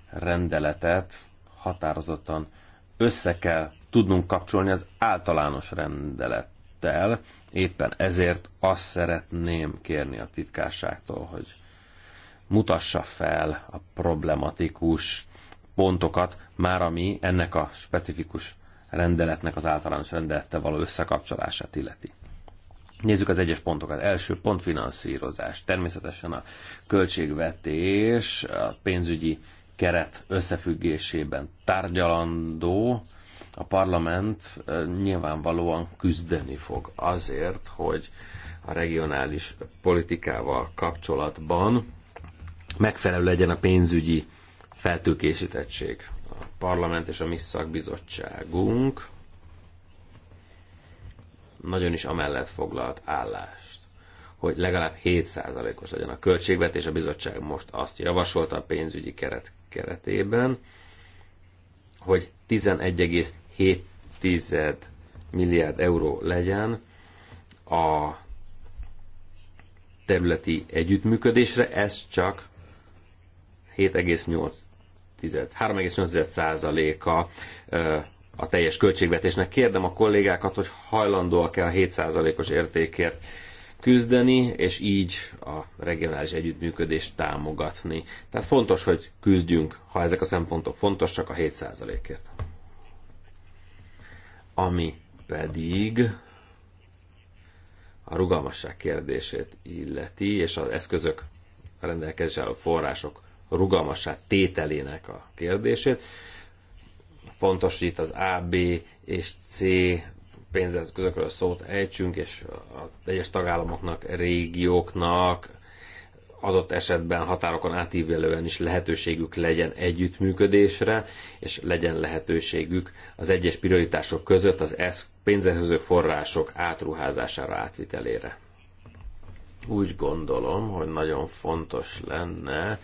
Speaker 3: rendeletet határozottan össze kell tudnunk kapcsolni az általános rendelettel. Éppen ezért azt szeretném kérni a titkárságtól, hogy mutassa fel a problematikus pontokat, már ami ennek a specifikus rendeletnek az általános rendelettel való összekapcsolását illeti. Nézzük az egyes pontokat. Első pont finanszírozás. Természetesen a költségvetés a pénzügyi keret összefüggésében tárgyalandó. A parlament nyilvánvalóan küzdeni fog azért, hogy a regionális politikával kapcsolatban megfelelő legyen a pénzügyi feltőkésítettség. A parlament és a mi szakbizottságunk nagyon is amellett foglalt állást, hogy legalább 7%-os legyen a költségvetés. A bizottság most azt javasolta a pénzügyi keret keretében, hogy 11,7 milliárd euró legyen a területi együttműködésre, ez csak 7,8 3,8%-a a teljes költségvetésnek. Kérdem a kollégákat, hogy hajlandóak-e a 7%-os értékért küzdeni, és így a regionális együttműködést támogatni. Tehát fontos, hogy küzdjünk, ha ezek a szempontok fontosak, a 7%-ért. Ami pedig a rugalmasság kérdését illeti, és az eszközök rendelkezésre a források rugalmassá tételének a kérdését. Fontos, hogy itt az A, B és C pénzeszközökről szót ejtsünk, és az egyes tagállamoknak, régióknak adott esetben határokon átívelően is lehetőségük legyen együttműködésre, és legyen lehetőségük az egyes prioritások között az esz pénzeszközök források átruházására, átvitelére. Úgy gondolom, hogy nagyon fontos lenne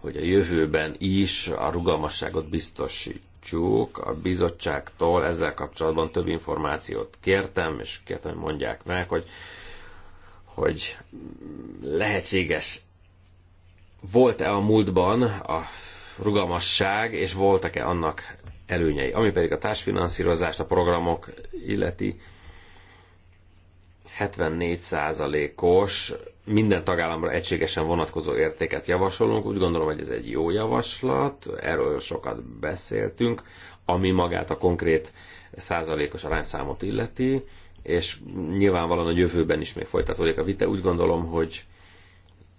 Speaker 3: hogy a jövőben is a rugalmasságot biztosítsuk. A bizottságtól ezzel kapcsolatban több információt kértem, és kértem, hogy mondják meg, hogy, hogy lehetséges volt-e a múltban a rugalmasság, és voltak-e annak előnyei. Ami pedig a társfinanszírozást, a programok illeti 74%-os minden tagállamra egységesen vonatkozó értéket javasolunk. Úgy gondolom, hogy ez egy jó javaslat, erről sokat beszéltünk, ami magát a konkrét százalékos arányszámot illeti, és nyilvánvalóan a jövőben is még folytatódik a vita. Úgy gondolom, hogy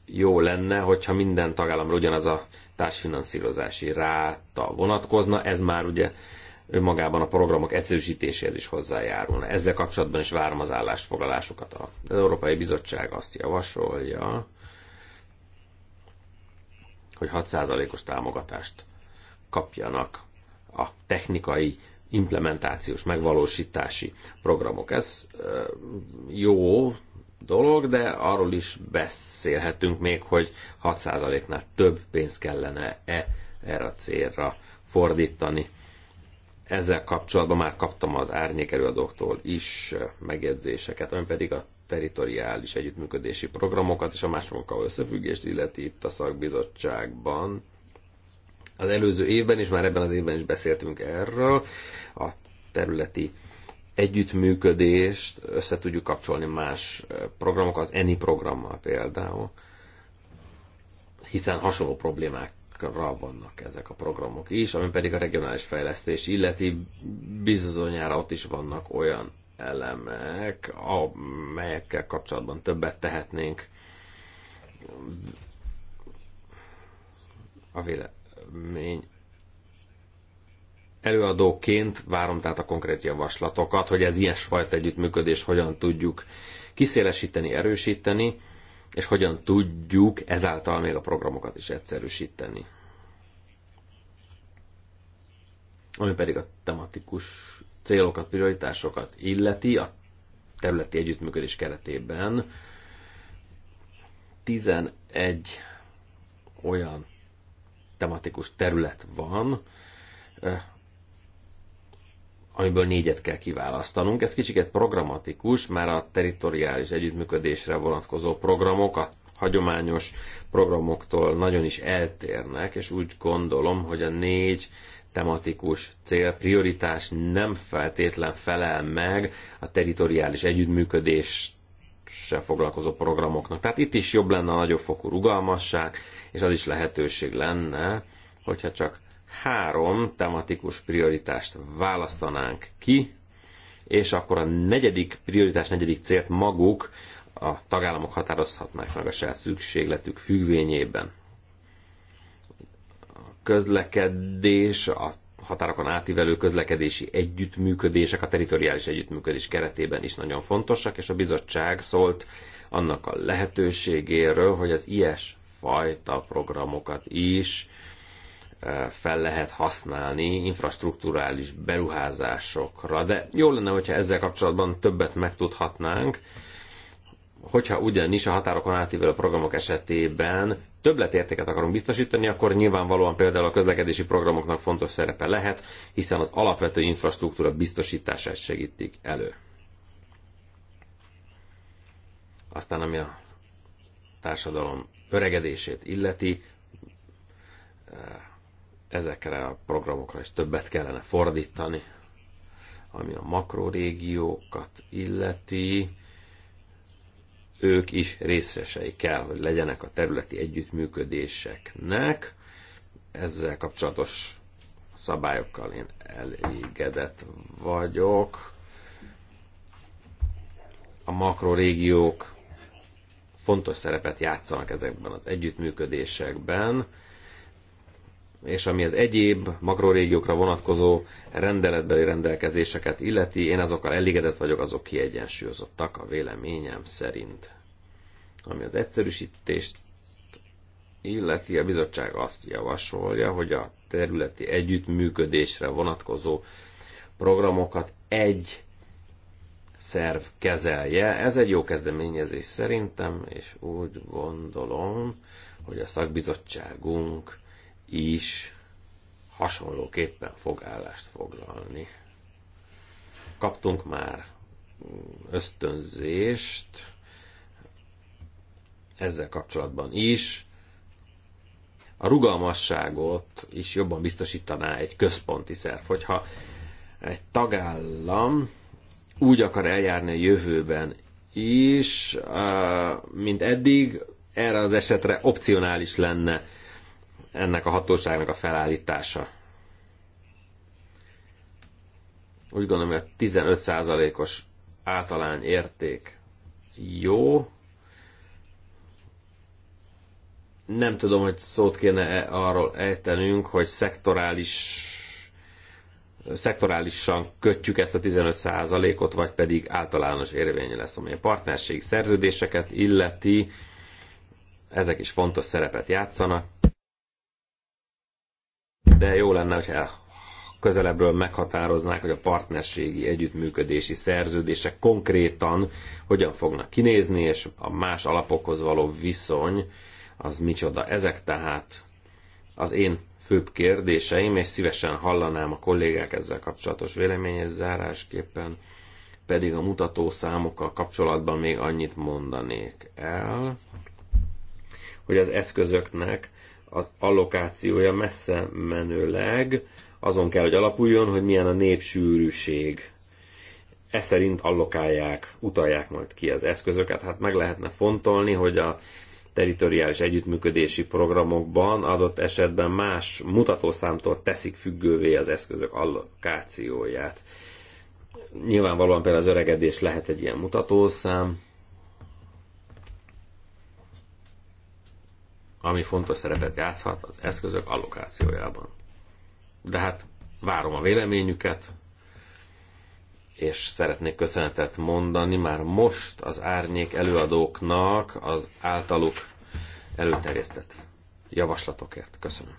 Speaker 3: jó lenne, hogyha minden tagállamra ugyanaz a társfinanszírozási ráta vonatkozna. Ez már ugye önmagában a programok egyszerűsítéséhez is hozzájárulna. Ezzel kapcsolatban is várom az állásfoglalásokat. Az Európai Bizottság azt javasolja, hogy 6%-os támogatást kapjanak a technikai implementációs, megvalósítási programok. Ez jó dolog, de arról is beszélhetünk még, hogy 6%-nál több pénzt kellene-e erre a célra fordítani ezzel kapcsolatban már kaptam az árnyék előadóktól is megjegyzéseket, ami pedig a teritoriális együttműködési programokat és a más munka összefüggést illeti itt a szakbizottságban. Az előző évben is már ebben az évben is beszéltünk erről, a területi együttműködést össze tudjuk kapcsolni más programokkal, az ENI programmal például, hiszen hasonló problémák témákra vannak ezek a programok is, ami pedig a regionális fejlesztés illeti bizonyára ott is vannak olyan elemek, amelyekkel kapcsolatban többet tehetnénk. A vélemény előadóként várom tehát a konkrét javaslatokat, hogy ez ilyesfajta együttműködés hogyan tudjuk kiszélesíteni, erősíteni és hogyan tudjuk ezáltal még a programokat is egyszerűsíteni. Ami pedig a tematikus célokat, prioritásokat illeti, a területi együttműködés keretében 11 olyan tematikus terület van, eh, amiből négyet kell kiválasztanunk. Ez kicsiket programatikus, már a teritoriális együttműködésre vonatkozó programok a hagyományos programoktól nagyon is eltérnek, és úgy gondolom, hogy a négy tematikus cél, prioritás nem feltétlen felel meg a teritoriális együttműködés se foglalkozó programoknak. Tehát itt is jobb lenne a nagyobb fokú rugalmasság, és az is lehetőség lenne, hogyha csak három tematikus prioritást választanánk ki, és akkor a negyedik prioritás, negyedik célt maguk a tagállamok határozhatnák meg a saját szükségletük függvényében. A közlekedés, a határokon átívelő közlekedési együttműködések a teritoriális együttműködés keretében is nagyon fontosak, és a bizottság szólt annak a lehetőségéről, hogy az ilyes fajta programokat is fel lehet használni infrastruktúrális beruházásokra, de jó lenne, hogyha ezzel kapcsolatban többet megtudhatnánk, hogyha ugyanis a határokon átívelő programok esetében többletértéket akarunk biztosítani, akkor nyilvánvalóan például a közlekedési programoknak fontos szerepe lehet, hiszen az alapvető infrastruktúra biztosítását segítik elő. Aztán ami a társadalom öregedését illeti, ezekre a programokra is többet kellene fordítani, ami a makrorégiókat illeti, ők is részesei kell, hogy legyenek a területi együttműködéseknek. Ezzel kapcsolatos szabályokkal én elégedett vagyok. A makrorégiók fontos szerepet játszanak ezekben az együttműködésekben, és ami az egyéb makrorégiókra vonatkozó rendeletbeli rendelkezéseket illeti, én azokkal elégedett vagyok, azok kiegyensúlyozottak a véleményem szerint. Ami az egyszerűsítést illeti, a bizottság azt javasolja, hogy a területi együttműködésre vonatkozó programokat egy szerv kezelje. Ez egy jó kezdeményezés szerintem, és úgy gondolom, hogy a szakbizottságunk is hasonlóképpen fog állást foglalni. Kaptunk már ösztönzést ezzel kapcsolatban is. A rugalmasságot is jobban biztosítaná egy központi szerv, hogyha egy tagállam úgy akar eljárni a jövőben is, eh, mint eddig, erre az esetre opcionális lenne ennek a hatóságnak a felállítása. Úgy gondolom, hogy a 15%-os általány érték jó. Nem tudom, hogy szót kéne -e arról ejtenünk, hogy szektorális szektorálisan kötjük ezt a 15%-ot, vagy pedig általános érvénye lesz, ami a partnerségi szerződéseket illeti, ezek is fontos szerepet játszanak de jó lenne, hogyha közelebbről meghatároznák, hogy a partnerségi együttműködési szerződések konkrétan hogyan fognak kinézni, és a más alapokhoz való viszony az micsoda. Ezek tehát az én főbb kérdéseim, és szívesen hallanám a kollégák ezzel kapcsolatos véleményét zárásképpen, pedig a mutatószámokkal kapcsolatban még annyit mondanék
Speaker 2: el,
Speaker 3: hogy az eszközöknek az allokációja messze menőleg azon kell, hogy alapuljon, hogy milyen a népsűrűség. Ez szerint allokálják, utalják majd ki az eszközöket. Hát meg lehetne fontolni, hogy a teritoriális együttműködési programokban adott esetben más mutatószámtól teszik függővé az eszközök allokációját. Nyilvánvalóan például az öregedés lehet egy ilyen mutatószám, ami fontos szerepet játszhat az eszközök allokációjában. De hát várom a véleményüket, és szeretnék köszönetet mondani már most az árnyék előadóknak az általuk előterjesztett javaslatokért. Köszönöm.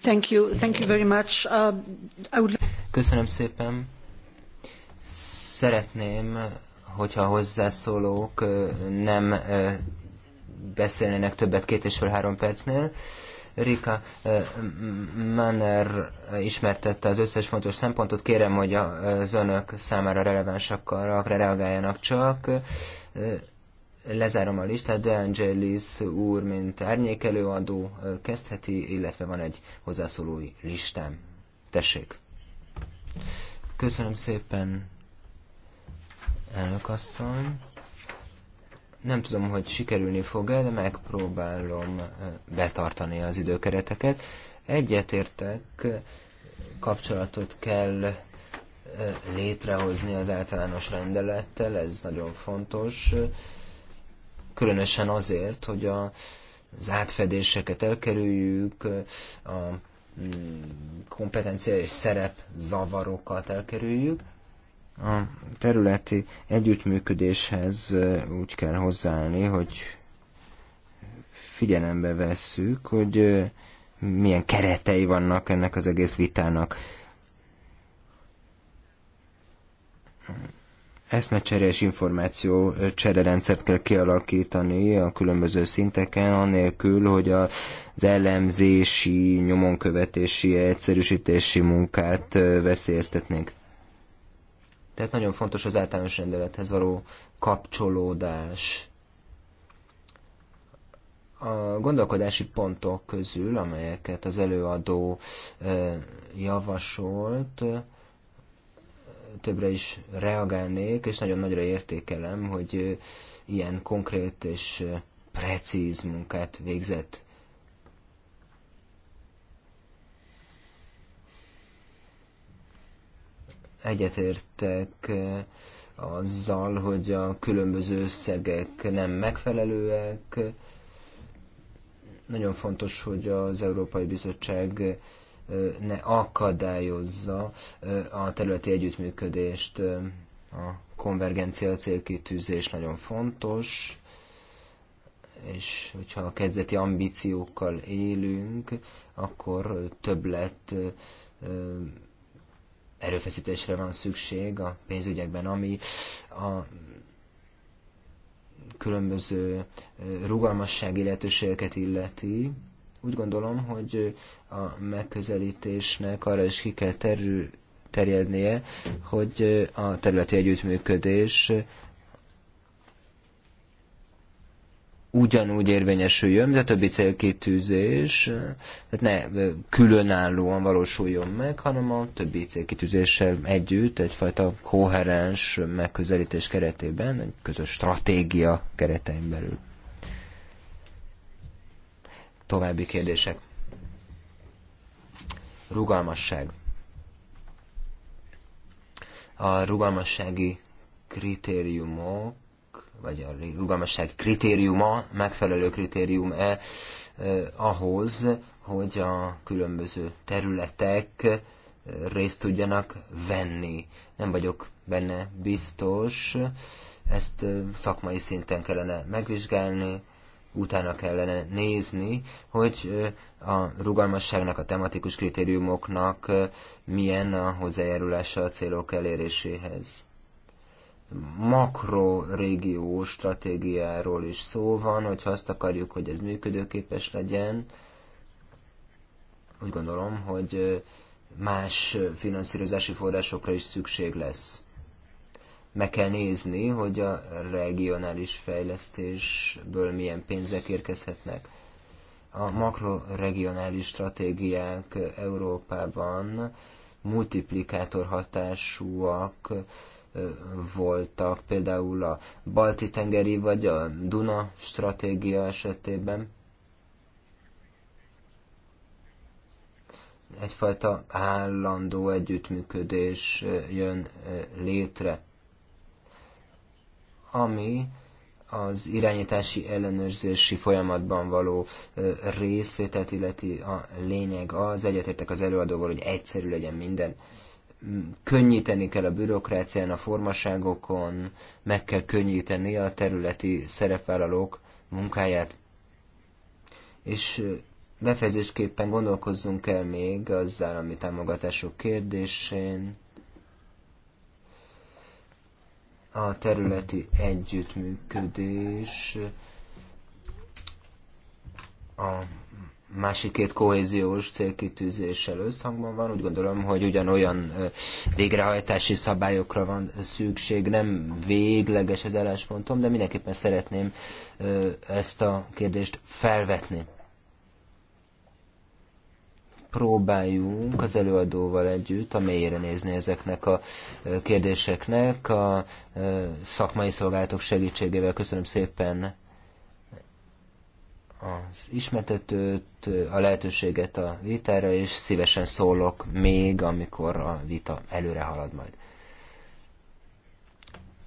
Speaker 4: Thank you, thank you very much. Uh, I would...
Speaker 2: Köszönöm szépen. Szeretném, hogyha a hozzászólók uh, nem uh, beszélnének többet két és fél három percnél. Rika Manner ismertette az összes fontos szempontot. Kérem, hogy az önök számára relevánsakra reagáljanak csak. Lezárom a listát. De Angelis úr, mint árnyékelőadó kezdheti, illetve van egy hozzászólói listám. Tessék! Köszönöm szépen, elnök asszony. Nem tudom, hogy sikerülni fog-e, de megpróbálom betartani az időkereteket. Egyetértek, kapcsolatot kell létrehozni az általános rendelettel, ez nagyon fontos, különösen azért, hogy a, az átfedéseket elkerüljük, a mm, kompetencia és szerep zavarokat elkerüljük, a területi együttműködéshez úgy kell hozzáállni, hogy figyelembe vesszük, hogy milyen keretei vannak ennek az egész vitának. Eszmecsere és információ csererendszert kell kialakítani a különböző szinteken, anélkül, hogy az elemzési, nyomonkövetési, egyszerűsítési munkát veszélyeztetnénk. Tehát nagyon fontos az általános rendelethez való kapcsolódás. A gondolkodási pontok közül, amelyeket az előadó javasolt, többre is reagálnék, és nagyon nagyra értékelem, hogy ilyen konkrét és precíz munkát végzett Egyetértek eh, azzal, hogy a különböző összegek nem megfelelőek. Nagyon fontos, hogy az Európai Bizottság eh, ne akadályozza eh, a területi együttműködést. A konvergencia célkitűzés nagyon fontos, és hogyha a kezdeti ambíciókkal élünk, akkor többlet erőfeszítésre van szükség a pénzügyekben, ami a különböző rugalmassági lehetőségeket illeti. Úgy gondolom, hogy a megközelítésnek arra is ki kell terül, terjednie, hogy a területi együttműködés ugyanúgy érvényesüljön, mint a többi célkitűzés, tehát ne különállóan valósuljon meg, hanem a többi célkitűzéssel együtt egyfajta koherens megközelítés keretében, egy közös stratégia keretein belül. További kérdések. Rugalmasság. A rugalmassági kritériumok vagy a rugalmasság kritériuma, megfelelő kritérium-e ahhoz, hogy a különböző területek részt tudjanak venni. Nem vagyok benne biztos, ezt szakmai szinten kellene megvizsgálni, utána kellene nézni, hogy a rugalmasságnak, a tematikus kritériumoknak milyen a hozzájárulása a célok eléréséhez makrorégió stratégiáról is szó van, hogyha azt akarjuk, hogy ez működőképes legyen, úgy gondolom, hogy más finanszírozási forrásokra is szükség lesz. Meg kell nézni, hogy a regionális fejlesztésből milyen pénzek érkezhetnek. A makroregionális stratégiák Európában multiplikátor hatásúak, voltak, például a Balti-tengeri vagy a Duna stratégia esetében. Egyfajta állandó együttműködés jön létre, ami az irányítási ellenőrzési folyamatban való részvételt illeti a lényeg az, egyetértek az előadóval, hogy egyszerű legyen minden könnyíteni kell a bürokrácián, a formaságokon, meg kell könnyíteni a területi szerepvállalók munkáját. És befejezésképpen gondolkozzunk el még az állami támogatások kérdésén, a területi együttműködés, a másik két kohéziós célkitűzéssel összhangban van. Úgy gondolom, hogy ugyanolyan végrehajtási szabályokra van szükség, nem végleges az álláspontom, de mindenképpen szeretném ezt a kérdést felvetni. Próbáljunk az előadóval együtt a mélyére nézni ezeknek a kérdéseknek. A szakmai szolgálatok segítségével köszönöm szépen az ismertetőt, a lehetőséget a vitára, és szívesen szólok még, amikor a vita előre halad majd.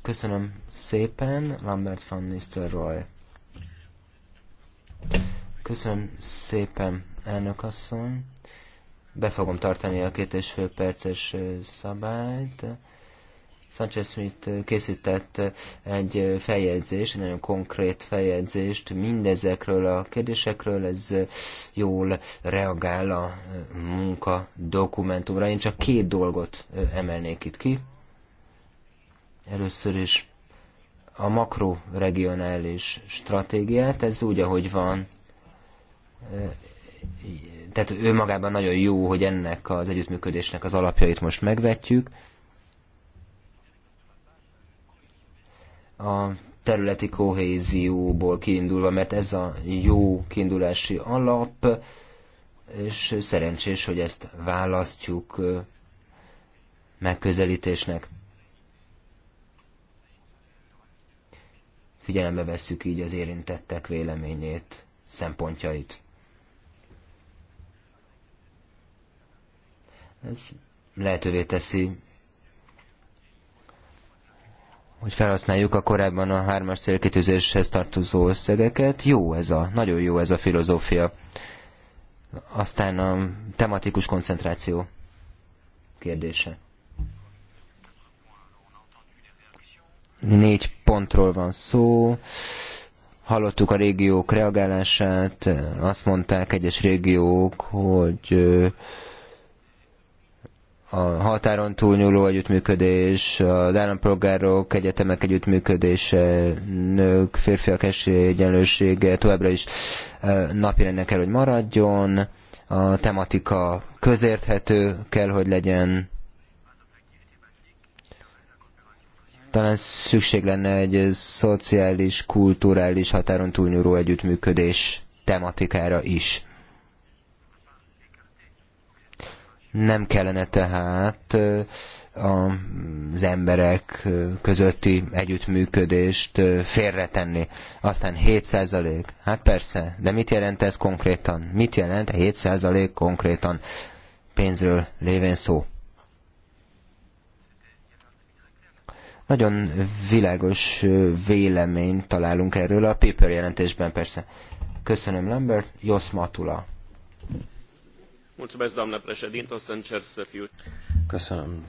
Speaker 2: Köszönöm szépen, Lambert van Nistelrooy. Köszönöm szépen, elnök asszony. Be fogom tartani a két és fél perces szabályt. Sanchez Smith készített egy feljegyzést, egy nagyon konkrét feljegyzést mindezekről a kérdésekről, ez jól reagál a munka dokumentumra. Én csak két dolgot emelnék itt ki. Először is a makroregionális stratégiát, ez úgy, ahogy van, tehát ő magában nagyon jó, hogy ennek az együttműködésnek az alapjait most megvetjük, a területi kohézióból kiindulva, mert ez a jó kiindulási alap, és szerencsés, hogy ezt választjuk megközelítésnek. Figyelembe vesszük így az érintettek véleményét, szempontjait. Ez lehetővé teszi hogy felhasználjuk a korábban a hármas célkitűzéshez tartozó összegeket. Jó ez a, nagyon jó ez a filozófia. Aztán a tematikus koncentráció kérdése. Négy pontról van szó. Hallottuk a régiók reagálását, azt mondták egyes régiók, hogy a határon túlnyúló együttműködés, az állampolgárok, egyetemek együttműködése, nők, férfiak esélyegyenlősége továbbra is napirenden kell, hogy maradjon, a tematika közérthető kell, hogy legyen, talán szükség lenne egy szociális, kulturális határon túlnyúló együttműködés tematikára is. Nem kellene tehát az emberek közötti együttműködést félretenni. Aztán 7%, hát persze, de mit jelent ez konkrétan? Mit jelent 7% konkrétan pénzről lévén szó? Nagyon világos véleményt találunk erről a paper jelentésben persze. Köszönöm Lambert, Josz Matula.
Speaker 3: Mulțumesc, doamnă președinte, o să încerc să fiu.
Speaker 2: Köszönöm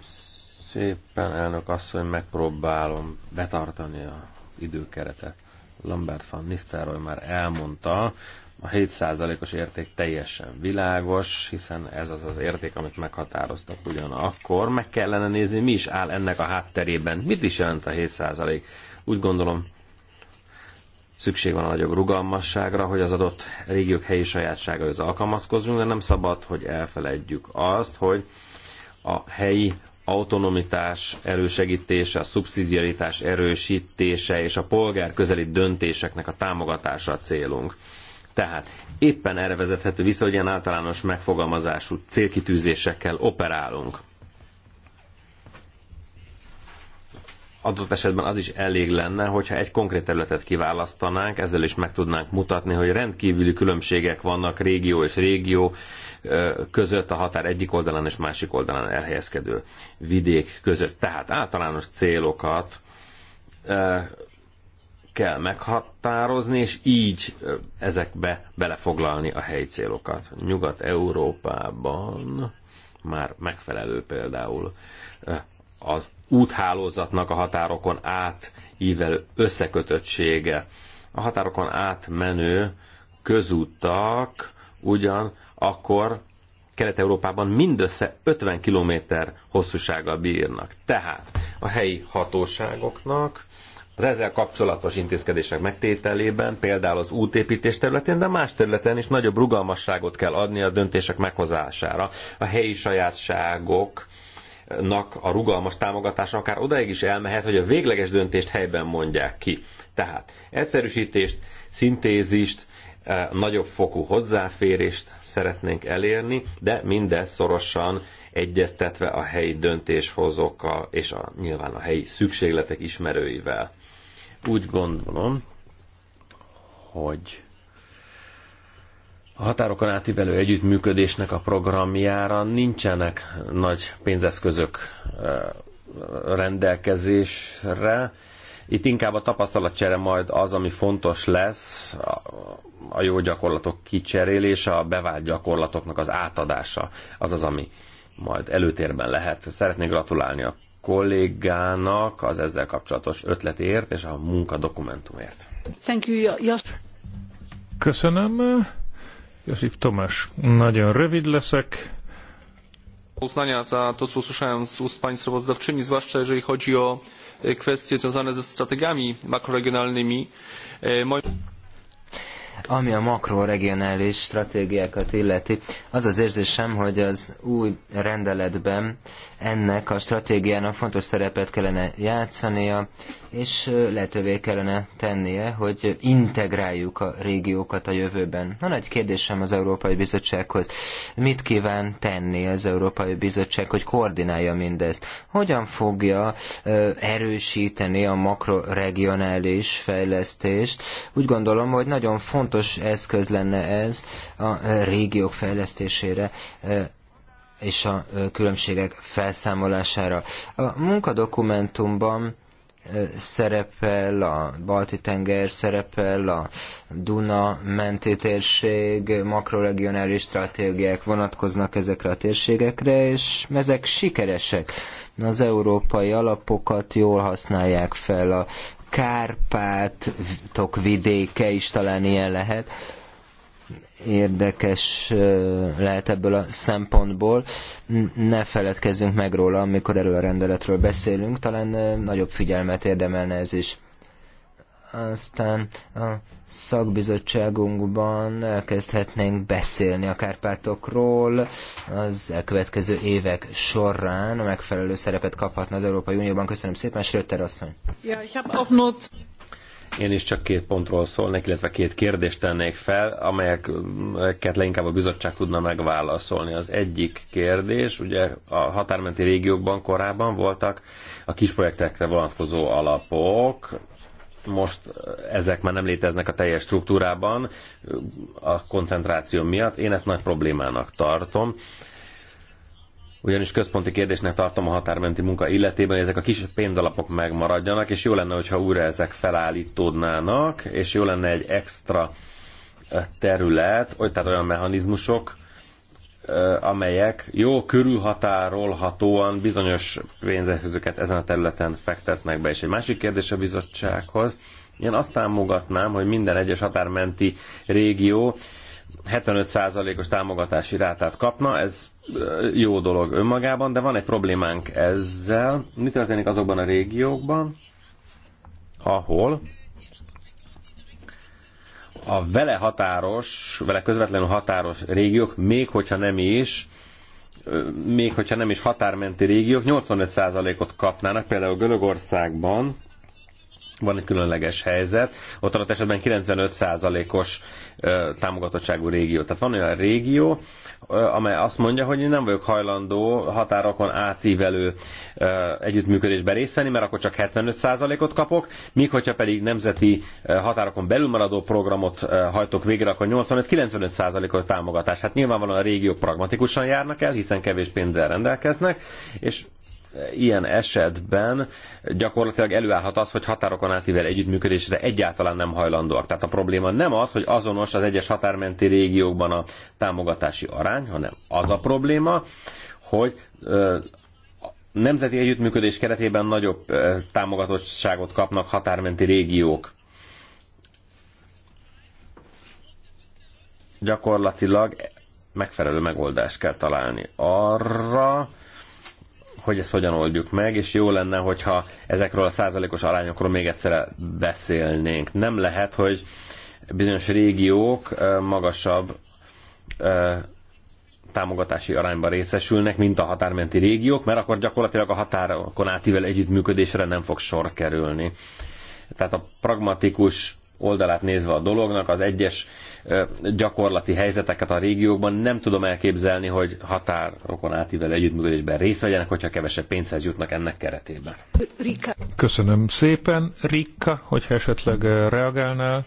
Speaker 2: szépen, elnök asszony,
Speaker 3: megpróbálom betartani az időkeretet. Lambert van Nisztelrooy már elmondta, a 7%-os érték teljesen világos, hiszen ez az az érték, amit meghatároztak ugyanakkor. Meg kellene nézni, mi is áll ennek a hátterében. Mit is jelent a 7%? Úgy gondolom, Szükség van a nagyobb rugalmasságra, hogy az adott régiók helyi sajátságaihoz alkalmazkodjunk, de nem szabad, hogy elfeledjük azt, hogy a helyi autonomitás elősegítése, a szubszidiaritás erősítése és a polgárközeli döntéseknek a támogatása a célunk. Tehát éppen erre vezethető vissza, hogy ilyen általános megfogalmazású célkitűzésekkel operálunk. adott esetben az is elég lenne, hogyha egy konkrét területet kiválasztanánk, ezzel is meg tudnánk mutatni, hogy rendkívüli különbségek vannak régió és régió között a határ egyik oldalán és másik oldalán elhelyezkedő vidék között. Tehát általános célokat kell meghatározni, és így ezekbe belefoglalni a helyi célokat. Nyugat-Európában már megfelelő például az úthálózatnak a határokon át ível összekötöttsége. A határokon átmenő közúttak ugyan akkor Kelet-Európában mindössze 50 km hosszúsággal bírnak. Tehát a helyi hatóságoknak az ezzel kapcsolatos intézkedések megtételében, például az útépítés területén, de más területen is nagyobb rugalmasságot kell adni a döntések meghozására. A helyi sajátságok nak a rugalmas támogatása akár odaig is elmehet, hogy a végleges döntést helyben mondják ki. Tehát egyszerűsítést, szintézist, e, nagyobb fokú hozzáférést szeretnénk elérni, de mindez szorosan egyeztetve a helyi döntéshozókkal és a, nyilván a helyi szükségletek ismerőivel. Úgy gondolom, hogy a határokon átívelő együttműködésnek a programjára nincsenek nagy pénzeszközök rendelkezésre. Itt inkább a tapasztalatcsere majd az, ami fontos lesz, a jó gyakorlatok kicserélése, a bevált gyakorlatoknak az átadása, az az, ami majd előtérben lehet. Szeretnék gratulálni a kollégának az ezzel kapcsolatos ötletért és a munkadokumentumért.
Speaker 4: Thank you,
Speaker 1: Köszönöm. Josip Tomás, nagyon rövid leszek.
Speaker 3: Uznania za to, co usłyszałem z ust pani sprawozdawczyni, zwłaszcza jeżeli chodzi o e, kwestie związane ze strategiami makroregionalnymi. E, moim...
Speaker 2: Ami a makroregionális stratégiákat illeti, az az érzésem, hogy az új rendeletben ennek a stratégiának fontos szerepet kellene játszania, és lehetővé kellene tennie, hogy integráljuk a régiókat a jövőben. A nagy kérdésem az Európai Bizottsághoz. Mit kíván tenni az Európai Bizottság, hogy koordinálja mindezt? Hogyan fogja erősíteni a makroregionális fejlesztést? Úgy gondolom, hogy nagyon fontos fontos eszköz lenne ez a régiók fejlesztésére és a különbségek felszámolására. A munkadokumentumban szerepel, a Balti-tenger szerepel, a Duna menti térség, makroregionális stratégiák vonatkoznak ezekre a térségekre, és ezek sikeresek. Az európai alapokat jól használják fel a Kárpátok vidéke is talán ilyen lehet. Érdekes lehet ebből a szempontból. Ne feledkezzünk meg róla, amikor erről a rendeletről beszélünk. Talán nagyobb figyelmet érdemelne ez is aztán a szakbizottságunkban elkezdhetnénk beszélni a Kárpátokról az elkövetkező évek során a megfelelő szerepet kaphatna az Európai Unióban. Köszönöm szépen, Schröter asszony!
Speaker 4: Ja,
Speaker 3: én is csak két pontról szólnék, illetve két kérdést tennék fel, amelyeket leginkább a bizottság tudna megválaszolni. Az egyik kérdés, ugye a határmenti régiókban korábban voltak a kisprojektekre vonatkozó alapok, most ezek már nem léteznek a teljes struktúrában a koncentráció miatt. Én ezt nagy problémának tartom. Ugyanis központi kérdésnek tartom a határmenti munka illetében, hogy ezek a kis pénzalapok megmaradjanak, és jó lenne, hogyha újra ezek felállítódnának, és jó lenne egy extra terület, tehát olyan mechanizmusok, amelyek jó körülhatárolhatóan bizonyos pénzeszközöket ezen a területen fektetnek be. És egy másik kérdés a bizottsághoz. Én azt támogatnám, hogy minden egyes határmenti régió 75%-os támogatási rátát kapna, ez jó dolog önmagában, de van egy problémánk ezzel. Mi történik azokban a régiókban, ahol a vele határos, vele közvetlenül határos régiók, még hogyha nem is, még hogyha nem is határmenti régiók, 85%-ot kapnának, például Görögországban van egy különleges helyzet. Ott alatt esetben 95%-os támogatottságú régió. Tehát van olyan régió, amely azt mondja, hogy én nem vagyok hajlandó határokon átívelő együttműködésben részt venni, mert akkor csak 75%-ot kapok, míg hogyha pedig nemzeti határokon belül maradó programot hajtok végre, akkor 85-95%-os támogatás. Hát nyilvánvalóan a régiók pragmatikusan járnak el, hiszen kevés pénzzel rendelkeznek, és ilyen esetben gyakorlatilag előállhat az, hogy határokon átível együttműködésre egyáltalán nem hajlandóak. Tehát a probléma nem az, hogy azonos az egyes határmenti régiókban a támogatási arány, hanem az a probléma, hogy nemzeti együttműködés keretében nagyobb támogatottságot kapnak határmenti régiók. Gyakorlatilag megfelelő megoldást kell találni arra, hogy ezt hogyan oldjuk meg, és jó lenne, hogyha ezekről a százalékos arányokról még egyszer beszélnénk. Nem lehet, hogy bizonyos régiók magasabb támogatási arányban részesülnek, mint a határmenti régiók, mert akkor gyakorlatilag a határokon átível együttműködésre nem fog sor kerülni. Tehát a pragmatikus oldalát nézve a dolognak, az egyes gyakorlati helyzeteket a régiókban nem tudom elképzelni, hogy határokon átível együttműködésben részt vegyenek, hogyha kevesebb pénzhez jutnak ennek keretében.
Speaker 1: Rika. Köszönöm szépen. Rika, hogyha esetleg reagálnál.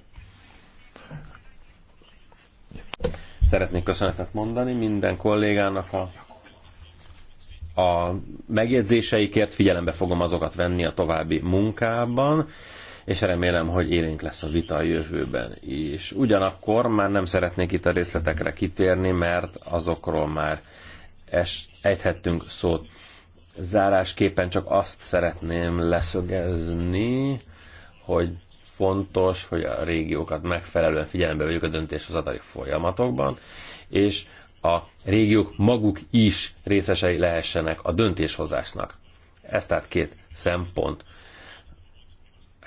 Speaker 3: Szeretnék köszönetet mondani minden kollégának a a megjegyzéseikért, figyelembe fogom azokat venni a további munkában és remélem, hogy élénk lesz a vita a jövőben is. Ugyanakkor már nem szeretnék itt a részletekre kitérni, mert azokról már es, ejthettünk szót. Zárásképpen csak azt szeretném leszögezni, hogy fontos, hogy a régiókat megfelelően figyelembe vegyük a döntéshozatali folyamatokban, és a régiók maguk is részesei lehessenek a döntéshozásnak. Ez tehát két szempont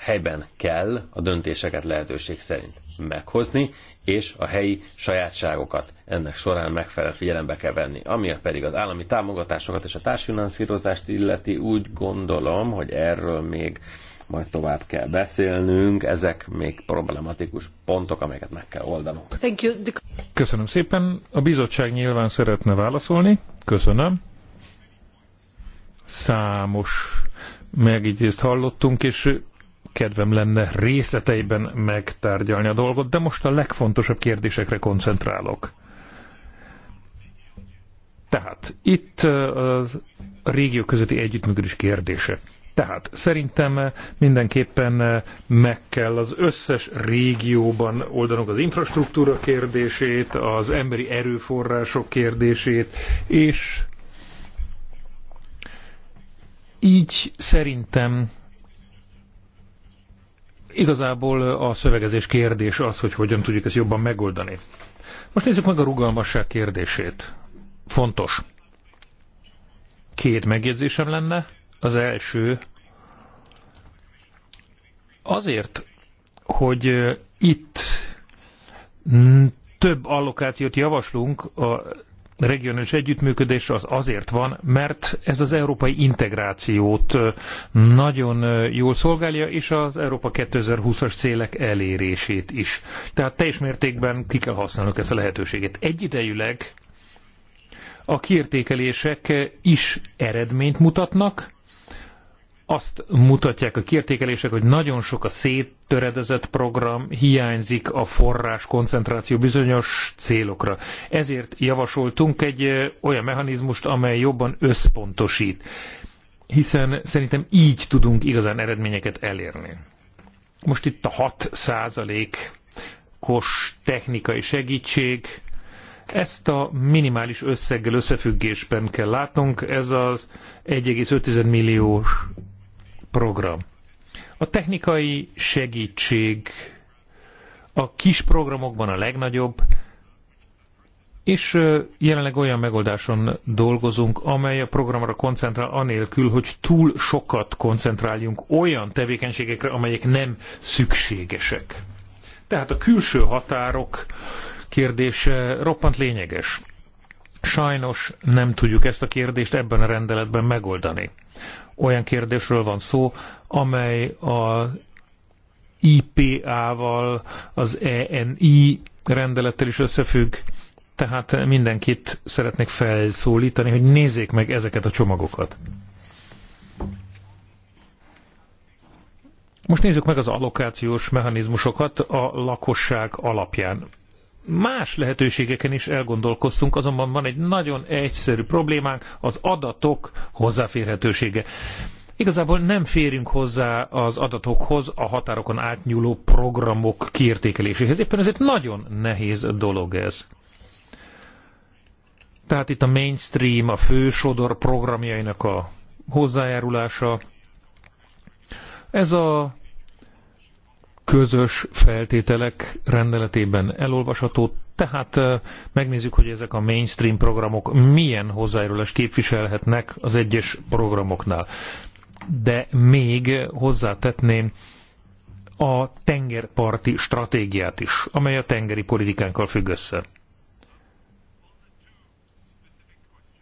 Speaker 3: helyben kell a döntéseket lehetőség szerint meghozni, és a helyi sajátságokat ennek során megfelelő figyelembe kell venni. Ami pedig az állami támogatásokat és a társfinanszírozást illeti, úgy gondolom, hogy erről még majd tovább kell beszélnünk, ezek még problematikus pontok, amelyeket
Speaker 1: meg kell oldanunk. Thank you. Köszönöm szépen, a bizottság nyilván szeretne válaszolni, köszönöm. Számos megjegyzést hallottunk, és kedvem lenne részleteiben megtárgyalni a dolgot, de most a legfontosabb kérdésekre koncentrálok. Tehát itt a régió közötti együttműködés kérdése. Tehát szerintem mindenképpen meg kell az összes régióban oldanunk az infrastruktúra kérdését, az emberi erőforrások kérdését, és így szerintem Igazából a szövegezés kérdés az, hogy hogyan tudjuk ezt jobban megoldani. Most nézzük meg a rugalmasság kérdését. Fontos. Két megjegyzésem lenne. Az első azért, hogy itt több allokációt javaslunk a regionális együttműködés az azért van, mert ez az európai integrációt nagyon jól szolgálja, és az Európa 2020-as célek elérését is. Tehát teljes mértékben ki kell használnunk ezt a lehetőséget. Egyidejűleg a kiértékelések is eredményt mutatnak, azt mutatják a kiértékelések, hogy nagyon sok a széttöredezett program, hiányzik a forrás koncentráció bizonyos célokra. Ezért javasoltunk egy olyan mechanizmust, amely jobban összpontosít, hiszen szerintem így tudunk igazán eredményeket elérni. Most itt a 6 kos technikai segítség, ezt a minimális összeggel összefüggésben kell látnunk, ez az 1,5 milliós program. A technikai segítség a kis programokban a legnagyobb, és jelenleg olyan megoldáson dolgozunk, amely a programra koncentrál anélkül, hogy túl sokat koncentráljunk olyan tevékenységekre, amelyek nem szükségesek. Tehát a külső határok kérdése roppant lényeges. Sajnos nem tudjuk ezt a kérdést ebben a rendeletben megoldani olyan kérdésről van szó, amely a IPA-val, az ENI rendelettel is összefügg, tehát mindenkit szeretnék felszólítani, hogy nézzék meg ezeket a csomagokat. Most nézzük meg az allokációs mechanizmusokat a lakosság alapján más lehetőségeken is elgondolkoztunk, azonban van egy nagyon egyszerű problémánk, az adatok hozzáférhetősége. Igazából nem férünk hozzá az adatokhoz a határokon átnyúló programok kiértékeléséhez. Éppen ezért nagyon nehéz dolog ez. Tehát itt a mainstream, a fősodor programjainak a hozzájárulása. Ez a közös feltételek rendeletében elolvasható, tehát megnézzük, hogy ezek a mainstream programok milyen hozzájárulást képviselhetnek az egyes programoknál. De még hozzátetném a tengerparti stratégiát is, amely a tengeri politikánkkal függ össze.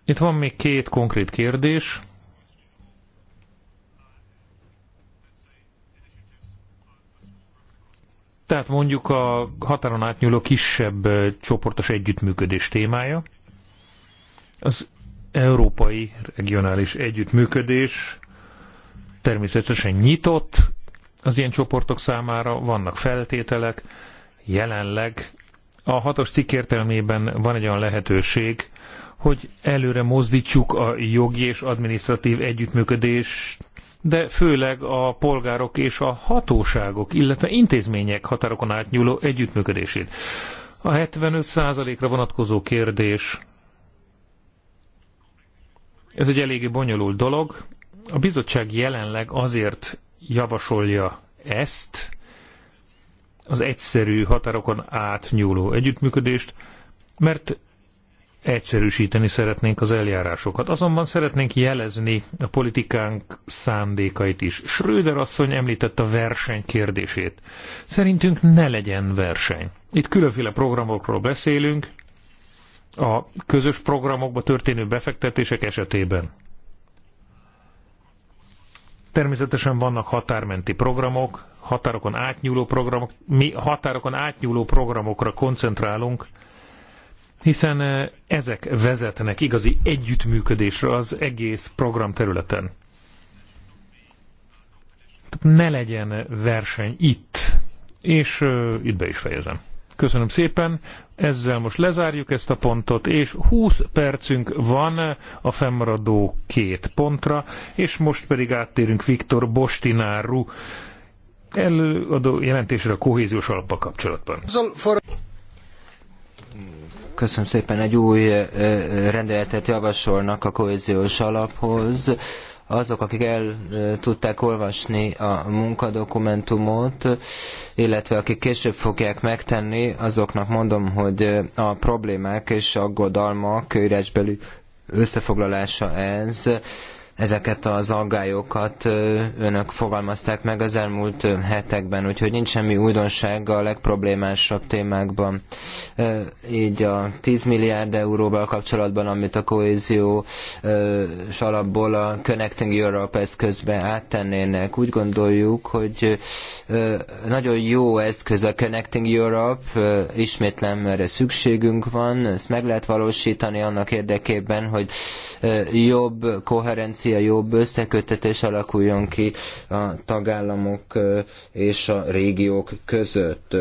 Speaker 1: Itt van még két konkrét kérdés. Tehát mondjuk a határon átnyúló kisebb csoportos együttműködés témája. Az európai regionális együttműködés természetesen nyitott az ilyen csoportok számára, vannak feltételek. Jelenleg a hatos cikk értelmében van egy olyan lehetőség, hogy előre mozdítsuk a jogi és adminisztratív együttműködés de főleg a polgárok és a hatóságok, illetve intézmények határokon átnyúló együttműködését. A 75%-ra vonatkozó kérdés. Ez egy eléggé bonyolult dolog. A bizottság jelenleg azért javasolja ezt, az egyszerű határokon átnyúló együttműködést, mert egyszerűsíteni szeretnénk az eljárásokat. Azonban szeretnénk jelezni a politikánk szándékait is. Schröder asszony említette a verseny kérdését. Szerintünk ne legyen verseny. Itt különféle programokról beszélünk, a közös programokba történő befektetések esetében. Természetesen vannak határmenti programok, határokon átnyúló programok. Mi határokon átnyúló programokra koncentrálunk, hiszen ezek vezetnek igazi együttműködésre az egész program területen. ne legyen verseny itt, és uh, itt be is fejezem. Köszönöm szépen, ezzel most lezárjuk ezt a pontot, és 20 percünk van a fennmaradó két pontra, és most pedig áttérünk Viktor Bostináru
Speaker 2: előadó jelentésre a kohéziós alapba kapcsolatban. Köszönöm szépen, egy új rendeletet javasolnak a kohéziós alaphoz. Azok, akik el tudták olvasni a munkadokumentumot, illetve akik később fogják megtenni, azoknak mondom, hogy a problémák és aggodalmak írásbeli összefoglalása ez Ezeket az aggályokat önök fogalmazták meg az elmúlt hetekben, úgyhogy nincs semmi újdonság a legproblémásabb témákban. Így a 10 milliárd euróval kapcsolatban, amit a kohézió alapból a Connecting Europe eszközbe áttennének, úgy gondoljuk, hogy nagyon jó eszköz a Connecting Europe, ismétlem erre szükségünk van, ezt meg lehet valósítani annak érdekében, hogy jobb koherencia demokrácia jobb összekötetés alakuljon ki a tagállamok és a régiók között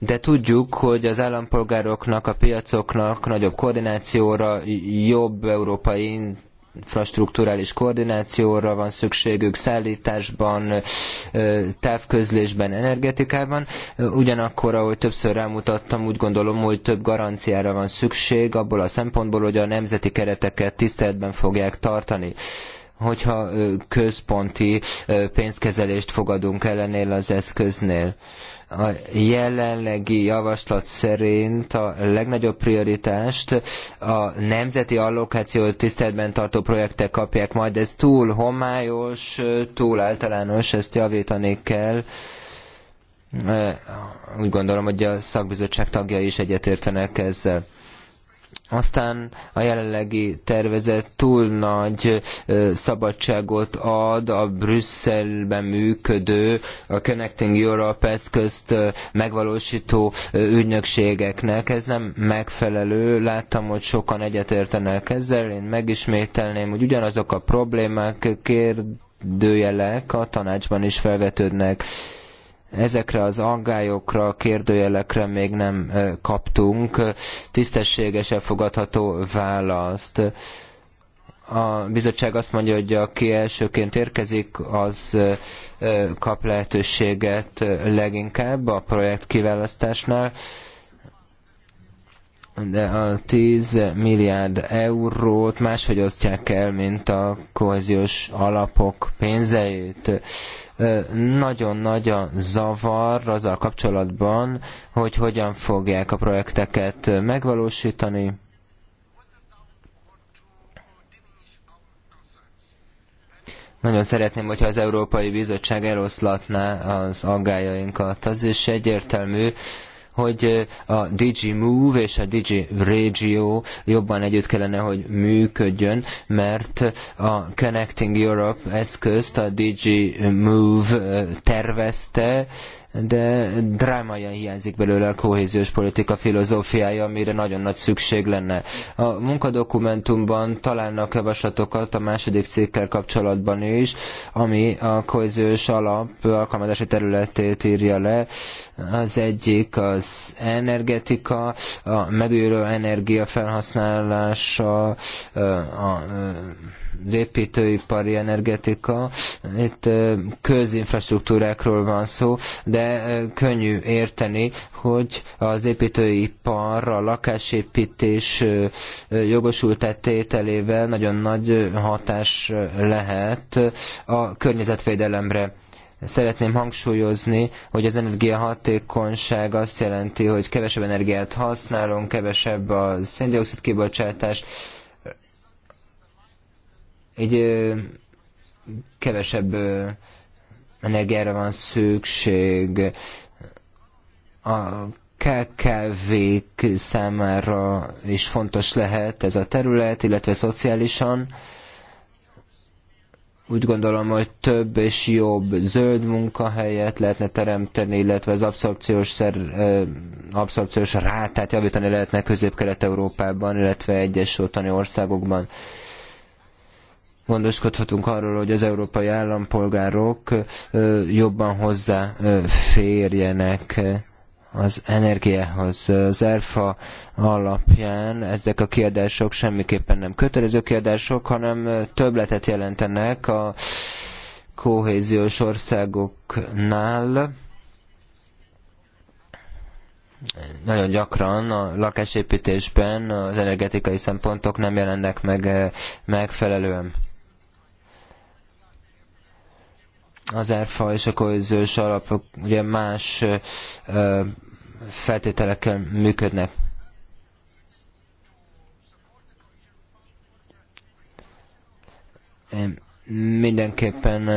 Speaker 2: de tudjuk, hogy az állampolgároknak, a piacoknak nagyobb koordinációra, jobb európai infrastruktúrális koordinációra van szükségük szállításban, távközlésben, energetikában. Ugyanakkor, ahogy többször rámutattam, úgy gondolom, hogy több garanciára van szükség abból a szempontból, hogy a nemzeti kereteket tiszteletben fogják tartani hogyha központi pénzkezelést fogadunk ellenél az eszköznél. A jelenlegi javaslat szerint a legnagyobb prioritást a nemzeti allokációt tiszteletben tartó projektek kapják majd. Ez túl homályos, túl általános, ezt javítani kell. Úgy gondolom, hogy a szakbizottság tagjai is egyetértenek ezzel. Aztán a jelenlegi tervezet túl nagy szabadságot ad a Brüsszelben működő, a Connecting Europe eszközt megvalósító ügynökségeknek. Ez nem megfelelő. Láttam, hogy sokan egyetértenek ezzel. Én megismételném, hogy ugyanazok a problémák, kérdőjelek a tanácsban is felvetődnek. Ezekre az aggályokra, kérdőjelekre még nem kaptunk tisztességes, elfogadható választ. A bizottság azt mondja, hogy aki elsőként érkezik, az kap lehetőséget leginkább a projekt kiválasztásnál de a 10 milliárd eurót máshogy osztják el, mint a kohéziós alapok pénzeit nagyon nagy a zavar azzal kapcsolatban, hogy hogyan fogják a projekteket megvalósítani. Nagyon szeretném, hogyha az Európai Bizottság eloszlatná az aggájainkat. Az is egyértelmű, hogy a Digi Move és a Digi Regio jobban együtt kellene, hogy működjön, mert a Connecting Europe eszközt a Digi Move tervezte, de drámaian hiányzik belőle a kohéziós politika filozófiája, amire nagyon nagy szükség lenne. A munkadokumentumban találnak javaslatokat a második cikkel kapcsolatban is, ami a kohéziós alap alkalmazási területét írja le. Az egyik az energetika, a megújuló energia felhasználása, a, a, a építőipari energetika. Itt közinfrastruktúrákról van szó, de könnyű érteni, hogy az építőipar a lakásépítés jogosultát tételével nagyon nagy hatás lehet a környezetvédelemre szeretném hangsúlyozni, hogy az energiahatékonyság azt jelenti, hogy kevesebb energiát használunk, kevesebb a széndiokszid kibocsátás, egy kevesebb energiára van szükség, a KKV-k számára is fontos lehet ez a terület, illetve szociálisan. Úgy gondolom, hogy több és jobb zöld munkahelyet lehetne teremteni, illetve az abszorpciós, szer, abszorpciós rátát javítani lehetne Közép-Kelet-Európában, illetve egyes ottani országokban gondoskodhatunk arról, hogy az európai állampolgárok jobban hozzáférjenek az energiához. Az ERFA alapján ezek a kiadások semmiképpen nem kötelező kiadások, hanem többletet jelentenek a kohéziós országoknál nagyon gyakran a lakásépítésben az energetikai szempontok nem jelennek meg megfelelően. az ERFA és a kohéziós alapok ugye más feltételekkel működnek. Én mindenképpen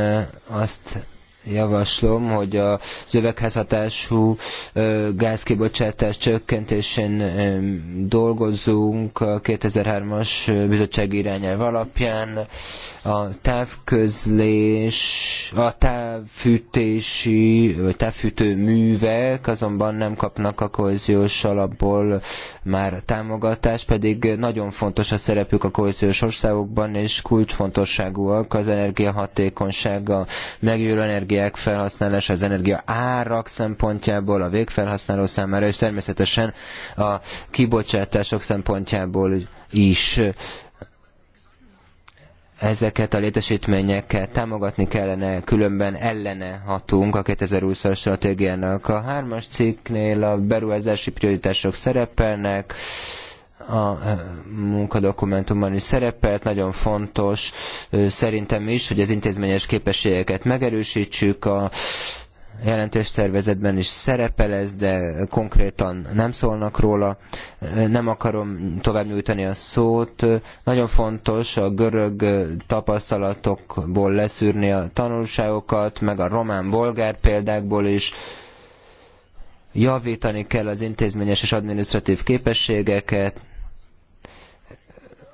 Speaker 2: azt javaslom, hogy a zövegházhatású gázkibocsátás csökkentésén dolgozunk a 2003-as bizottsági irányelv alapján. A távközlés, a távfűtési, vagy távfűtő művek azonban nem kapnak a kohéziós alapból már támogatást, pedig nagyon fontos a szerepük a kohéziós országokban, és kulcsfontosságúak az energiahatékonysága, megjövő energia energiák felhasználása, az energia árak szempontjából, a végfelhasználó számára, és természetesen a kibocsátások szempontjából is ezeket a létesítményeket támogatni kellene, különben ellene hatunk a 2020-as stratégiának. A hármas cikknél a beruházási prioritások szerepelnek, a eh, munkadokumentumban is szerepelt, nagyon fontos szerintem is, hogy az intézményes képességeket megerősítsük, a jelentéstervezetben is szerepel ez, de konkrétan nem szólnak róla. Nem akarom tovább nyújtani a szót. Nagyon fontos a görög tapasztalatokból leszűrni a tanulságokat, meg a román-bolgár példákból is javítani kell az intézményes és adminisztratív képességeket,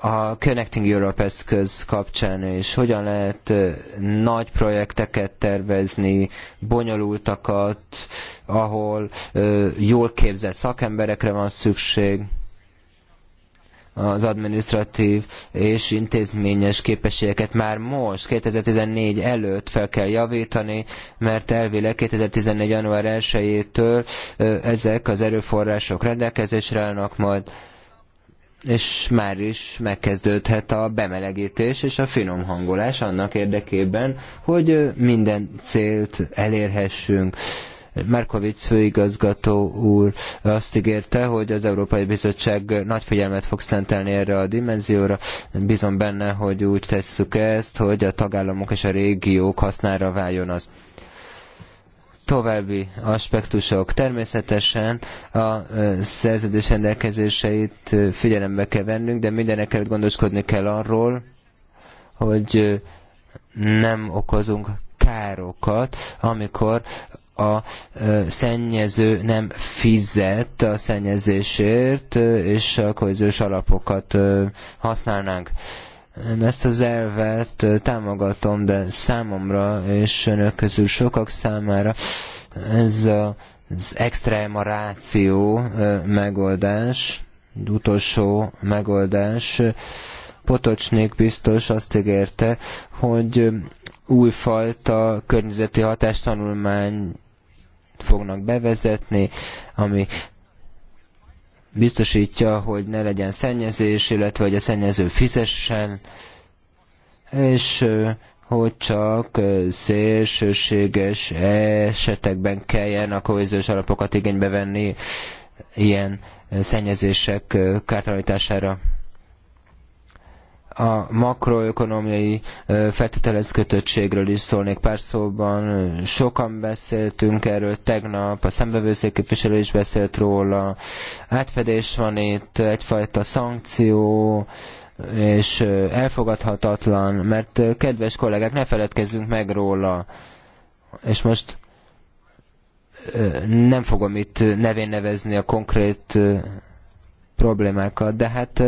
Speaker 2: a Connecting Europe eszköz kapcsán és hogyan lehet nagy projekteket tervezni, bonyolultakat, ahol jól képzett szakemberekre van szükség az adminisztratív és intézményes képességeket már most, 2014 előtt fel kell javítani, mert elvileg 2014. január 1-től ezek az erőforrások rendelkezésre állnak majd és már is megkezdődhet a bemelegítés és a finom hangolás annak érdekében, hogy minden célt elérhessünk. Merkovics főigazgató úr azt ígérte, hogy az Európai Bizottság nagy figyelmet fog szentelni erre a dimenzióra. Bízom benne, hogy úgy tesszük ezt, hogy a tagállamok és a régiók hasznára váljon az. További aspektusok. Természetesen a szerződés rendelkezéseit figyelembe kell vennünk, de mindenek előtt gondoskodni kell arról, hogy nem okozunk károkat, amikor a szennyező nem fizet a szennyezésért, és a kohéziós alapokat használnánk. Én ezt az elvet támogatom, de számomra és önök közül sokak számára ez az extrema ráció megoldás, utolsó megoldás. Potocsnik biztos azt ígérte, hogy újfajta környezeti hatástanulmány fognak bevezetni, ami biztosítja, hogy ne legyen szennyezés, illetve hogy a szennyező fizessen, és hogy csak szélsőséges esetekben kelljen a kohéziós alapokat igénybe venni ilyen szennyezések kártalanítására a makroökonomiai feltételez kötöttségről is szólnék pár szóban. Sokan beszéltünk erről tegnap, a szembevőszék képviselő is beszélt róla. Átfedés van itt, egyfajta szankció, és elfogadhatatlan, mert kedves kollégák, ne feledkezzünk meg róla. És most nem fogom itt nevén nevezni a konkrét problémákat, de hát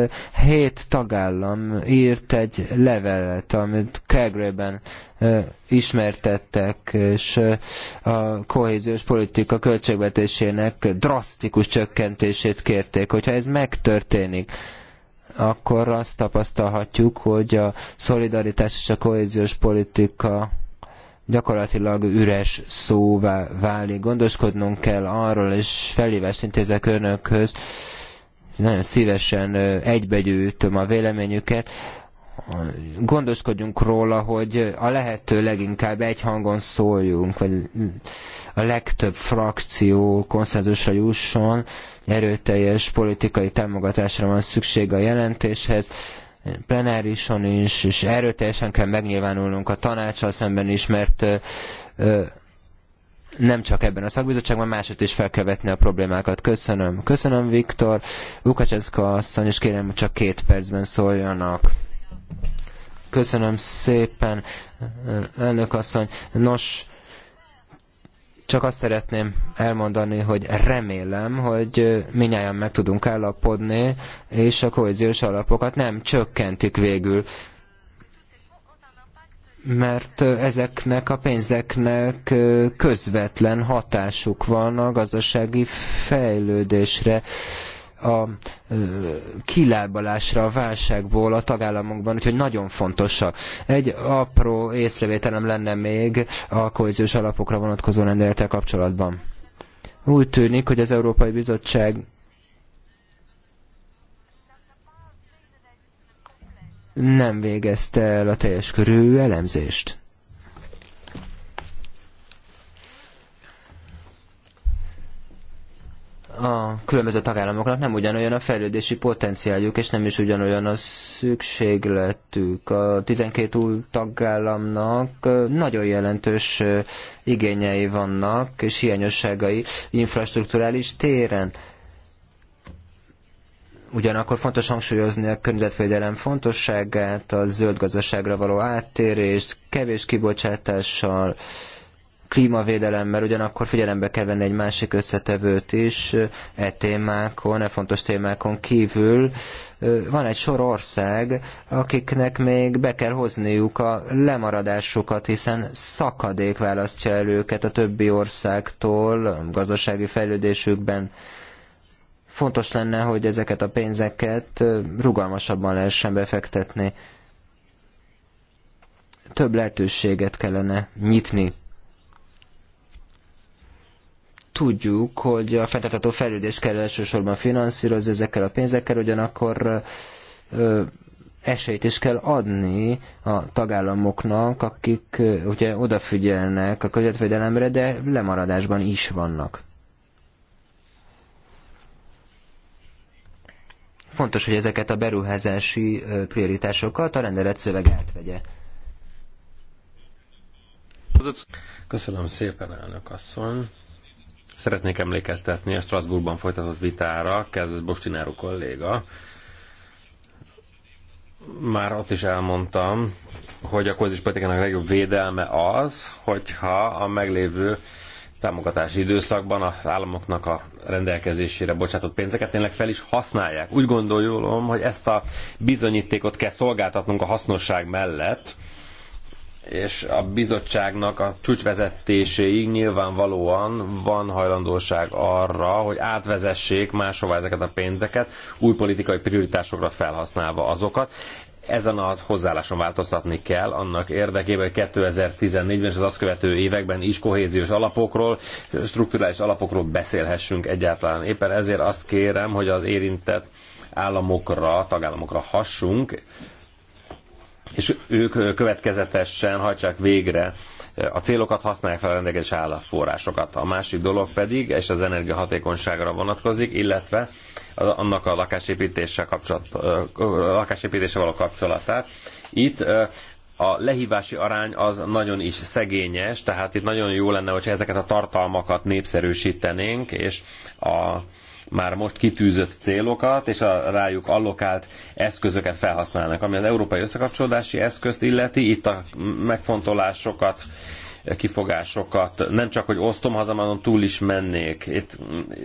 Speaker 2: hét tagállam írt egy levelet, amit Calgary-ben ismertettek, és a kohéziós politika költségvetésének drasztikus csökkentését kérték. Hogyha ez megtörténik, akkor azt tapasztalhatjuk, hogy a szolidaritás és a kohéziós politika gyakorlatilag üres szóvá válik. Gondoskodnunk kell arról, és felhívást intézek önökhöz, nagyon szívesen egybegyűjtöm a véleményüket, gondoskodjunk róla, hogy a lehető leginkább egy hangon szóljunk, vagy a legtöbb frakció konszenzusra jusson, erőteljes politikai támogatásra van szükség a jelentéshez, plenárison is, és erőteljesen kell megnyilvánulnunk a tanácssal szemben is, mert nem csak ebben a szakbizottságban, máshogy is fel kell vetni a problémákat. Köszönöm. Köszönöm, Viktor. Lukacseszka asszony, és kérem, csak két percben szóljanak. Köszönöm szépen, elnök asszony. Nos, csak azt szeretném elmondani, hogy remélem, hogy minnyáján meg tudunk állapodni, és a kohéziós alapokat nem csökkentik végül mert ezeknek a pénzeknek közvetlen hatásuk van a gazdasági fejlődésre a kilábalásra a válságból a tagállamokban, úgyhogy nagyon fontosak. Egy apró észrevételem lenne még a kohéziós alapokra vonatkozó rendelettel kapcsolatban. Úgy tűnik, hogy az Európai Bizottság nem végezte el a teljes körű elemzést. a különböző tagállamoknak nem ugyanolyan a fejlődési potenciáljuk, és nem is ugyanolyan a szükségletük. A 12 új tagállamnak nagyon jelentős igényei vannak, és hiányosságai infrastruktúrális téren. Ugyanakkor fontos hangsúlyozni a környezetvédelem fontosságát, a zöld gazdaságra való áttérést, kevés kibocsátással, klímavédelemmel, ugyanakkor figyelembe kell venni egy másik összetevőt is, e témákon, e fontos témákon kívül. Van egy sor ország, akiknek még be kell hozniuk a lemaradásukat, hiszen szakadék választja el őket a többi országtól a gazdasági fejlődésükben Fontos lenne, hogy ezeket a pénzeket rugalmasabban lehessen befektetni. Több lehetőséget kellene nyitni tudjuk, hogy a fenntartható fejlődés kell elsősorban finanszírozni ezekkel a pénzekkel, ugyanakkor ö, esélyt is kell adni a tagállamoknak, akik ö, ugye odafigyelnek a közvetvédelemre, de lemaradásban is vannak. fontos, hogy ezeket a beruházási prioritásokat a rendelet szöveg átvegye.
Speaker 3: Köszönöm szépen, elnök asszony. Szeretnék emlékeztetni a Strasbourgban folytatott vitára, kezdett Bostináru kolléga. Már ott is elmondtam, hogy a kozis politikának legjobb védelme az, hogyha a meglévő támogatási időszakban az államoknak a rendelkezésére bocsátott pénzeket tényleg fel is használják. Úgy gondolom, hogy ezt a bizonyítékot kell szolgáltatnunk a hasznosság mellett, és a bizottságnak a csúcsvezetéséig nyilvánvalóan van hajlandóság arra, hogy átvezessék máshova ezeket a pénzeket, új politikai prioritásokra felhasználva azokat. Ezen a hozzáálláson változtatni kell annak érdekében, hogy 2014-ben és az azt követő években is kohéziós alapokról, strukturális alapokról beszélhessünk egyáltalán. Éppen ezért azt kérem, hogy az érintett államokra, tagállamokra hassunk, és ők következetesen hajtsák végre a célokat, használják fel a rendelkezés állatforrásokat. A másik dolog pedig, és az energiahatékonyságra vonatkozik, illetve az, annak a lakásépítéssel, kapcsolat, lakásépítéssel való kapcsolatát. Itt a lehívási arány az nagyon is szegényes, tehát itt nagyon jó lenne, hogyha ezeket a tartalmakat népszerűsítenénk, és a már most kitűzött célokat és a rájuk allokált eszközöket felhasználnak. Ami az európai összekapcsolódási eszközt illeti, itt a megfontolásokat kifogásokat, nem csak, hogy osztom hazamanon túl is mennék. Itt,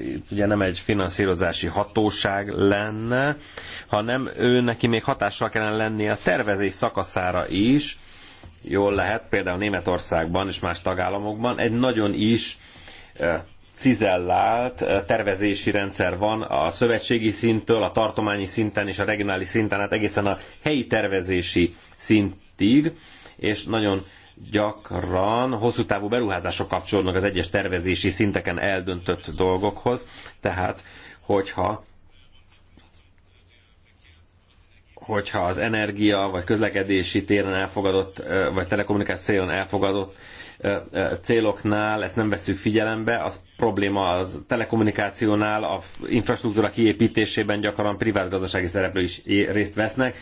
Speaker 3: itt ugye nem egy finanszírozási hatóság lenne, hanem ő neki még hatással kellene lennie a tervezés szakaszára is, jól lehet, például Németországban és más tagállamokban egy nagyon is cizellált eh, tervezési rendszer van a szövetségi szinttől, a tartományi szinten és a regionális szinten, hát egészen a helyi tervezési szintig, és nagyon gyakran hosszú távú beruházások kapcsolódnak az egyes tervezési szinteken eldöntött dolgokhoz, tehát hogyha hogyha az energia vagy közlekedési téren elfogadott, eh, vagy telekommunikáció téren elfogadott céloknál ezt nem veszük figyelembe, az probléma az telekommunikációnál, a infrastruktúra kiépítésében gyakran privát gazdasági szereplők is részt vesznek.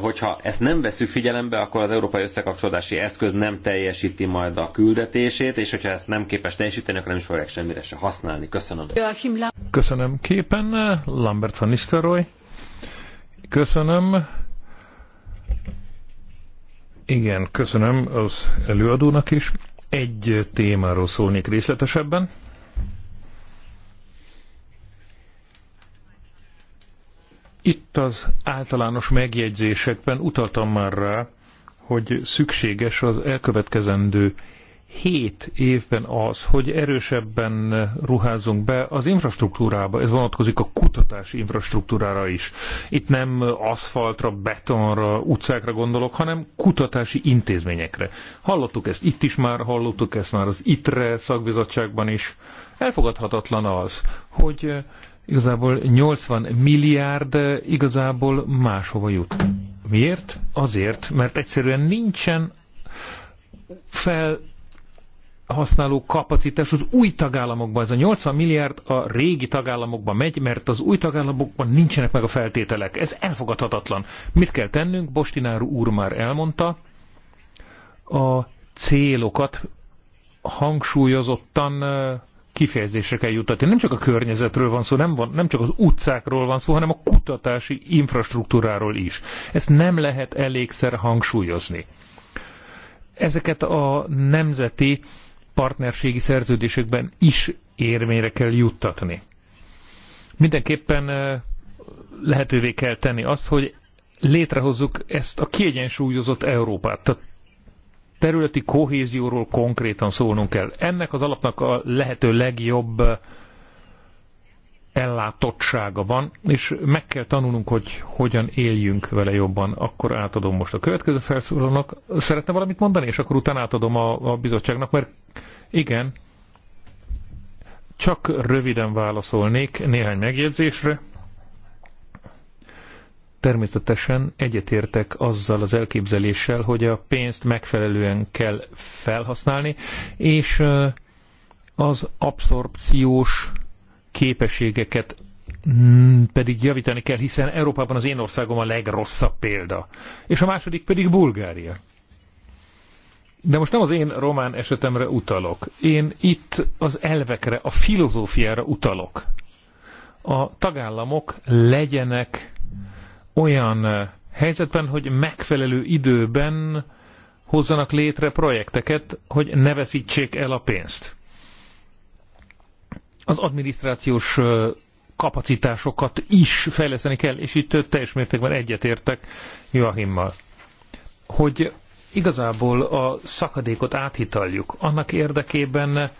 Speaker 3: Hogyha ezt nem veszük figyelembe, akkor az európai összekapcsolódási eszköz nem teljesíti majd a küldetését, és hogyha ezt nem képes teljesíteni, akkor nem is fogják semmire se használni. Köszönöm.
Speaker 1: Köszönöm képen, Lambert van Nistelrooy. Köszönöm. Igen, köszönöm az előadónak is. Egy témáról szólnék részletesebben. Itt az általános megjegyzésekben utaltam már rá, hogy szükséges az elkövetkezendő hét évben az, hogy erősebben ruházunk be az infrastruktúrába, ez vonatkozik a kutatási infrastruktúrára is. Itt nem aszfaltra, betonra, utcákra gondolok, hanem kutatási intézményekre. Hallottuk ezt itt is már, hallottuk ezt már az ITRE szakbizottságban is. Elfogadhatatlan az, hogy eh, igazából 80 milliárd eh, igazából máshova jut. Miért? Azért, mert egyszerűen nincsen fel használó kapacitás az új tagállamokban. Ez a 80 milliárd a régi tagállamokban megy, mert az új tagállamokban nincsenek meg a feltételek. Ez elfogadhatatlan. Mit kell tennünk? Bostináru úr már elmondta. A célokat hangsúlyozottan kifejezésre kell jutatni. Nem csak a környezetről van szó, nem, van, nem csak az utcákról van szó, hanem a kutatási infrastruktúráról is. Ezt nem lehet elégszer hangsúlyozni. Ezeket a nemzeti partnerségi szerződésekben is érvényre kell juttatni. Mindenképpen lehetővé kell tenni azt, hogy létrehozzuk ezt a kiegyensúlyozott Európát. Tehát területi kohézióról konkrétan szólnunk kell. Ennek az alapnak a lehető legjobb ellátottsága van, és meg kell tanulnunk, hogy hogyan éljünk vele jobban. Akkor átadom most a következő felszólalónak. Szeretne valamit mondani, és akkor utána átadom a, a bizottságnak, mert igen, csak röviden válaszolnék néhány megjegyzésre. Természetesen egyetértek azzal az elképzeléssel, hogy a pénzt megfelelően kell felhasználni, és az abszorpciós képességeket mm, pedig javítani kell, hiszen Európában az én országom a legrosszabb példa. És a második pedig Bulgária. De most nem az én román esetemre utalok. Én itt az elvekre, a filozófiára utalok. A tagállamok legyenek olyan helyzetben, hogy megfelelő időben hozzanak létre projekteket, hogy ne veszítsék el a pénzt. Az adminisztrációs kapacitásokat is fejleszteni kell, és itt teljes mértékben egyetértek Joachimmal, hogy igazából a szakadékot áthitaljuk. Annak érdekében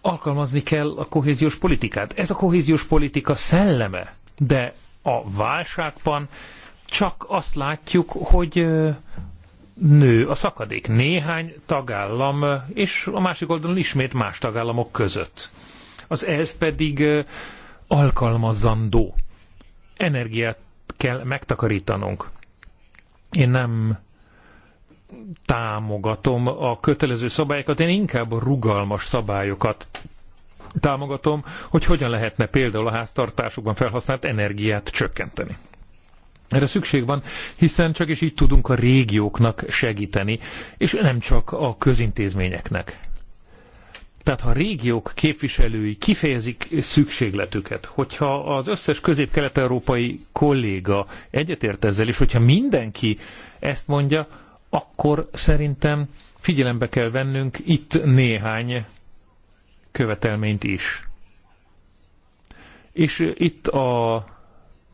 Speaker 1: alkalmazni kell a kohéziós politikát. Ez a kohéziós politika szelleme, de a válságban csak azt látjuk, hogy nő a szakadék néhány tagállam, és a másik oldalon ismét más tagállamok között. Az elf pedig alkalmazandó. Energiát kell megtakarítanunk. Én nem támogatom a kötelező szabályokat, én inkább a rugalmas szabályokat támogatom, hogy hogyan lehetne például a háztartásokban felhasznált energiát csökkenteni. Erre szükség van, hiszen csak is így tudunk a régióknak segíteni, és nem csak a közintézményeknek. Tehát ha a régiók képviselői kifejezik szükségletüket, hogyha az összes közép-kelet-európai kolléga egyetért ezzel, és hogyha mindenki ezt mondja, akkor szerintem figyelembe kell vennünk itt néhány követelményt is. És itt a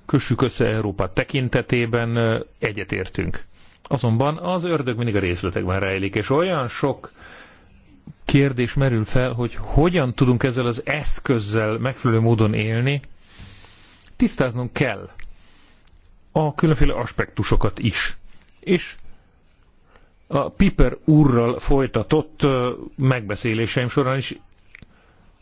Speaker 1: kössük össze Európa tekintetében egyetértünk. Azonban az ördög mindig a részletekben rejlik, és olyan sok kérdés merül fel, hogy hogyan tudunk ezzel az eszközzel megfelelő módon élni, tisztáznunk kell a különféle aspektusokat is. És a Piper úrral folytatott megbeszéléseim során is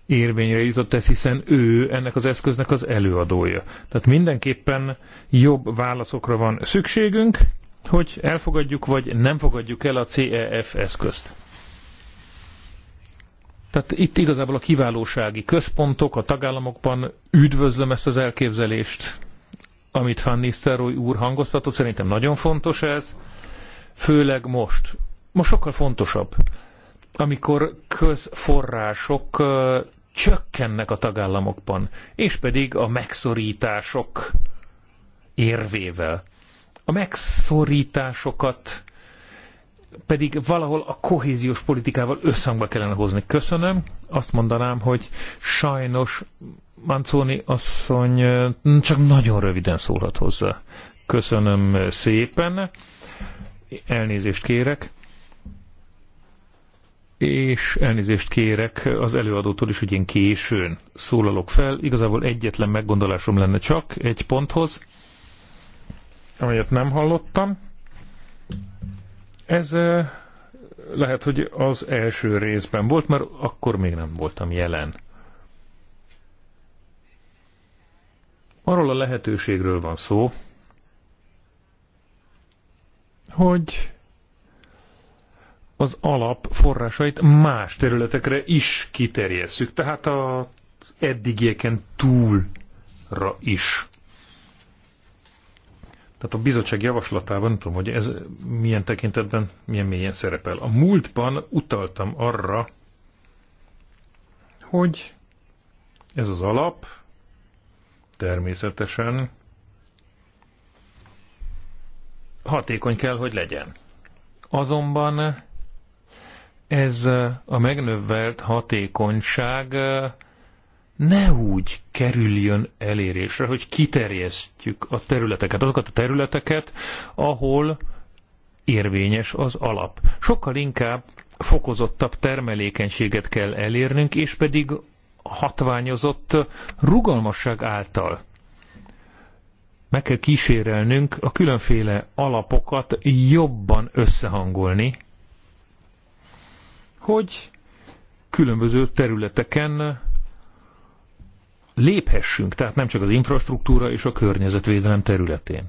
Speaker 1: érvényre jutott ez, hiszen ő ennek az eszköznek az előadója. Tehát mindenképpen jobb válaszokra van szükségünk, hogy elfogadjuk vagy nem fogadjuk el a CEF eszközt. Tehát itt igazából a kiválósági központok a tagállamokban üdvözlöm ezt az elképzelést, amit Van Nistelrooy úr hangoztatott, szerintem nagyon fontos ez, Főleg most. Most sokkal fontosabb, amikor közforrások csökkennek a tagállamokban, és pedig a megszorítások érvével. A megszorításokat pedig valahol a kohéziós politikával összhangba kellene hozni. Köszönöm. Azt mondanám, hogy sajnos Mancóni asszony csak nagyon röviden szólhat hozzá. Köszönöm szépen elnézést kérek, és elnézést kérek az előadótól is, hogy én későn szólalok fel. Igazából egyetlen meggondolásom lenne csak egy ponthoz, amelyet nem hallottam. Ez lehet, hogy az első részben volt, mert akkor még nem voltam jelen. Arról a lehetőségről van szó, hogy az alap forrásait más területekre is kiterjesszük, tehát az eddigieken túlra is. Tehát a bizottság javaslatában, nem tudom, hogy ez milyen tekintetben, milyen mélyen szerepel. A múltban utaltam arra, hogy ez az alap természetesen hatékony kell, hogy legyen. Azonban ez a megnövelt hatékonyság ne úgy kerüljön elérésre, hogy kiterjesztjük a területeket, azokat a területeket, ahol érvényes az alap. Sokkal inkább fokozottabb termelékenységet kell elérnünk, és pedig hatványozott rugalmasság által meg kell kísérelnünk a különféle alapokat jobban összehangolni, hogy különböző területeken léphessünk, tehát nem csak az infrastruktúra és a környezetvédelem területén.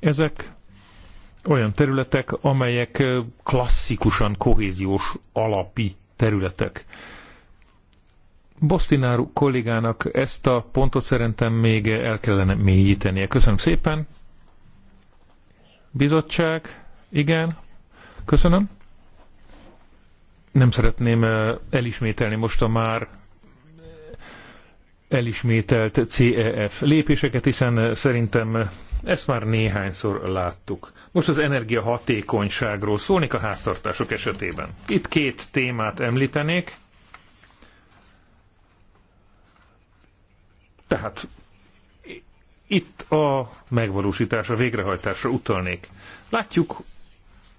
Speaker 1: Ezek olyan területek, amelyek klasszikusan kohéziós alapi területek. Bostináru kollégának ezt a pontot szerintem még el kellene mélyítenie. Köszönöm szépen. Bizottság, igen, köszönöm. Nem szeretném eh, elismételni most a már eh, elismételt CEF lépéseket, hiszen eh, szerintem ezt már néhányszor láttuk. Most az energiahatékonyságról szólnék a háztartások esetében. Itt két témát említenék. Tehát itt a megvalósításra, végrehajtásra utalnék. Látjuk,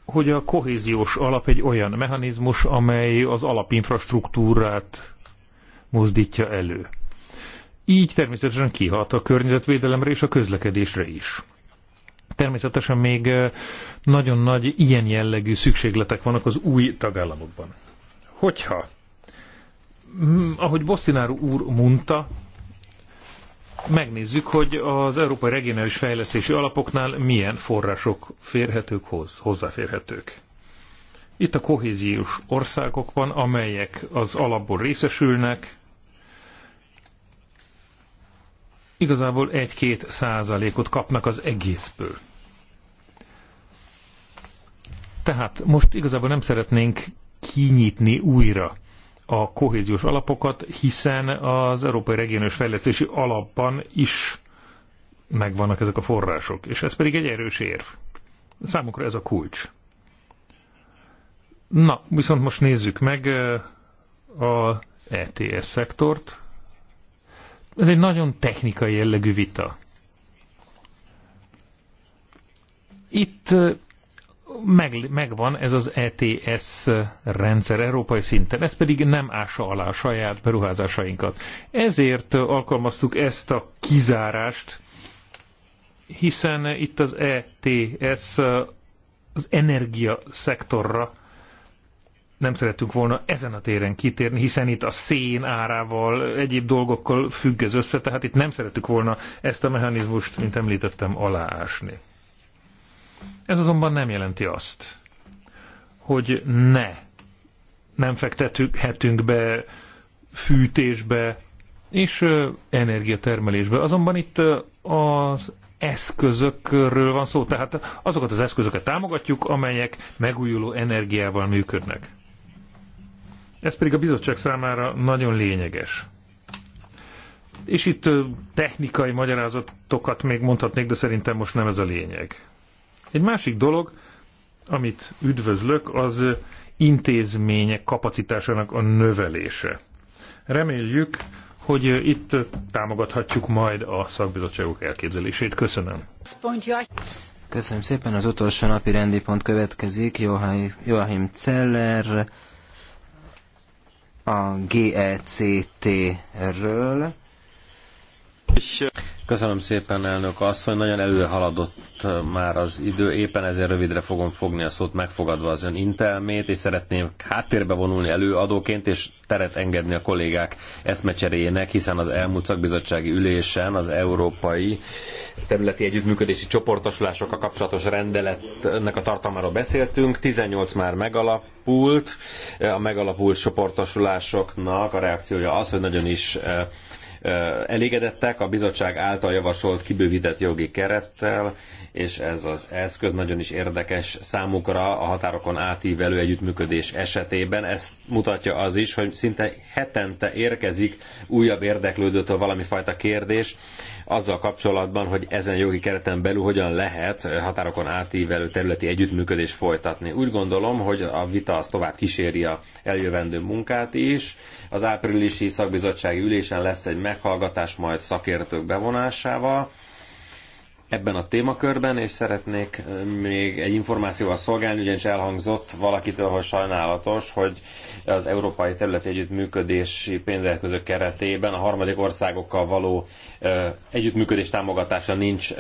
Speaker 1: hogy a kohéziós alap egy olyan mechanizmus, amely az alapinfrastruktúrát mozdítja elő. Így természetesen kihat a környezetvédelemre és a közlekedésre is. Természetesen még eh, nagyon nagy ilyen jellegű szükségletek vannak az új tagállamokban. Hogyha, ahogy Bosszináru úr mondta, megnézzük, hogy az Európai Regionális Fejlesztési Alapoknál milyen források férhetők hozzáférhetők. Itt a kohéziós országokban, amelyek az alapból részesülnek, igazából 1-2 százalékot kapnak az egészből. Tehát most igazából nem szeretnénk kinyitni újra a kohéziós alapokat, hiszen az Európai Regionális Fejlesztési Alapban is megvannak ezek a források, és ez pedig egy erős érv. Számukra ez a kulcs. Na, viszont most nézzük meg a ETS szektort. Ez egy nagyon technikai jellegű vita. Itt meg, megvan ez az ETS rendszer európai szinten, ez pedig nem ássa alá a saját beruházásainkat. Ezért alkalmaztuk ezt a kizárást, hiszen itt az ETS az energia szektorra nem szerettünk volna ezen a téren kitérni, hiszen itt a szén árával, egyéb dolgokkal függ ez össze, tehát itt nem szerettük volna ezt a mechanizmust, mint említettem, aláásni. Ez azonban nem jelenti azt, hogy ne, nem fektethetünk be fűtésbe és energiatermelésbe. Azonban itt az eszközökről van szó, tehát azokat az eszközöket támogatjuk, amelyek megújuló energiával működnek. Ez pedig a bizottság számára nagyon lényeges. És itt technikai magyarázatokat még mondhatnék, de szerintem most nem ez a lényeg. Egy másik dolog, amit üdvözlök, az intézmények kapacitásának a növelése. Reméljük, hogy itt támogathatjuk majd a szakbizottságok elképzelését. Köszönöm.
Speaker 2: Köszönöm szépen. Az utolsó napi rendi pont következik. Joachim Celler a GECT-ről.
Speaker 3: Köszönöm szépen, elnök asszony. Nagyon előre haladott már az idő, éppen ezért rövidre fogom fogni a szót, megfogadva az ön intelmét, és szeretném háttérbe vonulni előadóként, és teret engedni a kollégák eszmecseréjének, hiszen az elmúlt szakbizottsági ülésen az európai területi együttműködési csoportosulásokkal kapcsolatos rendeletnek a tartalmáról beszéltünk. 18 már megalapult. A megalapult csoportosulásoknak a reakciója az, hogy nagyon is eh, elégedettek a bizottság által javasolt kibővített jogi kerettel, és ez az eszköz nagyon is érdekes számukra a határokon átívelő együttműködés esetében. Ezt mutatja az is, hogy szinte hetente érkezik újabb érdeklődőtől valami fajta kérdés, azzal kapcsolatban, hogy ezen jogi kereten belül hogyan lehet határokon átívelő területi együttműködés folytatni. Úgy gondolom, hogy a vita az tovább kíséri a eljövendő munkát is. Az áprilisi szakbizottsági ülésen lesz egy meghallgatás, majd szakértők bevonásával ebben a témakörben, és szeretnék még egy információval szolgálni, ugyanis elhangzott valakitől, hogy sajnálatos, hogy az Európai Területi Együttműködési Pénzelközök keretében a harmadik országokkal való együttműködés támogatása nincs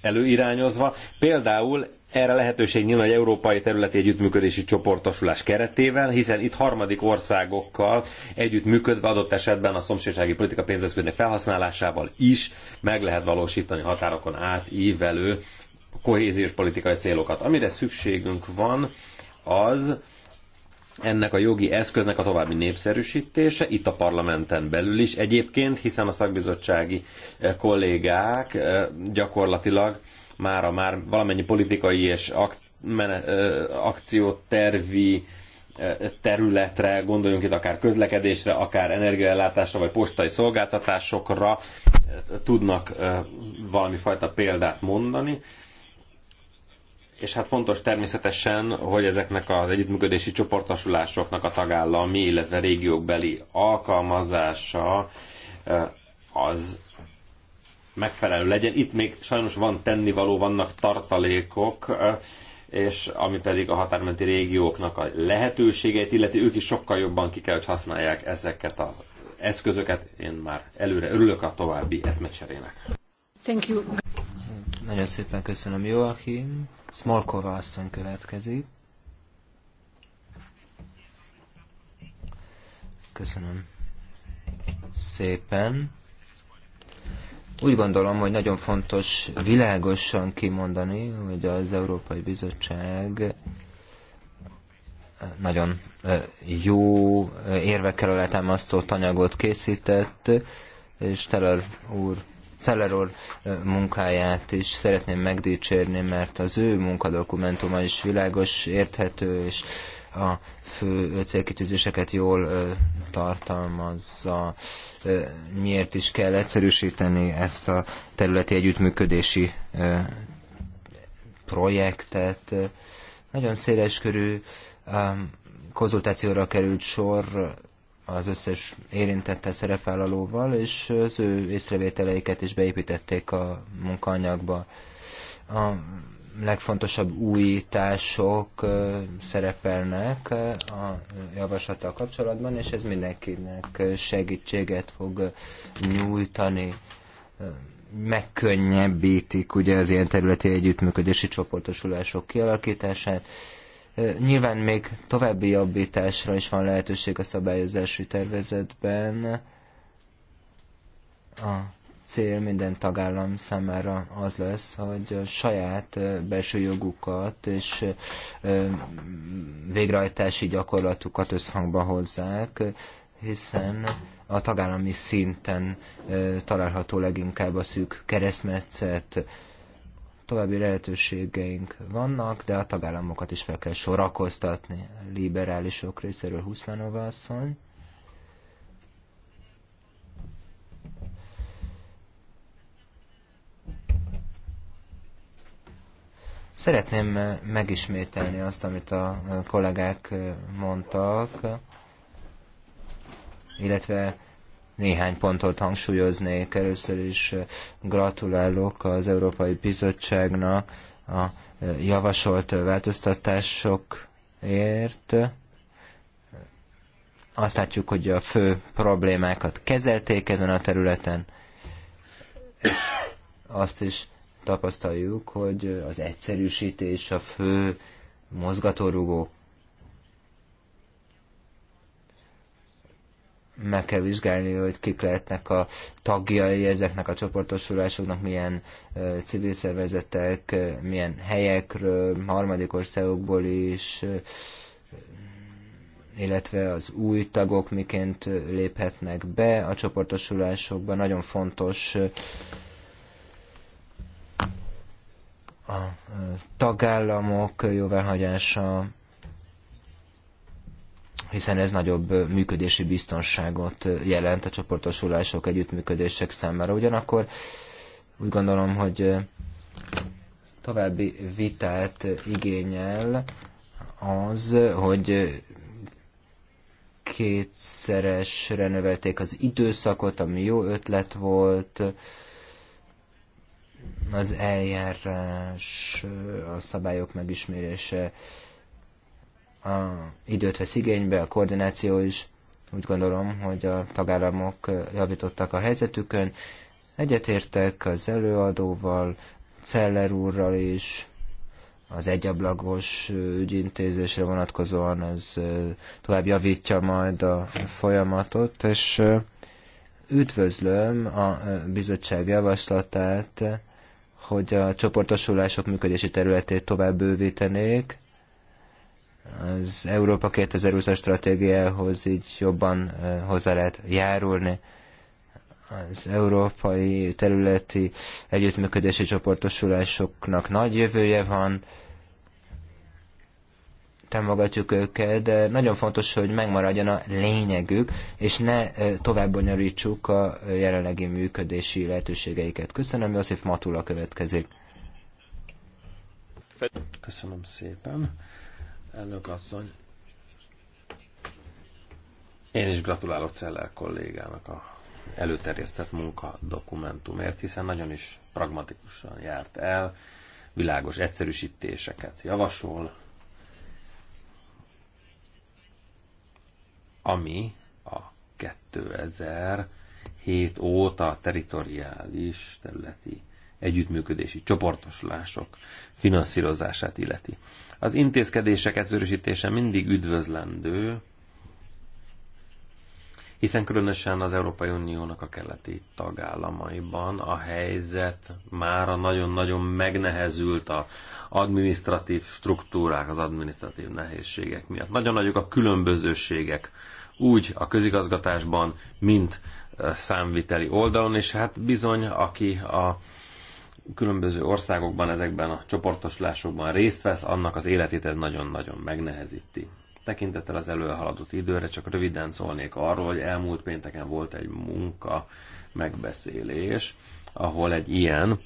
Speaker 3: előirányozva. Például erre lehetőség nyilván egy európai területi együttműködési csoportosulás keretével, hiszen itt harmadik országokkal együttműködve adott esetben a szomszédsági politika pénzeszközének felhasználásával is meg lehet valósítani határokon átívelő kohéziós politikai célokat. Amire szükségünk van, az, ennek a jogi eszköznek a további népszerűsítése, itt a parlamenten belül is egyébként, hiszen a szakbizottsági eh, kollégák eh, gyakorlatilag már a már valamennyi politikai és eh, akciótervi területre, gondoljunk itt akár közlekedésre, akár energiaellátásra, vagy postai szolgáltatásokra tudnak valami fajta példát mondani és hát fontos természetesen, hogy ezeknek az együttműködési csoportosulásoknak a tagállami, illetve régiókbeli alkalmazása az megfelelő legyen. Itt még sajnos van tennivaló, vannak tartalékok, és ami pedig a határmenti régióknak a lehetőségeit illeti, ők is sokkal jobban ki kell, hogy használják ezeket az eszközöket. Én már előre örülök a további eszmecserének.
Speaker 4: Thank you.
Speaker 2: Nagyon szépen köszönöm, Joachim. Smolkova asszony következik. Köszönöm szépen. Úgy gondolom, hogy nagyon fontos világosan kimondani, hogy az Európai Bizottság nagyon jó érvekkel alátámasztott anyagot készített, és Teller úr Celler úr munkáját is szeretném megdicsérni, mert az ő munkadokumentuma is világos, érthető, és a fő célkitűzéseket jól tartalmazza. Miért is kell egyszerűsíteni ezt a területi együttműködési projektet? Nagyon széleskörű konzultációra került sor az összes érintette szerepvállalóval, és az ő észrevételeiket is beépítették a munkaanyagba. A legfontosabb újítások szerepelnek a javaslattal kapcsolatban, és ez mindenkinek segítséget fog nyújtani. Megkönnyebbítik ugye az ilyen területi együttműködési csoportosulások kialakítását, Nyilván még további jobbításra is van lehetőség a szabályozási tervezetben. A cél minden tagállam számára az lesz, hogy a saját belső jogukat és végrehajtási gyakorlatukat összhangba hozzák, hiszen a tagállami szinten található leginkább a szűk keresztmetszet, További lehetőségeink vannak, de a tagállamokat is fel kell sorakoztatni. Liberálisok részéről Huszmanova asszony. Szeretném megismételni azt, amit a kollégák mondtak, illetve néhány pontot hangsúlyoznék. Először is gratulálok az Európai Bizottságnak a javasolt változtatásokért. Azt látjuk, hogy a fő problémákat kezelték ezen a területen. Azt is tapasztaljuk, hogy az egyszerűsítés a fő mozgatórugó meg kell vizsgálni, hogy kik lehetnek a tagjai ezeknek a csoportosulásoknak, milyen civil szervezetek, milyen helyekről, harmadik országokból is, illetve az új tagok miként léphetnek be a csoportosulásokban. Nagyon fontos a tagállamok jóváhagyása, hiszen ez nagyobb működési biztonságot jelent a csoportosulások, együttműködések számára. Ugyanakkor úgy gondolom, hogy további vitát igényel az, hogy kétszeresre növelték az időszakot, ami jó ötlet volt, az eljárás, a szabályok megismerése a időt vesz igénybe, a koordináció is. Úgy gondolom, hogy a tagállamok javítottak a helyzetükön. Egyetértek az előadóval, Celler úrral is, az egyablagos ügyintézésre vonatkozóan ez tovább javítja majd a folyamatot, és üdvözlöm a bizottság javaslatát, hogy a csoportosulások működési területét tovább bővítenék, az Európa 2020-as stratégiához így jobban hozzá lehet járulni. Az európai területi együttműködési csoportosulásoknak nagy jövője van, támogatjuk őket, de nagyon fontos, hogy megmaradjon a lényegük, és ne tovább bonyolítsuk a jelenlegi működési lehetőségeiket. Köszönöm, József Matula következik. Köszönöm szépen.
Speaker 3: Elnök asszony. Én is gratulálok Celler kollégának a előterjesztett munka dokumentumért, hiszen nagyon is pragmatikusan járt el, világos egyszerűsítéseket javasol, ami a 2007 óta teritoriális területi együttműködési csoportosulások finanszírozását illeti. Az intézkedések egyszerűsítése mindig üdvözlendő, hiszen különösen az Európai Uniónak a keleti tagállamaiban a helyzet már a nagyon-nagyon megnehezült a administratív struktúrák, az administratív nehézségek miatt. Nagyon nagyok a különbözőségek úgy a közigazgatásban, mint számviteli oldalon, és hát bizony, aki a különböző országokban, ezekben a csoportoslásokban részt vesz, annak az életét ez nagyon-nagyon megnehezíti. Tekintettel az előhaladott időre csak röviden szólnék arról, hogy elmúlt pénteken volt egy munka megbeszélés, ahol egy ilyen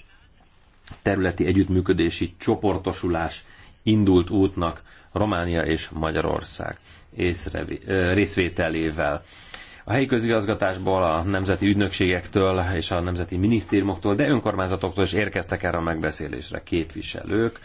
Speaker 3: területi együttműködési csoportosulás indult útnak Románia és Magyarország észrevi, részvételével a helyi közigazgatásból, a nemzeti ügynökségektől és a nemzeti minisztériumoktól, de önkormányzatoktól is érkeztek erre a megbeszélésre képviselők,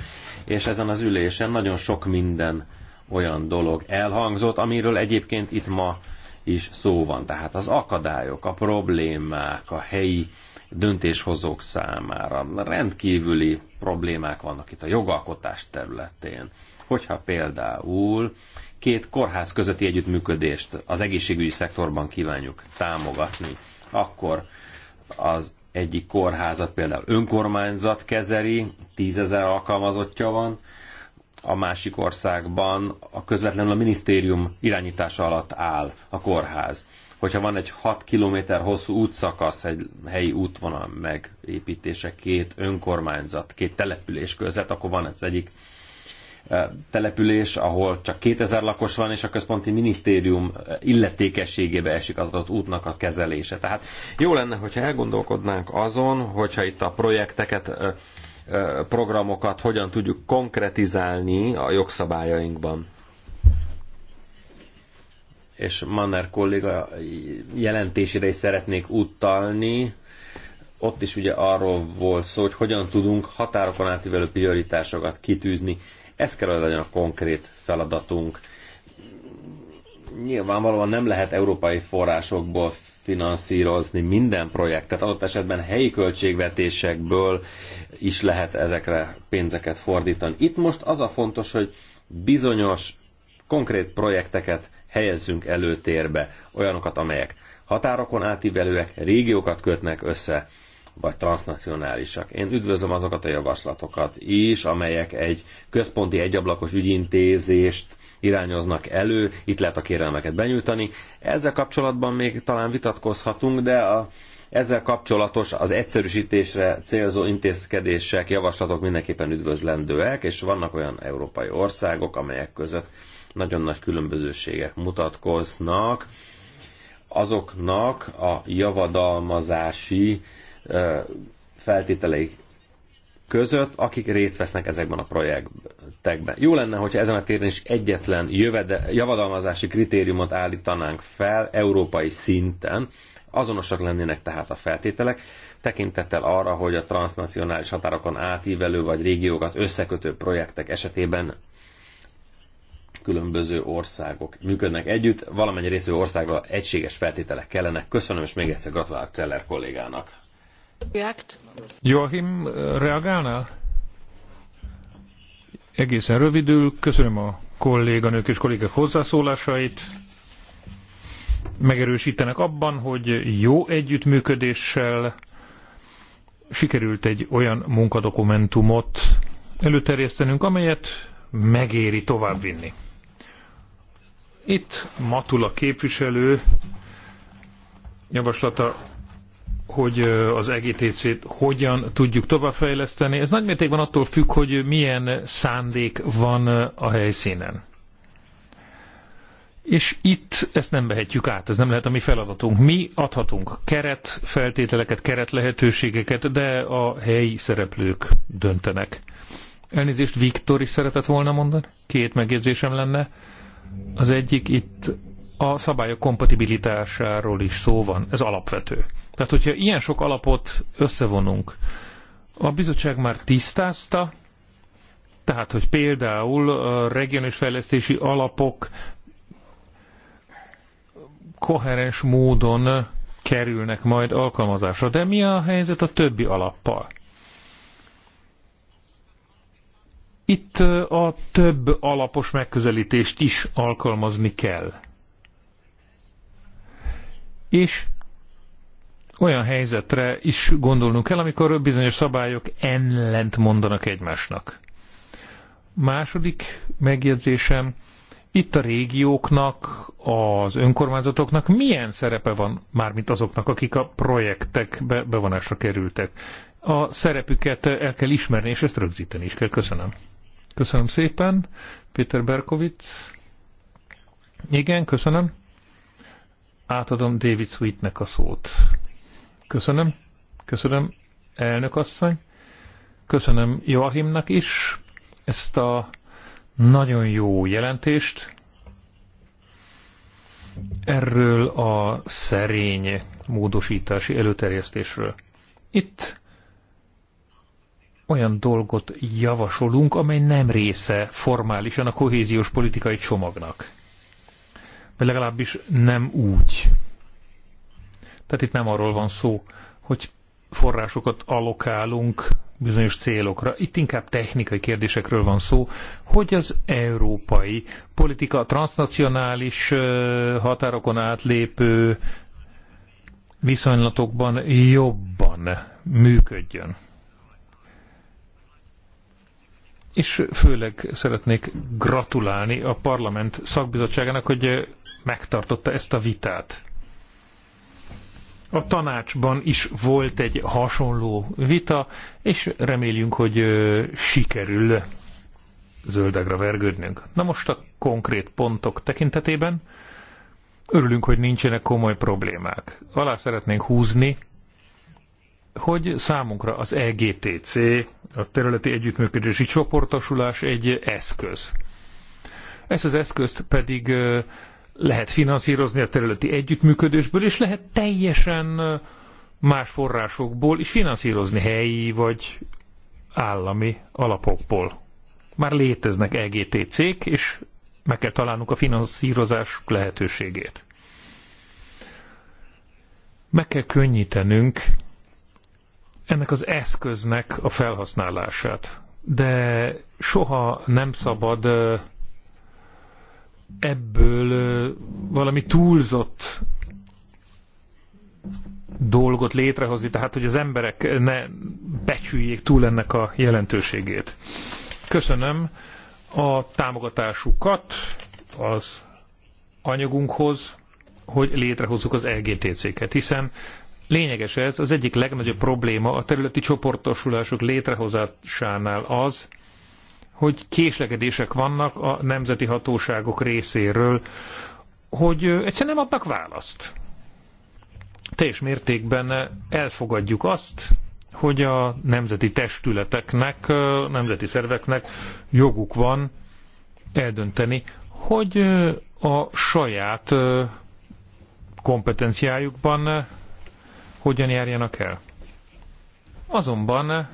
Speaker 3: és ezen az ülésen nagyon sok minden olyan dolog elhangzott, amiről egyébként itt ma is szó van. Tehát az akadályok, a problémák, a helyi döntéshozók számára rendkívüli problémák vannak itt a jogalkotás területén. Hogyha például két kórház közötti együttműködést az egészségügyi szektorban kívánjuk támogatni, akkor az egyik kórházat például önkormányzat kezeli, tízezer alkalmazottja van, a másik országban a közvetlenül a minisztérium irányítása alatt áll a kórház. Hogyha van egy 6 km hosszú útszakasz, egy helyi útvonal megépítése két önkormányzat, két település között, akkor van az egyik település, ahol csak 2000 lakos van, és a központi minisztérium illetékességébe esik az adott útnak a kezelése. Tehát jó lenne, hogyha elgondolkodnánk azon, hogyha itt a projekteket, programokat hogyan tudjuk konkretizálni a jogszabályainkban és Manner kolléga jelentésére is szeretnék utalni. Ott is ugye arról volt szó, hogy hogyan tudunk határokon átívelő prioritásokat kitűzni. Ez kell, hogy legyen a konkrét feladatunk. Nyilvánvalóan nem lehet európai forrásokból finanszírozni minden projektet, adott esetben helyi költségvetésekből is lehet ezekre pénzeket fordítani. Itt most az a fontos, hogy bizonyos konkrét projekteket helyezzünk előtérbe, olyanokat, amelyek határokon átívelőek, régiókat kötnek össze, vagy transnacionálisak. Én üdvözlöm azokat a javaslatokat is, amelyek egy központi egyablakos ügyintézést irányoznak elő, itt lehet a kérelmeket benyújtani. Ezzel kapcsolatban még talán vitatkozhatunk, de a, ezzel kapcsolatos az egyszerűsítésre célzó intézkedések, javaslatok mindenképpen üdvözlendőek, és vannak olyan európai országok, amelyek között nagyon nagy különbözőségek mutatkoznak. Azoknak a javadalmazási feltételeik között, akik részt vesznek ezekben a projektekben. Jó lenne, hogyha ezen a téren is egyetlen jövede, javadalmazási kritériumot állítanánk fel európai szinten, azonosak lennének tehát a feltételek, tekintettel arra, hogy a transnacionális határokon átívelő vagy régiókat összekötő projektek esetében különböző országok működnek együtt, valamennyi részű országra egységes feltételek kellenek. Köszönöm, és még egyszer gratulálok Celler kollégának.
Speaker 1: Joachim, eh, reagálnál? Egészen rövidül, köszönöm a kolléganők és kollégák hozzászólásait. Megerősítenek abban, hogy jó együttműködéssel sikerült egy olyan munkadokumentumot előterjesztenünk, amelyet megéri továbbvinni. Itt Matula képviselő javaslata hogy az EGTC-t hogyan tudjuk továbbfejleszteni. Ez nagymértékben attól függ, hogy milyen szándék van a helyszínen. És itt ezt nem vehetjük át, ez nem lehet a mi feladatunk. Mi adhatunk keret feltételeket, keret lehetőségeket, de a helyi szereplők döntenek. Elnézést, Viktor is szeretett volna mondani? Két megjegyzésem lenne. Az egyik itt a szabályok kompatibilitásáról is szó van, ez alapvető. Tehát, hogyha ilyen sok alapot összevonunk, a bizottság már tisztázta, tehát, hogy például a regionális fejlesztési alapok koherens módon kerülnek majd alkalmazásra. De mi a helyzet a többi alappal? Itt a több alapos megközelítést is alkalmazni kell. És olyan helyzetre is gondolnunk kell, amikor bizonyos szabályok ellent mondanak egymásnak. Második megjegyzésem, itt a régióknak, az önkormányzatoknak milyen szerepe van, mármint azoknak, akik a be bevonásra kerültek. A szerepüket el kell ismerni, és ezt rögzíteni is kell. Köszönöm. Köszönöm szépen, Péter Berkovic. Igen, köszönöm. Átadom David Sweetnek a szót. Köszönöm. Köszönöm, elnök asszony. Köszönöm Joachimnak is ezt a nagyon jó jelentést erről a szerény módosítási előterjesztésről. Itt olyan dolgot javasolunk, amely nem része formálisan a kohéziós politikai csomagnak. Vagy legalábbis nem úgy, tehát itt nem arról van szó, hogy forrásokat alokálunk bizonyos célokra. Itt inkább technikai kérdésekről van szó, hogy az európai politika transnacionális határokon átlépő viszonylatokban jobban működjön. És főleg szeretnék gratulálni a parlament szakbizottságának, hogy megtartotta ezt a vitát. A tanácsban is volt egy hasonló vita, és reméljünk, hogy sikerül zöldegre vergődnünk. Na most a konkrét pontok tekintetében örülünk, hogy nincsenek komoly problémák. Alá szeretnénk húzni, hogy számunkra az EGTC, a Területi Együttműködési Csoportosulás egy eszköz. Ezt az eszközt pedig lehet finanszírozni a területi együttműködésből, és lehet teljesen más forrásokból is finanszírozni helyi vagy állami alapokból. Már léteznek EGT-cég, és meg kell találnunk a finanszírozás lehetőségét. Meg kell könnyítenünk ennek az eszköznek a felhasználását, de soha nem szabad ebből valami túlzott dolgot létrehozni, tehát hogy az emberek ne becsüljék túl ennek a jelentőségét. Köszönöm a támogatásukat az anyagunkhoz, hogy létrehozzuk az LGTC-ket, hiszen lényeges ez, az egyik legnagyobb probléma a területi csoportosulások létrehozásánál az, hogy késlekedések vannak a nemzeti hatóságok részéről, hogy egyszerűen nem adnak választ. Teljes mértékben elfogadjuk azt, hogy a nemzeti testületeknek, nemzeti szerveknek joguk van eldönteni, hogy a saját kompetenciájukban hogyan járjanak el. Azonban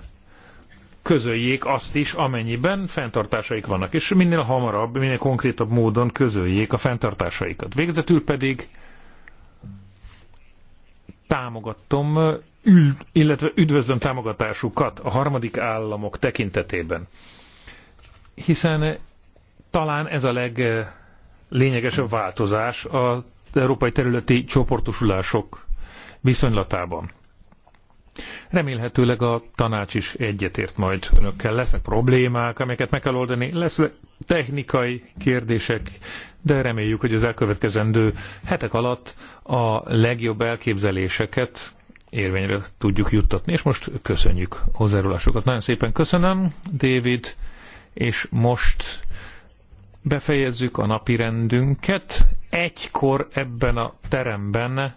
Speaker 1: közöljék azt is, amennyiben fenntartásaik vannak, és minél hamarabb, minél konkrétabb módon közöljék a fenntartásaikat. Végezetül pedig támogatom, illetve üdvözlöm támogatásukat a harmadik államok tekintetében. Hiszen talán ez a leglényegesebb változás az európai területi csoportosulások viszonylatában. Remélhetőleg a tanács is egyetért majd önökkel. Lesznek problémák, amiket meg kell oldani, lesznek technikai kérdések, de reméljük, hogy az elkövetkezendő hetek alatt a legjobb elképzeléseket érvényre tudjuk juttatni. És most köszönjük hozzárulásokat. Nagyon szépen köszönöm, David, és most befejezzük a napi rendünket. Egykor ebben a teremben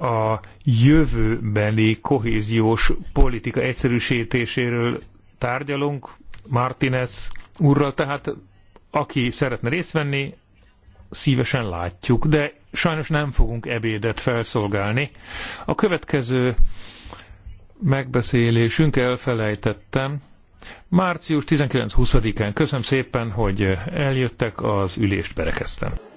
Speaker 1: a jövőbeli kohéziós politika egyszerűsítéséről tárgyalunk, Martinez úrral, tehát aki szeretne részt venni, szívesen látjuk, de sajnos nem fogunk ebédet felszolgálni. A következő megbeszélésünk elfelejtettem. Március 19-20-án. Köszönöm szépen, hogy eljöttek, az ülést berekeztem.